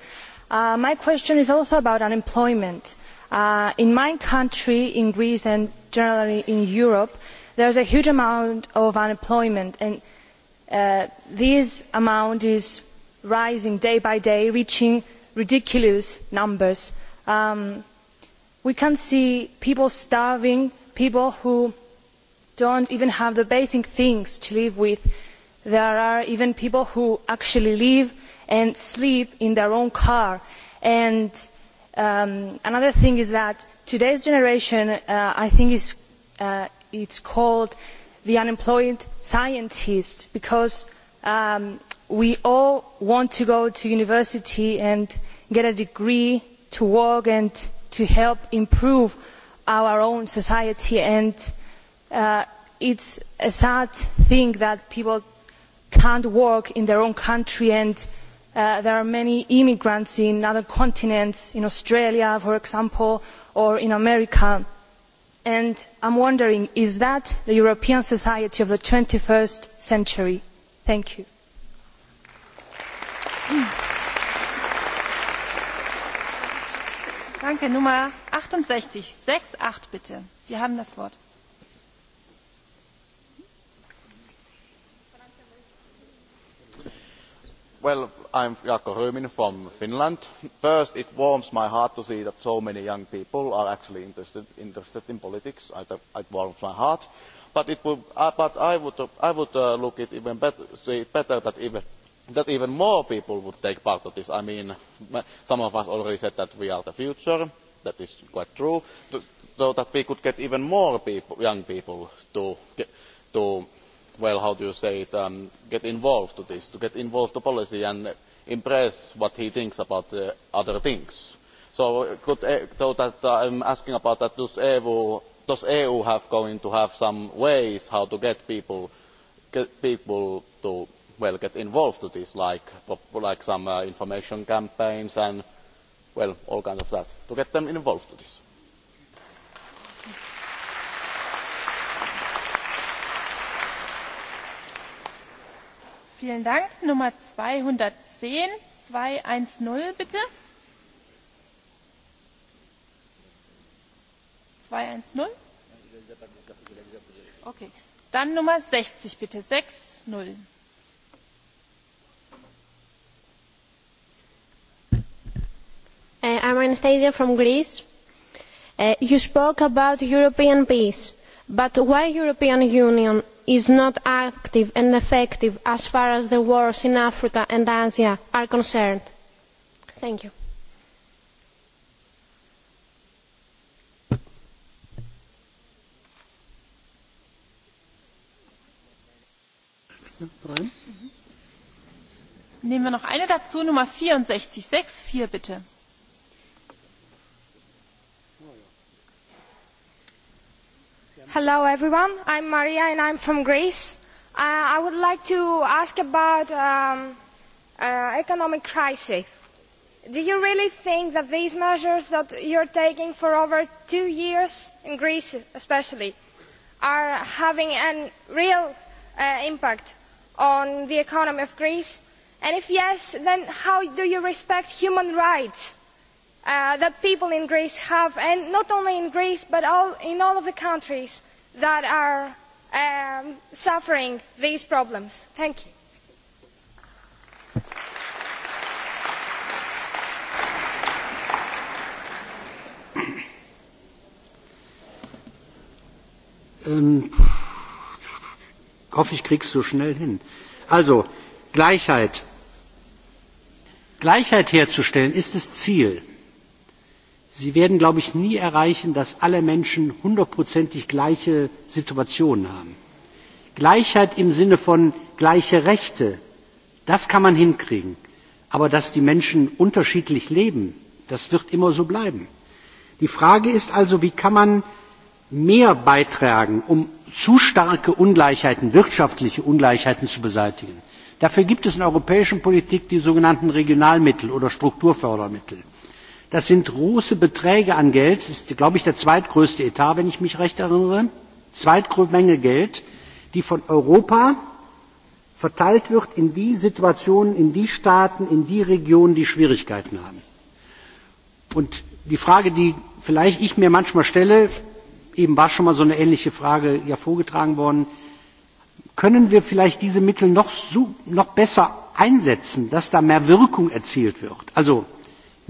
Uh, my question is also about unemployment. Uh, in my country, in Greece, and generally in Europe, there is a huge amount of unemployment, and uh, this amount is rising day by day, reaching ridiculous numbers. Um, we can see people starving, people who do not even have the basic things to live with. There are even people who actually live and sleep in their own car. And um, another thing is that today's generation, uh, I think, is uh, it's called the unemployed scientist because um, we all want to go to university and get a degree to work and to help improve our own society and uh, it's a sad thing that people can't work in their own country and Uh, there are many immigrants in other continents in australia for example or in america and i am wondering is that the european society of the twenty first century? thank you. Danke, Nummer 68, 68 bitte. Sie haben das Wort. Well, I'm Jaakko Hömin from Finland. First, it warms my heart to see that so many young people are actually interested, interested in politics. It, it warms my heart. But, it would, uh, but I would, uh, I would uh, look it even better, see better that even, that even more people would take part of this. I mean, some of us already said that we are the future. That is quite true. To, so that we could get even more people, young people to, to well how do you say it um, get involved to this to get involved to policy and impress what he thinks about uh, other things so uh, could uh, so that uh, i'm asking about that does eu does eu have going to have some ways how to get people get people to well get involved to this like like some uh, information campaigns and well all kinds of that to get them involved to this Vielen Dank. Nummer 210, 210 bitte. 210? Okay. Dann Nummer 60 bitte, 60. Uh, I'm Anastasia from Greece. Uh, you spoke about European peace but why the european union is not active and effective as far as the wars in africa and asia are concerned? thank you. nehmen wir noch eine dazu nummer vierundsechzig sechs vier bitte. Hello everyone, I'm Maria and I'm from Greece. Uh, I would like to ask about um, uh, economic crisis. Do you really think that these measures that you're taking for over two years, in Greece especially, are having a real uh, impact on the economy of Greece? And if yes, then how do you respect human rights? uh, that people in Greece have, and not only in Greece but all, in all of the countries that are um, suffering these problems. Thank you. Ähm, hoffe, ich krieg's so schnell hin. Also, Gleichheit. Gleichheit herzustellen ist das Ziel sie werden glaube ich nie erreichen dass alle menschen hundertprozentig gleiche situationen haben. gleichheit im sinne von gleiche rechte das kann man hinkriegen aber dass die menschen unterschiedlich leben das wird immer so bleiben. die frage ist also wie kann man mehr beitragen um zu starke ungleichheiten wirtschaftliche ungleichheiten zu beseitigen? dafür gibt es in der europäischen politik die sogenannten regionalmittel oder strukturfördermittel. Das sind große Beträge an Geld. Das ist, glaube ich, der zweitgrößte Etat, wenn ich mich recht erinnere. Zweitgrößte Menge Geld, die von Europa verteilt wird in die Situationen, in die Staaten, in die Regionen, die Schwierigkeiten haben. Und die Frage, die vielleicht ich mir manchmal stelle, eben war schon mal so eine ähnliche Frage ja vorgetragen worden, können wir vielleicht diese Mittel noch, noch besser einsetzen, dass da mehr Wirkung erzielt wird? Also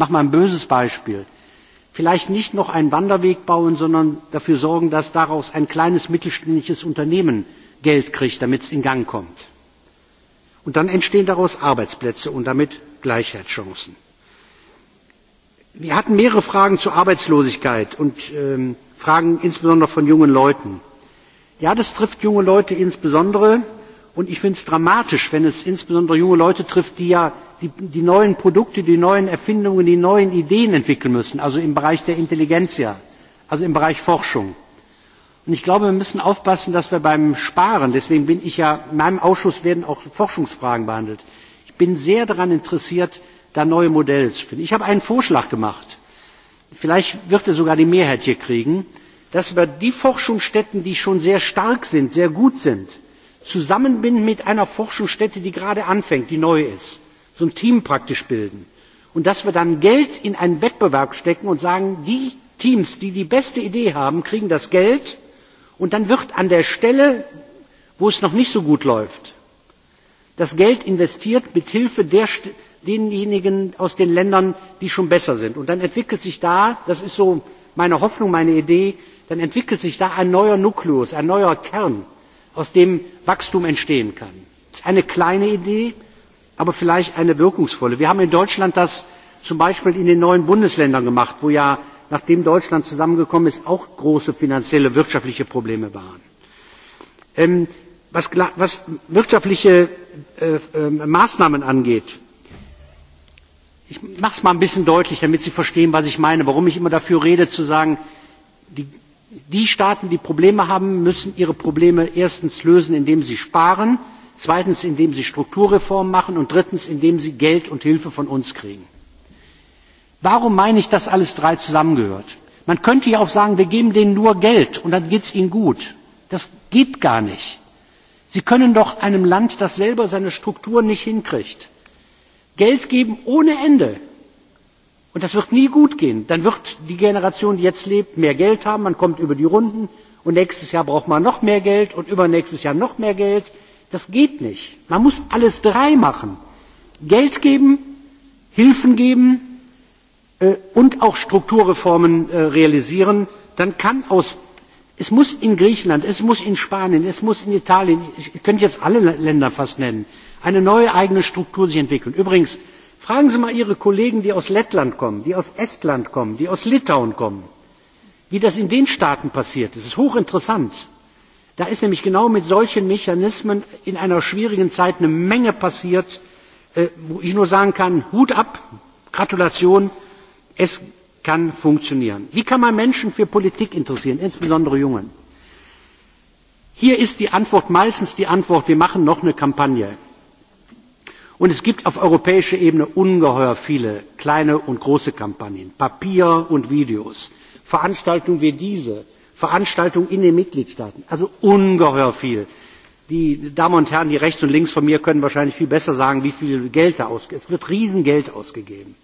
mache mal ein böses Beispiel. Vielleicht nicht noch einen Wanderweg bauen, sondern dafür sorgen, dass daraus ein kleines mittelständisches Unternehmen Geld kriegt, damit es in Gang kommt. Und dann entstehen daraus Arbeitsplätze und damit Gleichheitschancen. Wir hatten mehrere Fragen zur Arbeitslosigkeit und ähm, Fragen insbesondere von jungen Leuten. Ja, das trifft junge Leute insbesondere. Und ich finde es dramatisch, wenn es insbesondere junge Leute trifft, die ja die, die neuen Produkte, die neuen Erfindungen, die neuen Ideen entwickeln müssen, also im Bereich der Intelligenz, also im Bereich Forschung. Und ich glaube, wir müssen aufpassen, dass wir beim Sparen, deswegen bin ich ja, in meinem Ausschuss werden auch Forschungsfragen behandelt. Ich bin sehr daran interessiert, da neue Modelle zu finden. Ich habe einen Vorschlag gemacht. Vielleicht wird er sogar die Mehrheit hier kriegen, dass wir die Forschungsstätten, die schon sehr stark sind, sehr gut sind, zusammenbinden mit einer Forschungsstätte, die gerade anfängt, die neu ist so ein Team praktisch bilden. Und dass wir dann Geld in einen Wettbewerb stecken und sagen, die Teams, die die beste Idee haben, kriegen das Geld und dann wird an der Stelle, wo es noch nicht so gut läuft, das Geld investiert mit Hilfe der, denjenigen aus den Ländern, die schon besser sind. Und dann entwickelt sich da, das ist so meine Hoffnung, meine Idee, dann entwickelt sich da ein neuer Nukleus, ein neuer Kern, aus dem Wachstum entstehen kann. Das ist eine kleine Idee, aber vielleicht eine wirkungsvolle. wir haben in deutschland das zum beispiel in den neuen bundesländern gemacht wo ja nachdem deutschland zusammengekommen ist auch große finanzielle wirtschaftliche probleme waren. Ähm, was wirtschaftliche äh, ähm, maßnahmen angeht ich mache es mal ein bisschen deutlich damit sie verstehen was ich meine warum ich immer dafür rede zu sagen die staaten die probleme haben müssen ihre probleme erstens lösen indem sie sparen zweitens indem sie strukturreformen machen und drittens indem sie geld und hilfe von uns kriegen. warum meine ich dass alles drei zusammengehört? man könnte ja auch sagen wir geben denen nur geld und dann geht es ihnen gut. das geht gar nicht. sie können doch einem land das selber seine strukturen nicht hinkriegt geld geben ohne ende und das wird nie gut gehen. dann wird die generation die jetzt lebt mehr geld haben man kommt über die runden und nächstes jahr braucht man noch mehr geld und übernächstes jahr noch mehr geld. Das geht nicht. Man muss alles drei machen. Geld geben, Hilfen geben äh, und auch Strukturreformen äh, realisieren. Dann kann aus, es muss in Griechenland, es muss in Spanien, es muss in Italien, ich könnte jetzt alle Länder fast nennen, eine neue eigene Struktur sich entwickeln. Übrigens, fragen Sie mal Ihre Kollegen, die aus Lettland kommen, die aus Estland kommen, die aus Litauen kommen, wie das in den Staaten passiert. Das ist hochinteressant Da ist nämlich genau mit solchen Mechanismen in einer schwierigen Zeit eine Menge passiert, äh, wo ich nur sagen kann, Hut ab, Gratulation, es kann funktionieren. Wie kann man Menschen für Politik interessieren, insbesondere Jungen? Hier ist die Antwort meistens die Antwort, wir machen noch eine Kampagne. Und es gibt auf europäischer Ebene ungeheuer viele kleine und große Kampagnen, Papier und Videos, Veranstaltungen wie diese, Veranstaltungen in den Mitgliedstaaten. Also ungeheuer viel. Die Damen und Herren, die rechts und links von mir können wahrscheinlich viel besser sagen, wie viel Geld da ausgegeben wird. Es wird Riesengeld ausgegeben.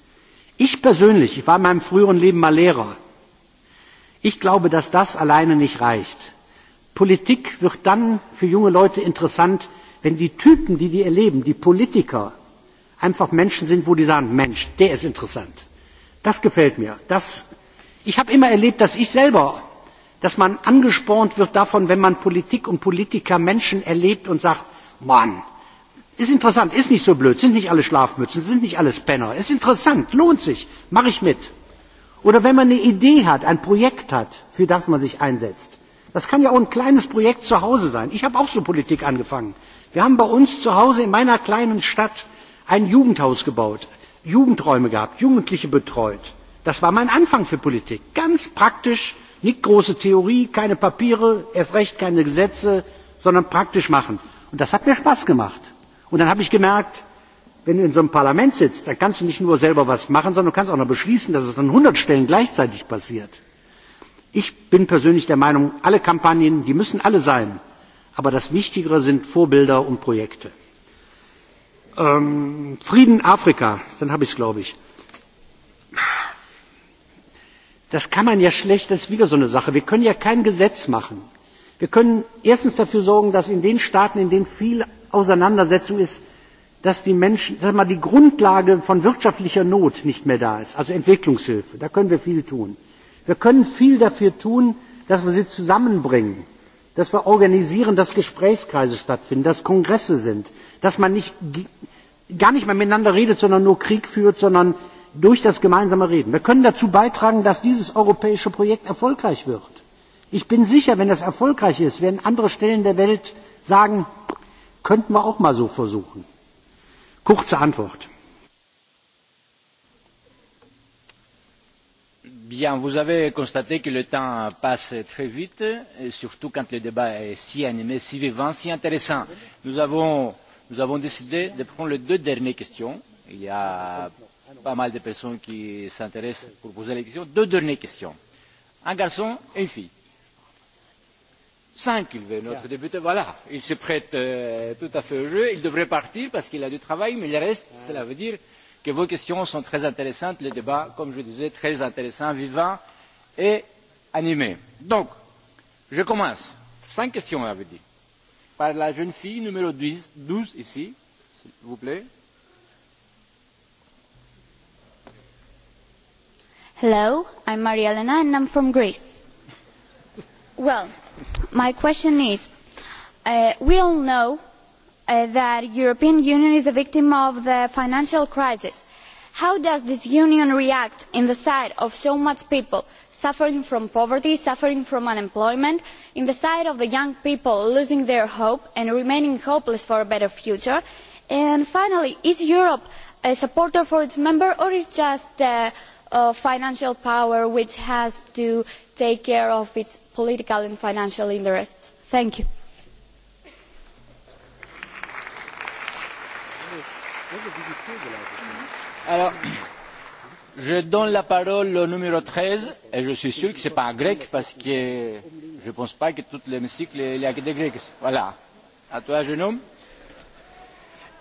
Ich persönlich, ich war in meinem früheren Leben mal Lehrer. Ich glaube, dass das alleine nicht reicht. Politik wird dann für junge Leute interessant, wenn die Typen, die die erleben, die Politiker, einfach Menschen sind, wo die sagen, Mensch, der ist interessant. Das gefällt mir. Das, ich habe immer erlebt, dass ich selber dass man angespornt wird davon, wenn man Politik und Politiker Menschen erlebt und sagt, Mann, ist interessant, ist nicht so blöd, sind nicht alle Schlafmützen, sind nicht alles Penner, ist interessant, lohnt sich, mache ich mit. Oder wenn man eine Idee hat, ein Projekt hat, für das man sich einsetzt. Das kann ja auch ein kleines Projekt zu Hause sein. Ich habe auch so Politik angefangen. Wir haben bei uns zu Hause in meiner kleinen Stadt ein Jugendhaus gebaut, Jugendräume gehabt, Jugendliche betreut. Das war mein Anfang für Politik. Ganz praktisch, Nicht große Theorie, keine Papiere, erst recht keine Gesetze, sondern praktisch machen. Und das hat mir Spaß gemacht. Und dann habe ich gemerkt, wenn du in so einem Parlament sitzt, dann kannst du nicht nur selber was machen, sondern du kannst auch noch beschließen, dass es an 100 Stellen gleichzeitig passiert. Ich bin persönlich der Meinung, alle Kampagnen, die müssen alle sein. Aber das Wichtigere sind Vorbilder und Projekte. Ähm, Frieden Afrika, dann habe ich es, glaube ich das kann man ja schlecht, das ist wieder so eine Sache. Wir können ja kein Gesetz machen. Wir können erstens dafür sorgen, dass in den Staaten, in denen viel Auseinandersetzung ist, dass die Menschen, sag mal, die Grundlage von wirtschaftlicher Not nicht mehr da ist, also Entwicklungshilfe. Da können wir viel tun. Wir können viel dafür tun, dass wir sie zusammenbringen, dass wir organisieren, dass Gesprächskreise stattfinden, dass Kongresse sind, dass man nicht, gar nicht mehr miteinander redet, sondern nur Krieg führt, sondern durch das gemeinsame Reden. Wir können dazu beitragen, dass dieses europäische Projekt erfolgreich wird. Ich bin sicher, wenn das erfolgreich ist, werden andere Stellen der Welt sagen, könnten wir auch mal so versuchen. Kurze Antwort. Bien, vous avez constaté que le temps passe très vite, et surtout quand le débat est si animé, si vivant, si intéressant. Nous avons, nous avons décidé de prendre les deux dernières questions. Il y a pas mal de personnes qui s'intéressent pour poser les questions. Deux dernières questions. Un garçon et une fille. Cinq, il veut, notre député. Voilà, il se prête euh, tout à fait au jeu. Il devrait partir parce qu'il a du travail, mais le reste, cela veut dire que vos questions sont très intéressantes, le débat, comme je disais, très intéressant, vivant et animé. Donc, je commence. Cinq questions, avait dit. Par la jeune fille numéro 12, 12 ici, s'il vous plaît. Hello, I'm Maria Elena and I'm from Greece. Well, my question is, uh, we all know uh, that European Union is a victim of the financial crisis. How does this union react in the sight of so much people suffering from poverty, suffering from unemployment, in the sight of the young people losing their hope and remaining hopeless for a better future? And finally, is Europe a supporter for its member or is just uh, uh, financial power which has to take care of its political and financial interests. Thank you. Alors, je donne la parole au numéro 13 et je suis sûr que ce n'est pas un grec parce que je ne pense pas que tout l'hémicycle il y a que des grecs. Voilà. À toi, jeune homme.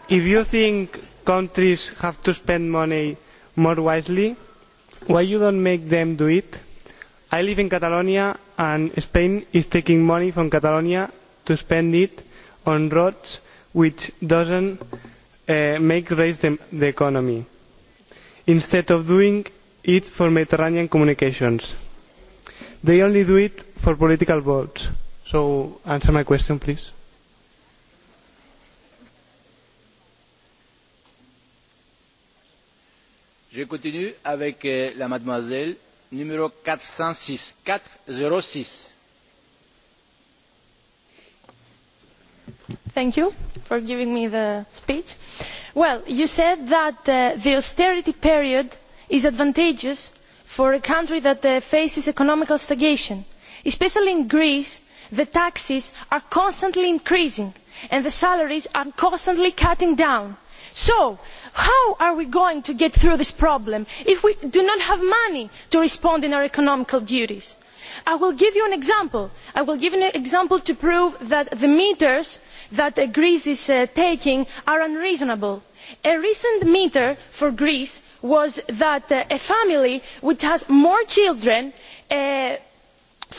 If you think countries have to spend money more wisely, why you don't make them do it? I live in Catalonia and Spain is taking money from Catalonia to spend it on roads which doesn't uh, make raise the, the economy instead of doing it for Mediterranean communications. They only do it for political votes. So answer my question, please. je continue avec euh, la mademoiselle numéro quatre cent six quatre zéro six thank you for giving me the speech. well you said that uh, the austerity period is advantageous for a country that uh, faces economic stagnation. especially in greece the taxes are constantly increasing and the salaries are constantly cutting down so how are we going to get through this problem if we do not have money to respond to our economic duties? i will give you an example. i will give an example to prove that the meters that uh, greece is uh, taking are unreasonable. a recent meter for greece was that uh, a family which has more children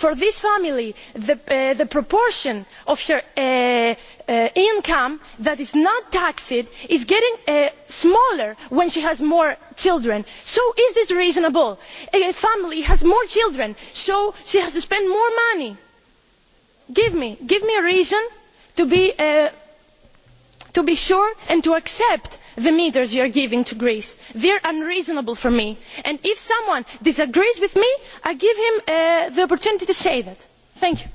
for this family the, uh, the proportion of her uh, uh, income that is not taxed is getting uh, smaller when she has more children. So is this reasonable? A family has more children, so she has to spend more money. Give me, give me a reason to be, uh, to be sure and to accept the meters you are giving to Greece. They are unreasonable for me. And if someone disagrees with me, I give him uh, the opportunity to say that. Thank you.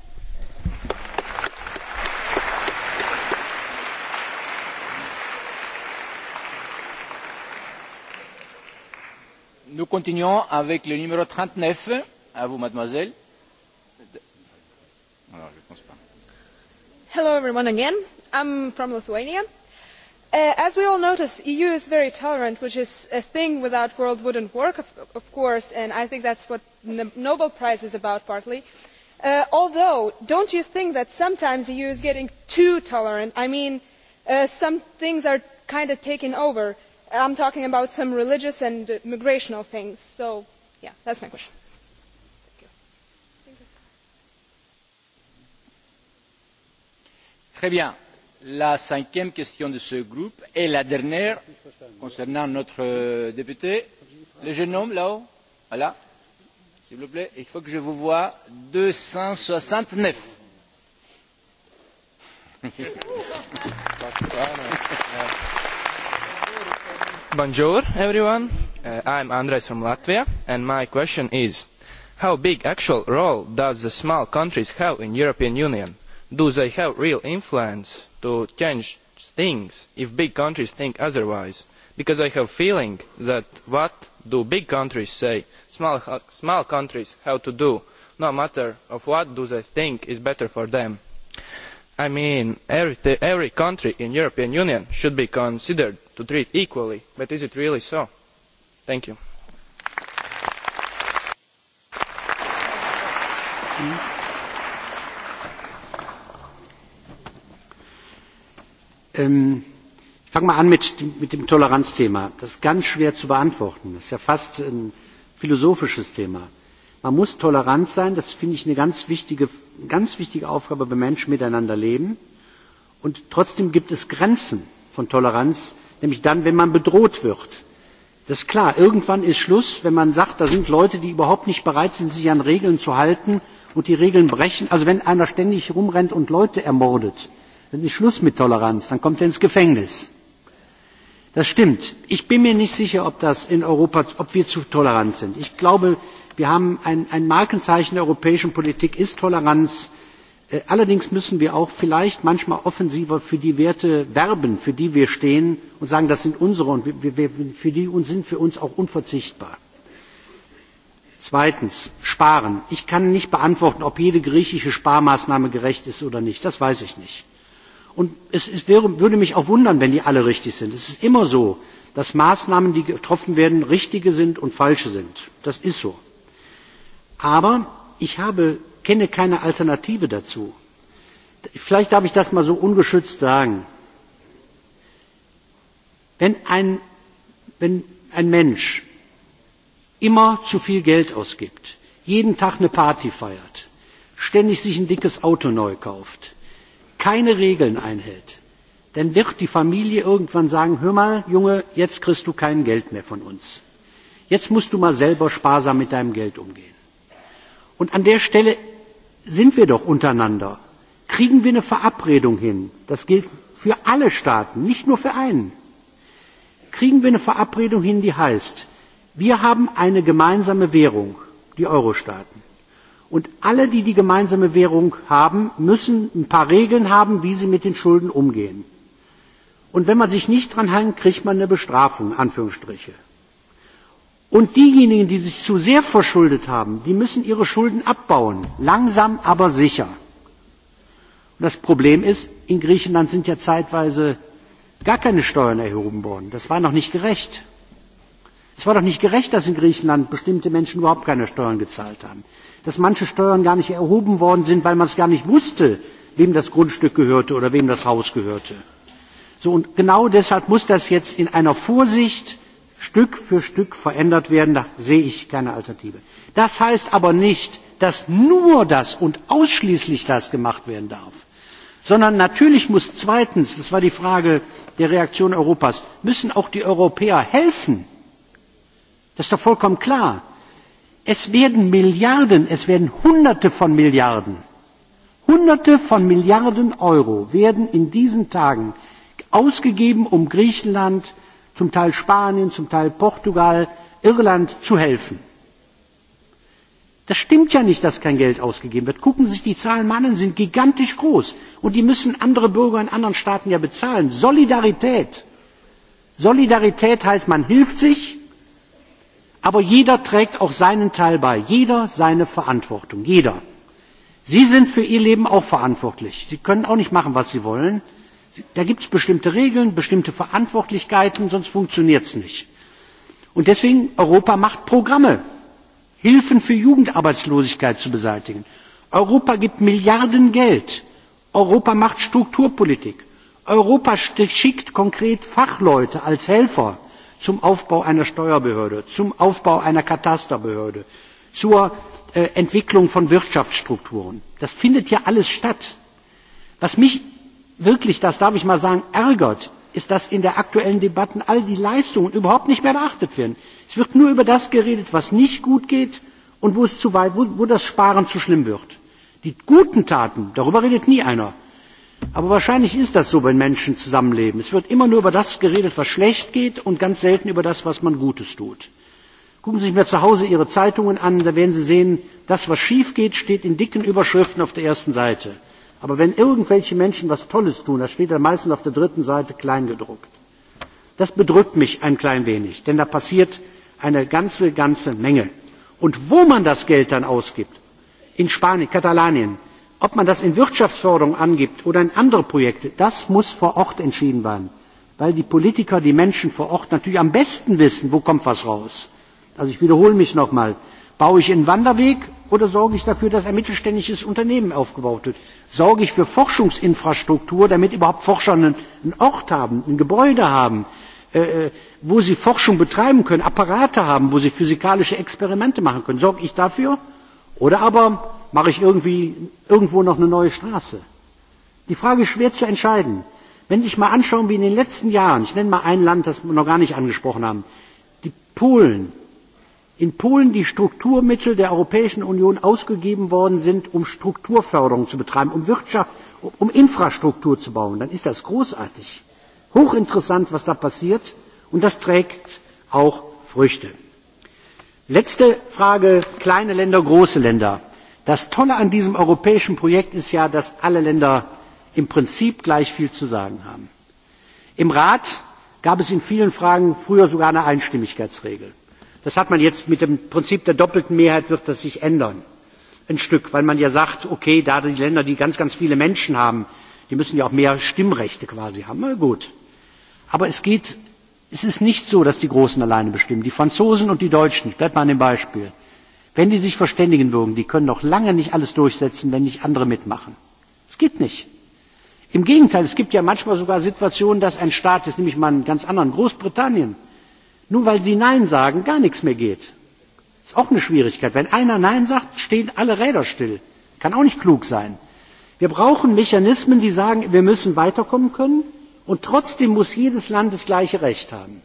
Nous continuons avec le numéro 39. À vous, mademoiselle. Alors, je pense pas. Hello, everyone, again. I'm from Lithuania Uh, as we all notice the eu is very tolerant which is a thing without which the world would not work of course and i think that is what the nobel prize is about partly uh, although do you not think that sometimes the eu is getting too tolerant? i mean uh, some things are kind of taking over i am talking about some religious and migrational things so yeah that is my question. Très bien la cinquième question de ce groupe et la dernière concernant notre euh, député. Le jeune homme là-haut, voilà, s'il vous plaît, il faut que je vous voie 269. Bonjour everyone, uh, I'm Andres from Latvia and my question is how big actual role does the small countries have in European Union? Do they have real influence? to change things if big countries think otherwise because i have a feeling that what do big countries say small, small countries have to do no matter of what do they think is better for them. i mean every, every country in the european union should be considered to treat equally but is it really so? thank you. Ähm, ich fange mal an mit, mit dem Toleranzthema. Das ist ganz schwer zu beantworten. Das ist ja fast ein philosophisches Thema. Man muss tolerant sein. Das finde ich eine ganz wichtige, ganz wichtige Aufgabe, wenn Menschen miteinander leben. Und trotzdem gibt es Grenzen von Toleranz, nämlich dann, wenn man bedroht wird. Das ist klar. Irgendwann ist Schluss, wenn man sagt, da sind Leute, die überhaupt nicht bereit sind, sich an Regeln zu halten und die Regeln brechen. Also wenn einer ständig rumrennt und Leute ermordet, Dann ist Schluss mit Toleranz, dann kommt er ins Gefängnis. Das stimmt. Ich bin mir nicht sicher, ob das in Europa, ob wir zu tolerant sind. Ich glaube, wir haben ein, ein Markenzeichen der europäischen Politik ist Toleranz. Äh, allerdings müssen wir auch vielleicht manchmal offensiver für die Werte werben, für die wir stehen und sagen, das sind unsere und wir, wir, für die sind für uns auch unverzichtbar. Zweitens, sparen. Ich kann nicht beantworten, ob jede griechische Sparmaßnahme gerecht ist oder nicht. Das weiß ich nicht. Und es, es wäre, würde mich auch wundern, wenn die alle richtig sind. Es ist immer so, dass Maßnahmen, die getroffen werden, richtige sind und falsche sind. Das ist so. Aber ich habe, kenne keine Alternative dazu. Vielleicht darf ich das mal so ungeschützt sagen. Wenn ein, wenn ein Mensch immer zu viel Geld ausgibt, jeden Tag eine Party feiert, ständig sich ein dickes Auto neu kauft, keine Regeln einhält, dann wird die Familie irgendwann sagen, hör mal, Junge, jetzt kriegst du kein Geld mehr von uns. Jetzt musst du mal selber sparsam mit deinem Geld umgehen. Und an der Stelle sind wir doch untereinander. Kriegen wir eine Verabredung hin? Das gilt für alle Staaten, nicht nur für einen. Kriegen wir eine Verabredung hin, die heißt, wir haben eine gemeinsame Währung, die Eurostaaten. Und alle, die die gemeinsame Währung haben, müssen ein paar Regeln haben, wie sie mit den Schulden umgehen. Und wenn man sich nicht dran hält, kriegt man eine Bestrafung, Anführungsstriche. Und diejenigen, die sich zu sehr verschuldet haben, die müssen ihre Schulden abbauen. Langsam, aber sicher. Und das Problem ist, in Griechenland sind ja zeitweise gar keine Steuern erhoben worden. Das war noch nicht gerecht. Es war doch nicht gerecht, dass in Griechenland bestimmte Menschen überhaupt keine Steuern gezahlt haben dass manche Steuern gar nicht erhoben worden sind, weil man es gar nicht wusste, wem das Grundstück gehörte oder wem das Haus gehörte. So, und genau deshalb muss das jetzt in einer Vorsicht Stück für Stück verändert werden. Da sehe ich keine Alternative. Das heißt aber nicht, dass nur das und ausschließlich das gemacht werden darf. Sondern natürlich muss zweitens, das war die Frage der Reaktion Europas, müssen auch die Europäer helfen. Das ist doch vollkommen klar. Es werden Milliarden, es werden Hunderte von Milliarden, Hunderte von Milliarden Euro werden in diesen Tagen ausgegeben, um Griechenland, zum Teil Spanien, zum Teil Portugal, Irland zu helfen. Das stimmt ja nicht, dass kein Geld ausgegeben wird. Gucken Sie sich die Zahlen mal an, sind gigantisch groß. Und die müssen andere Bürger in anderen Staaten ja bezahlen. Solidarität. Solidarität heißt, man hilft sich, aber jeder trägt auch seinen teil bei jeder seine verantwortung jeder. sie sind für ihr leben auch verantwortlich sie können auch nicht machen was sie wollen da gibt es bestimmte regeln bestimmte verantwortlichkeiten sonst funktioniert es nicht. und deswegen europa macht programme hilfen für jugendarbeitslosigkeit zu beseitigen europa gibt milliarden geld europa macht strukturpolitik europa schickt konkret fachleute als helfer zum Aufbau einer Steuerbehörde, zum Aufbau einer Katasterbehörde, zur äh, Entwicklung von Wirtschaftsstrukturen. Das findet ja alles statt. Was mich wirklich, das darf ich mal sagen, ärgert, ist, dass in der aktuellen Debatte all die Leistungen überhaupt nicht mehr beachtet werden. Es wird nur über das geredet, was nicht gut geht und wo, es zu weit, wo, wo das Sparen zu schlimm wird. Die guten Taten, darüber redet nie einer. Aber wahrscheinlich ist das so, wenn Menschen zusammenleben. Es wird immer nur über das geredet, was schlecht geht und ganz selten über das, was man Gutes tut. Gucken Sie sich mal zu Hause Ihre Zeitungen an, da werden Sie sehen, das, was schief geht, steht in dicken Überschriften auf der ersten Seite. Aber wenn irgendwelche Menschen was Tolles tun, das steht dann meistens auf der dritten Seite kleingedruckt. Das bedrückt mich ein klein wenig, denn da passiert eine ganze, ganze Menge. Und wo man das Geld dann ausgibt, in Spanien, Katalanien, ob man das in wirtschaftsförderung angibt oder in andere projekte das muss vor ort entschieden werden weil die politiker die menschen vor ort natürlich am besten wissen wo kommt was raus. also ich wiederhole mich noch einmal baue ich einen wanderweg oder sorge ich dafür dass ein mittelständisches unternehmen aufgebaut wird? sorge ich für forschungsinfrastruktur damit überhaupt forscher einen ort haben ein gebäude haben äh, äh, wo sie forschung betreiben können apparate haben wo sie physikalische experimente machen können? sorge ich dafür? Oder aber mache ich irgendwie irgendwo noch eine neue Straße? Die Frage ist schwer zu entscheiden. Wenn Sie sich mal anschauen, wie in den letzten Jahren, ich nenne mal ein Land, das wir noch gar nicht angesprochen haben, die Polen, in Polen die Strukturmittel der Europäischen Union ausgegeben worden sind, um Strukturförderung zu betreiben, um Wirtschaft, um Infrastruktur zu bauen, dann ist das großartig. Hochinteressant, was da passiert und das trägt auch Früchte letzte frage kleine länder große länder das tolle an diesem europäischen projekt ist ja dass alle länder im prinzip gleich viel zu sagen haben. im rat gab es in vielen fragen früher sogar eine einstimmigkeitsregel. das hat man jetzt mit dem prinzip der doppelten mehrheit wird das sich ändern ein stück weil man ja sagt okay da die länder die ganz ganz viele menschen haben die müssen ja auch mehr stimmrechte quasi haben. na gut. aber es geht Es ist nicht so, dass die Großen alleine bestimmen. Die Franzosen und die Deutschen, ich bleibe mal an dem Beispiel, wenn die sich verständigen würden, die können noch lange nicht alles durchsetzen, wenn nicht andere mitmachen. Es geht nicht. Im Gegenteil, es gibt ja manchmal sogar Situationen, dass ein Staat, jetzt nehme ich mal einen ganz anderen, Großbritannien, nur weil sie Nein sagen, gar nichts mehr geht. Ist auch eine Schwierigkeit. Wenn einer Nein sagt, stehen alle Räder still. Kann auch nicht klug sein. Wir brauchen Mechanismen, die sagen, wir müssen weiterkommen können Und trotzdem muss jedes Land das gleiche Recht haben.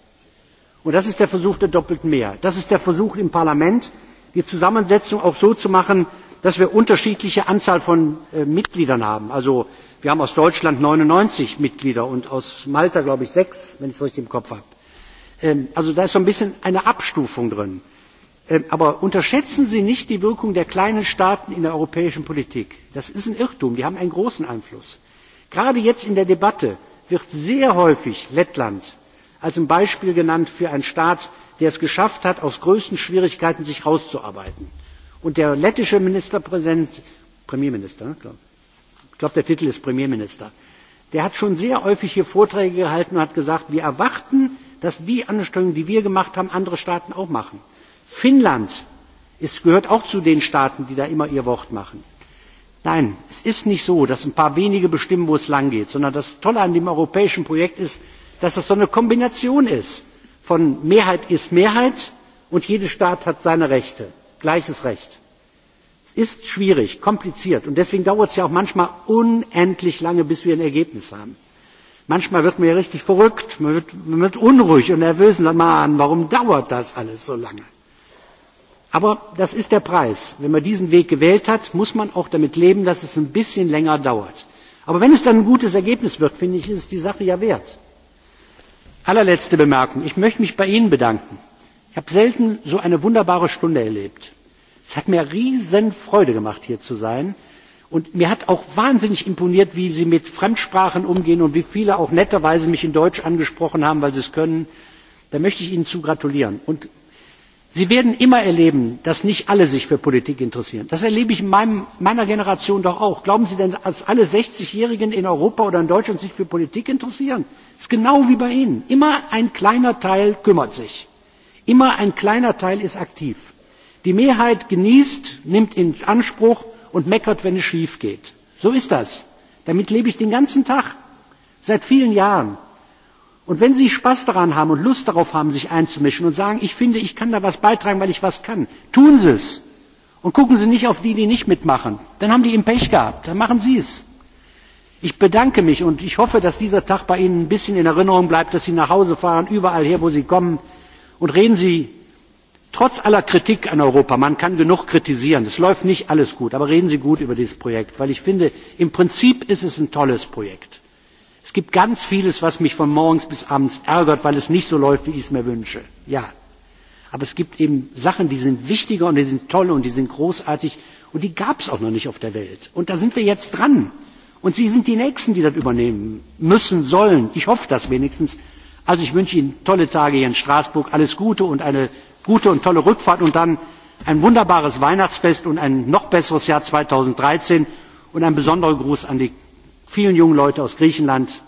Und das ist der Versuch der doppelten Mehrheit. Das ist der Versuch im Parlament, die Zusammensetzung auch so zu machen, dass wir unterschiedliche Anzahl von äh, Mitgliedern haben. Also wir haben aus Deutschland 99 Mitglieder und aus Malta, glaube ich, sechs, wenn ich es richtig im Kopf habe. Ähm, also da ist so ein bisschen eine Abstufung drin. Ähm, aber unterschätzen Sie nicht die Wirkung der kleinen Staaten in der europäischen Politik. Das ist ein Irrtum. Die haben einen großen Einfluss. Gerade jetzt in der Debatte wird sehr häufig lettland als ein beispiel genannt für einen staat der es geschafft hat sich aus größten schwierigkeiten herauszuarbeiten. und der lettische ministerpräsident premierminister ich glaube der titel ist premierminister hat schon sehr häufig hier vorträge gehalten und gesagt wir erwarten dass die anstrengungen die wir gemacht haben andere staaten auch machen. finnland gehört auch zu den staaten die da immer ihr wort machen. Nein, es ist nicht so, dass ein paar wenige bestimmen, wo es lang geht, sondern das Tolle an dem europäischen Projekt ist, dass es so eine Kombination ist von Mehrheit ist Mehrheit und jeder Staat hat seine Rechte, gleiches Recht. Es ist schwierig, kompliziert und deswegen dauert es ja auch manchmal unendlich lange, bis wir ein Ergebnis haben. Manchmal wird man ja richtig verrückt, man wird, man wird unruhig und nervös und sagt, man, warum dauert das alles so lange? aber das ist der preis. wenn man diesen weg gewählt hat muss man auch damit leben dass es ein bisschen länger dauert. aber wenn es dann ein gutes ergebnis wird finde ich ist es die sache ja wert. allerletzte bemerkung ich möchte mich bei ihnen bedanken. ich habe selten so eine wunderbare stunde erlebt. es hat mir riesen freude gemacht hier zu sein. Und mir hat auch wahnsinnig imponiert, wie Sie mit Fremdsprachen umgehen und wie viele auch netterweise mich in Deutsch angesprochen haben, weil sie es können. Da möchte ich Ihnen zu gratulieren. Und sie werden immer erleben dass nicht alle sich für politik interessieren. das erlebe ich in meinem, meiner generation doch auch. glauben sie denn dass alle sechzig jährigen in europa oder in deutschland sich für politik interessieren? es ist genau wie bei ihnen immer ein kleiner teil kümmert sich immer ein kleiner teil ist aktiv. die mehrheit genießt nimmt in anspruch und meckert wenn es schief geht. so ist das. damit lebe ich den ganzen tag seit vielen jahren. Und wenn Sie Spaß daran haben und Lust darauf haben, sich einzumischen und sagen, ich finde, ich kann da was beitragen, weil ich was kann, tun Sie es. Und gucken Sie nicht auf die, die nicht mitmachen. Dann haben die eben Pech gehabt. Dann machen Sie es. Ich bedanke mich und ich hoffe, dass dieser Tag bei Ihnen ein bisschen in Erinnerung bleibt, dass Sie nach Hause fahren, überall her, wo Sie kommen. Und reden Sie trotz aller Kritik an Europa, man kann genug kritisieren, es läuft nicht alles gut, aber reden Sie gut über dieses Projekt, weil ich finde, im Prinzip ist es ein tolles Projekt. Es gibt ganz vieles, was mich von morgens bis abends ärgert, weil es nicht so läuft, wie ich es mir wünsche. Ja. Aber es gibt eben Sachen, die sind wichtiger und die sind toll und die sind großartig und die gab es auch noch nicht auf der Welt. Und da sind wir jetzt dran. Und Sie sind die Nächsten, die das übernehmen müssen, sollen. Ich hoffe das wenigstens. Also ich wünsche Ihnen tolle Tage hier in Straßburg, alles Gute und eine gute und tolle Rückfahrt und dann ein wunderbares Weihnachtsfest und ein noch besseres Jahr 2013 und ein besonderer Gruß an die vielen jungen Leute aus Griechenland.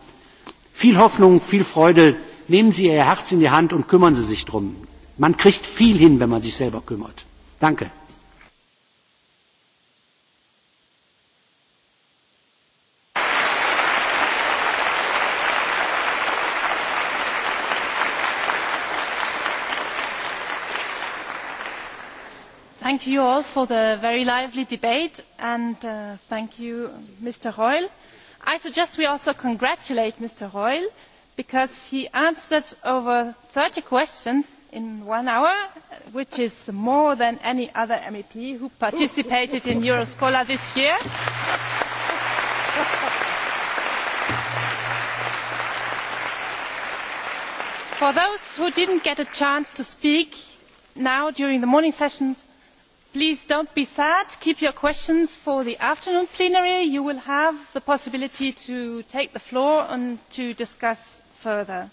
Viel Hoffnung, viel Freude. Nehmen Sie Ihr Herz in die Hand und kümmern Sie sich drum. Man kriegt viel hin, wenn man sich selber kümmert. Danke. thank you all for the very lively debate and uh, thank you mr reul i suggest we also congratulate mr reul because he answered over thirty questions in one hour which is more than any other mep who participated in euroscholar this year. for those who did not get a chance to speak now during the morning sessions please do not be sad keep your questions for the afternoon plenary you will have the possibility to take the floor and to discuss further.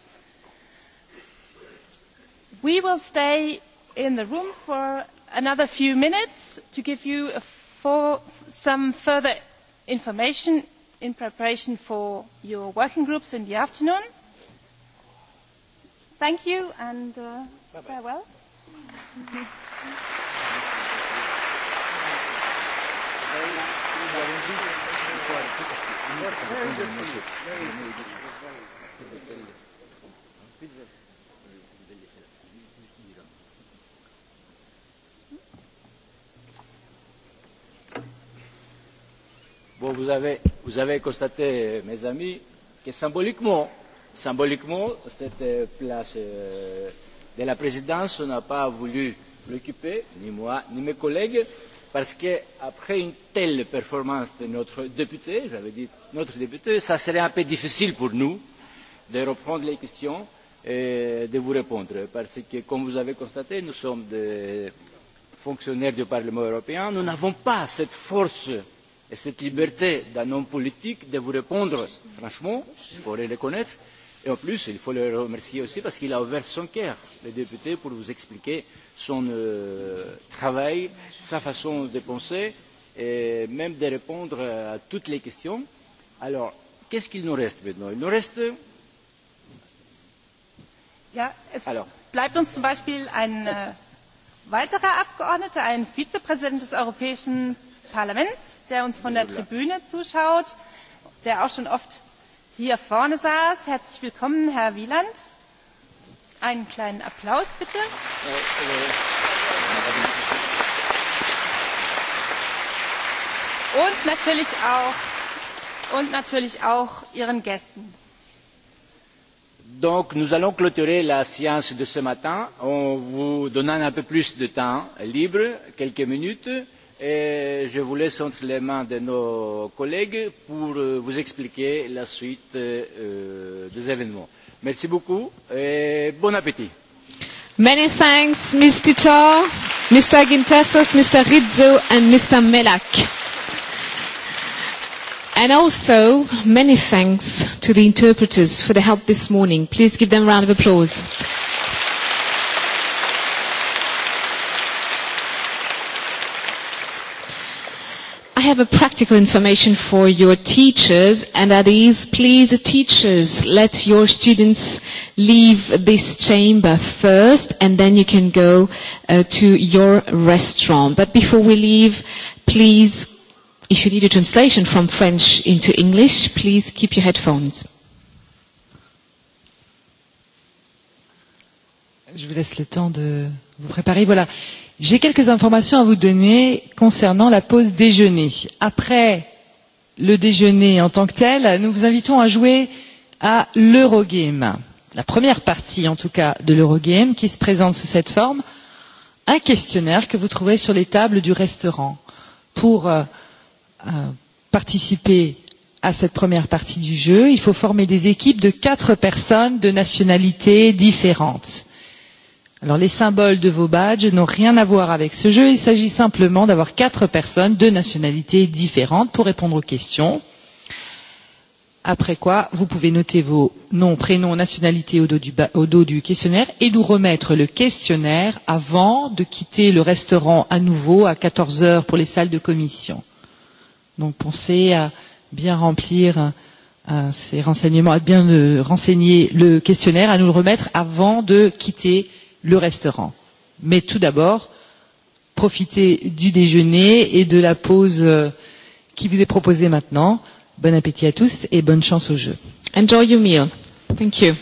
we will stay in the room for another few minutes to give you for, some further information in preparation for your working groups in the afternoon. thank you and uh, bye -bye. farewell. Thank you. Bon, vous avez, vous avez constaté, mes amis, que symboliquement, symboliquement, cette euh, place euh, de la présidence, on n'a pas voulu l'occuper, ni moi, ni mes collègues, parce qu'après une telle performance de notre député, j'avais dit notre député, ça serait un peu difficile pour nous de reprendre les questions et de vous répondre. Parce que, comme vous avez constaté, nous sommes des fonctionnaires du Parlement européen. Nous n'avons pas cette force et cette liberté d'un homme politique de vous répondre franchement, il faudrait le connaître, Et en plus, il faut le remercier aussi parce qu'il a ouvert son cœur, le député, pour vous expliquer son euh, travail, sa façon de penser et même de répondre à toutes les questions. Alors, qu'est-ce qu'il nous reste maintenant Il nous reste. Ja, es Alors. bleibt uns zum Beispiel ein äh, weiterer Abgeordneter, ein Vizepräsident des Europäischen Parlaments, der uns von der Tribüne zuschaut, der auch schon oft hier vorne saß. Herzlich willkommen, Herr Wieland. Einen kleinen Applaus bitte. Und natürlich auch, und natürlich auch Ihren Gästen. Donc, nous allons clôturer la séance de ce matin en vous donnant un peu plus de temps libre, quelques minutes et je vous laisse entre les mains de nos collègues pour euh, vous expliquer la suite euh, euh, des événements. Merci beaucoup et bon appétit. Many thanks, Ms. Titor, Mr. Gintessos, Mr. Rizzo, and Mr. Melak. And also, many thanks to the interpreters for the help this morning. Please give them a round of applause. have a practical information for your teachers, and that is, please, teachers, let your students leave this chamber first, and then you can go uh, to your restaurant. But before we leave, please, if you need a translation from French into English, please keep your headphones. Je vous laisse le temps de vous préparer. Voilà. Euh, J'ai quelques informations à vous donner concernant la pause déjeuner. Après le déjeuner en tant que tel, nous vous invitons à jouer à l'Eurogame, la première partie en tout cas de l'Eurogame qui se présente sous cette forme, un questionnaire que vous trouvez sur les tables du restaurant pour euh, euh, participer à cette première partie du jeu, il faut former des équipes de quatre personnes de nationalités différentes. Alors les symboles de vos badges n'ont rien à voir avec ce jeu, il s'agit simplement d'avoir quatre personnes de nationalités différentes pour répondre aux questions. Après quoi, vous pouvez noter vos noms, prénoms, nationalités au dos du, au dos du questionnaire et nous remettre le questionnaire avant de quitter le restaurant à nouveau à 14 heures pour les salles de commission. Donc pensez à bien remplir euh, euh, ces renseignements, à bien euh, renseigner le questionnaire, à nous le remettre avant de quitter euh, le restaurant. Mais tout d'abord, profitez du déjeuner et de la pause euh, qui vous est proposée maintenant. Bon appétit à tous et bonne chance au jeu. Enjoy your meal. Thank you.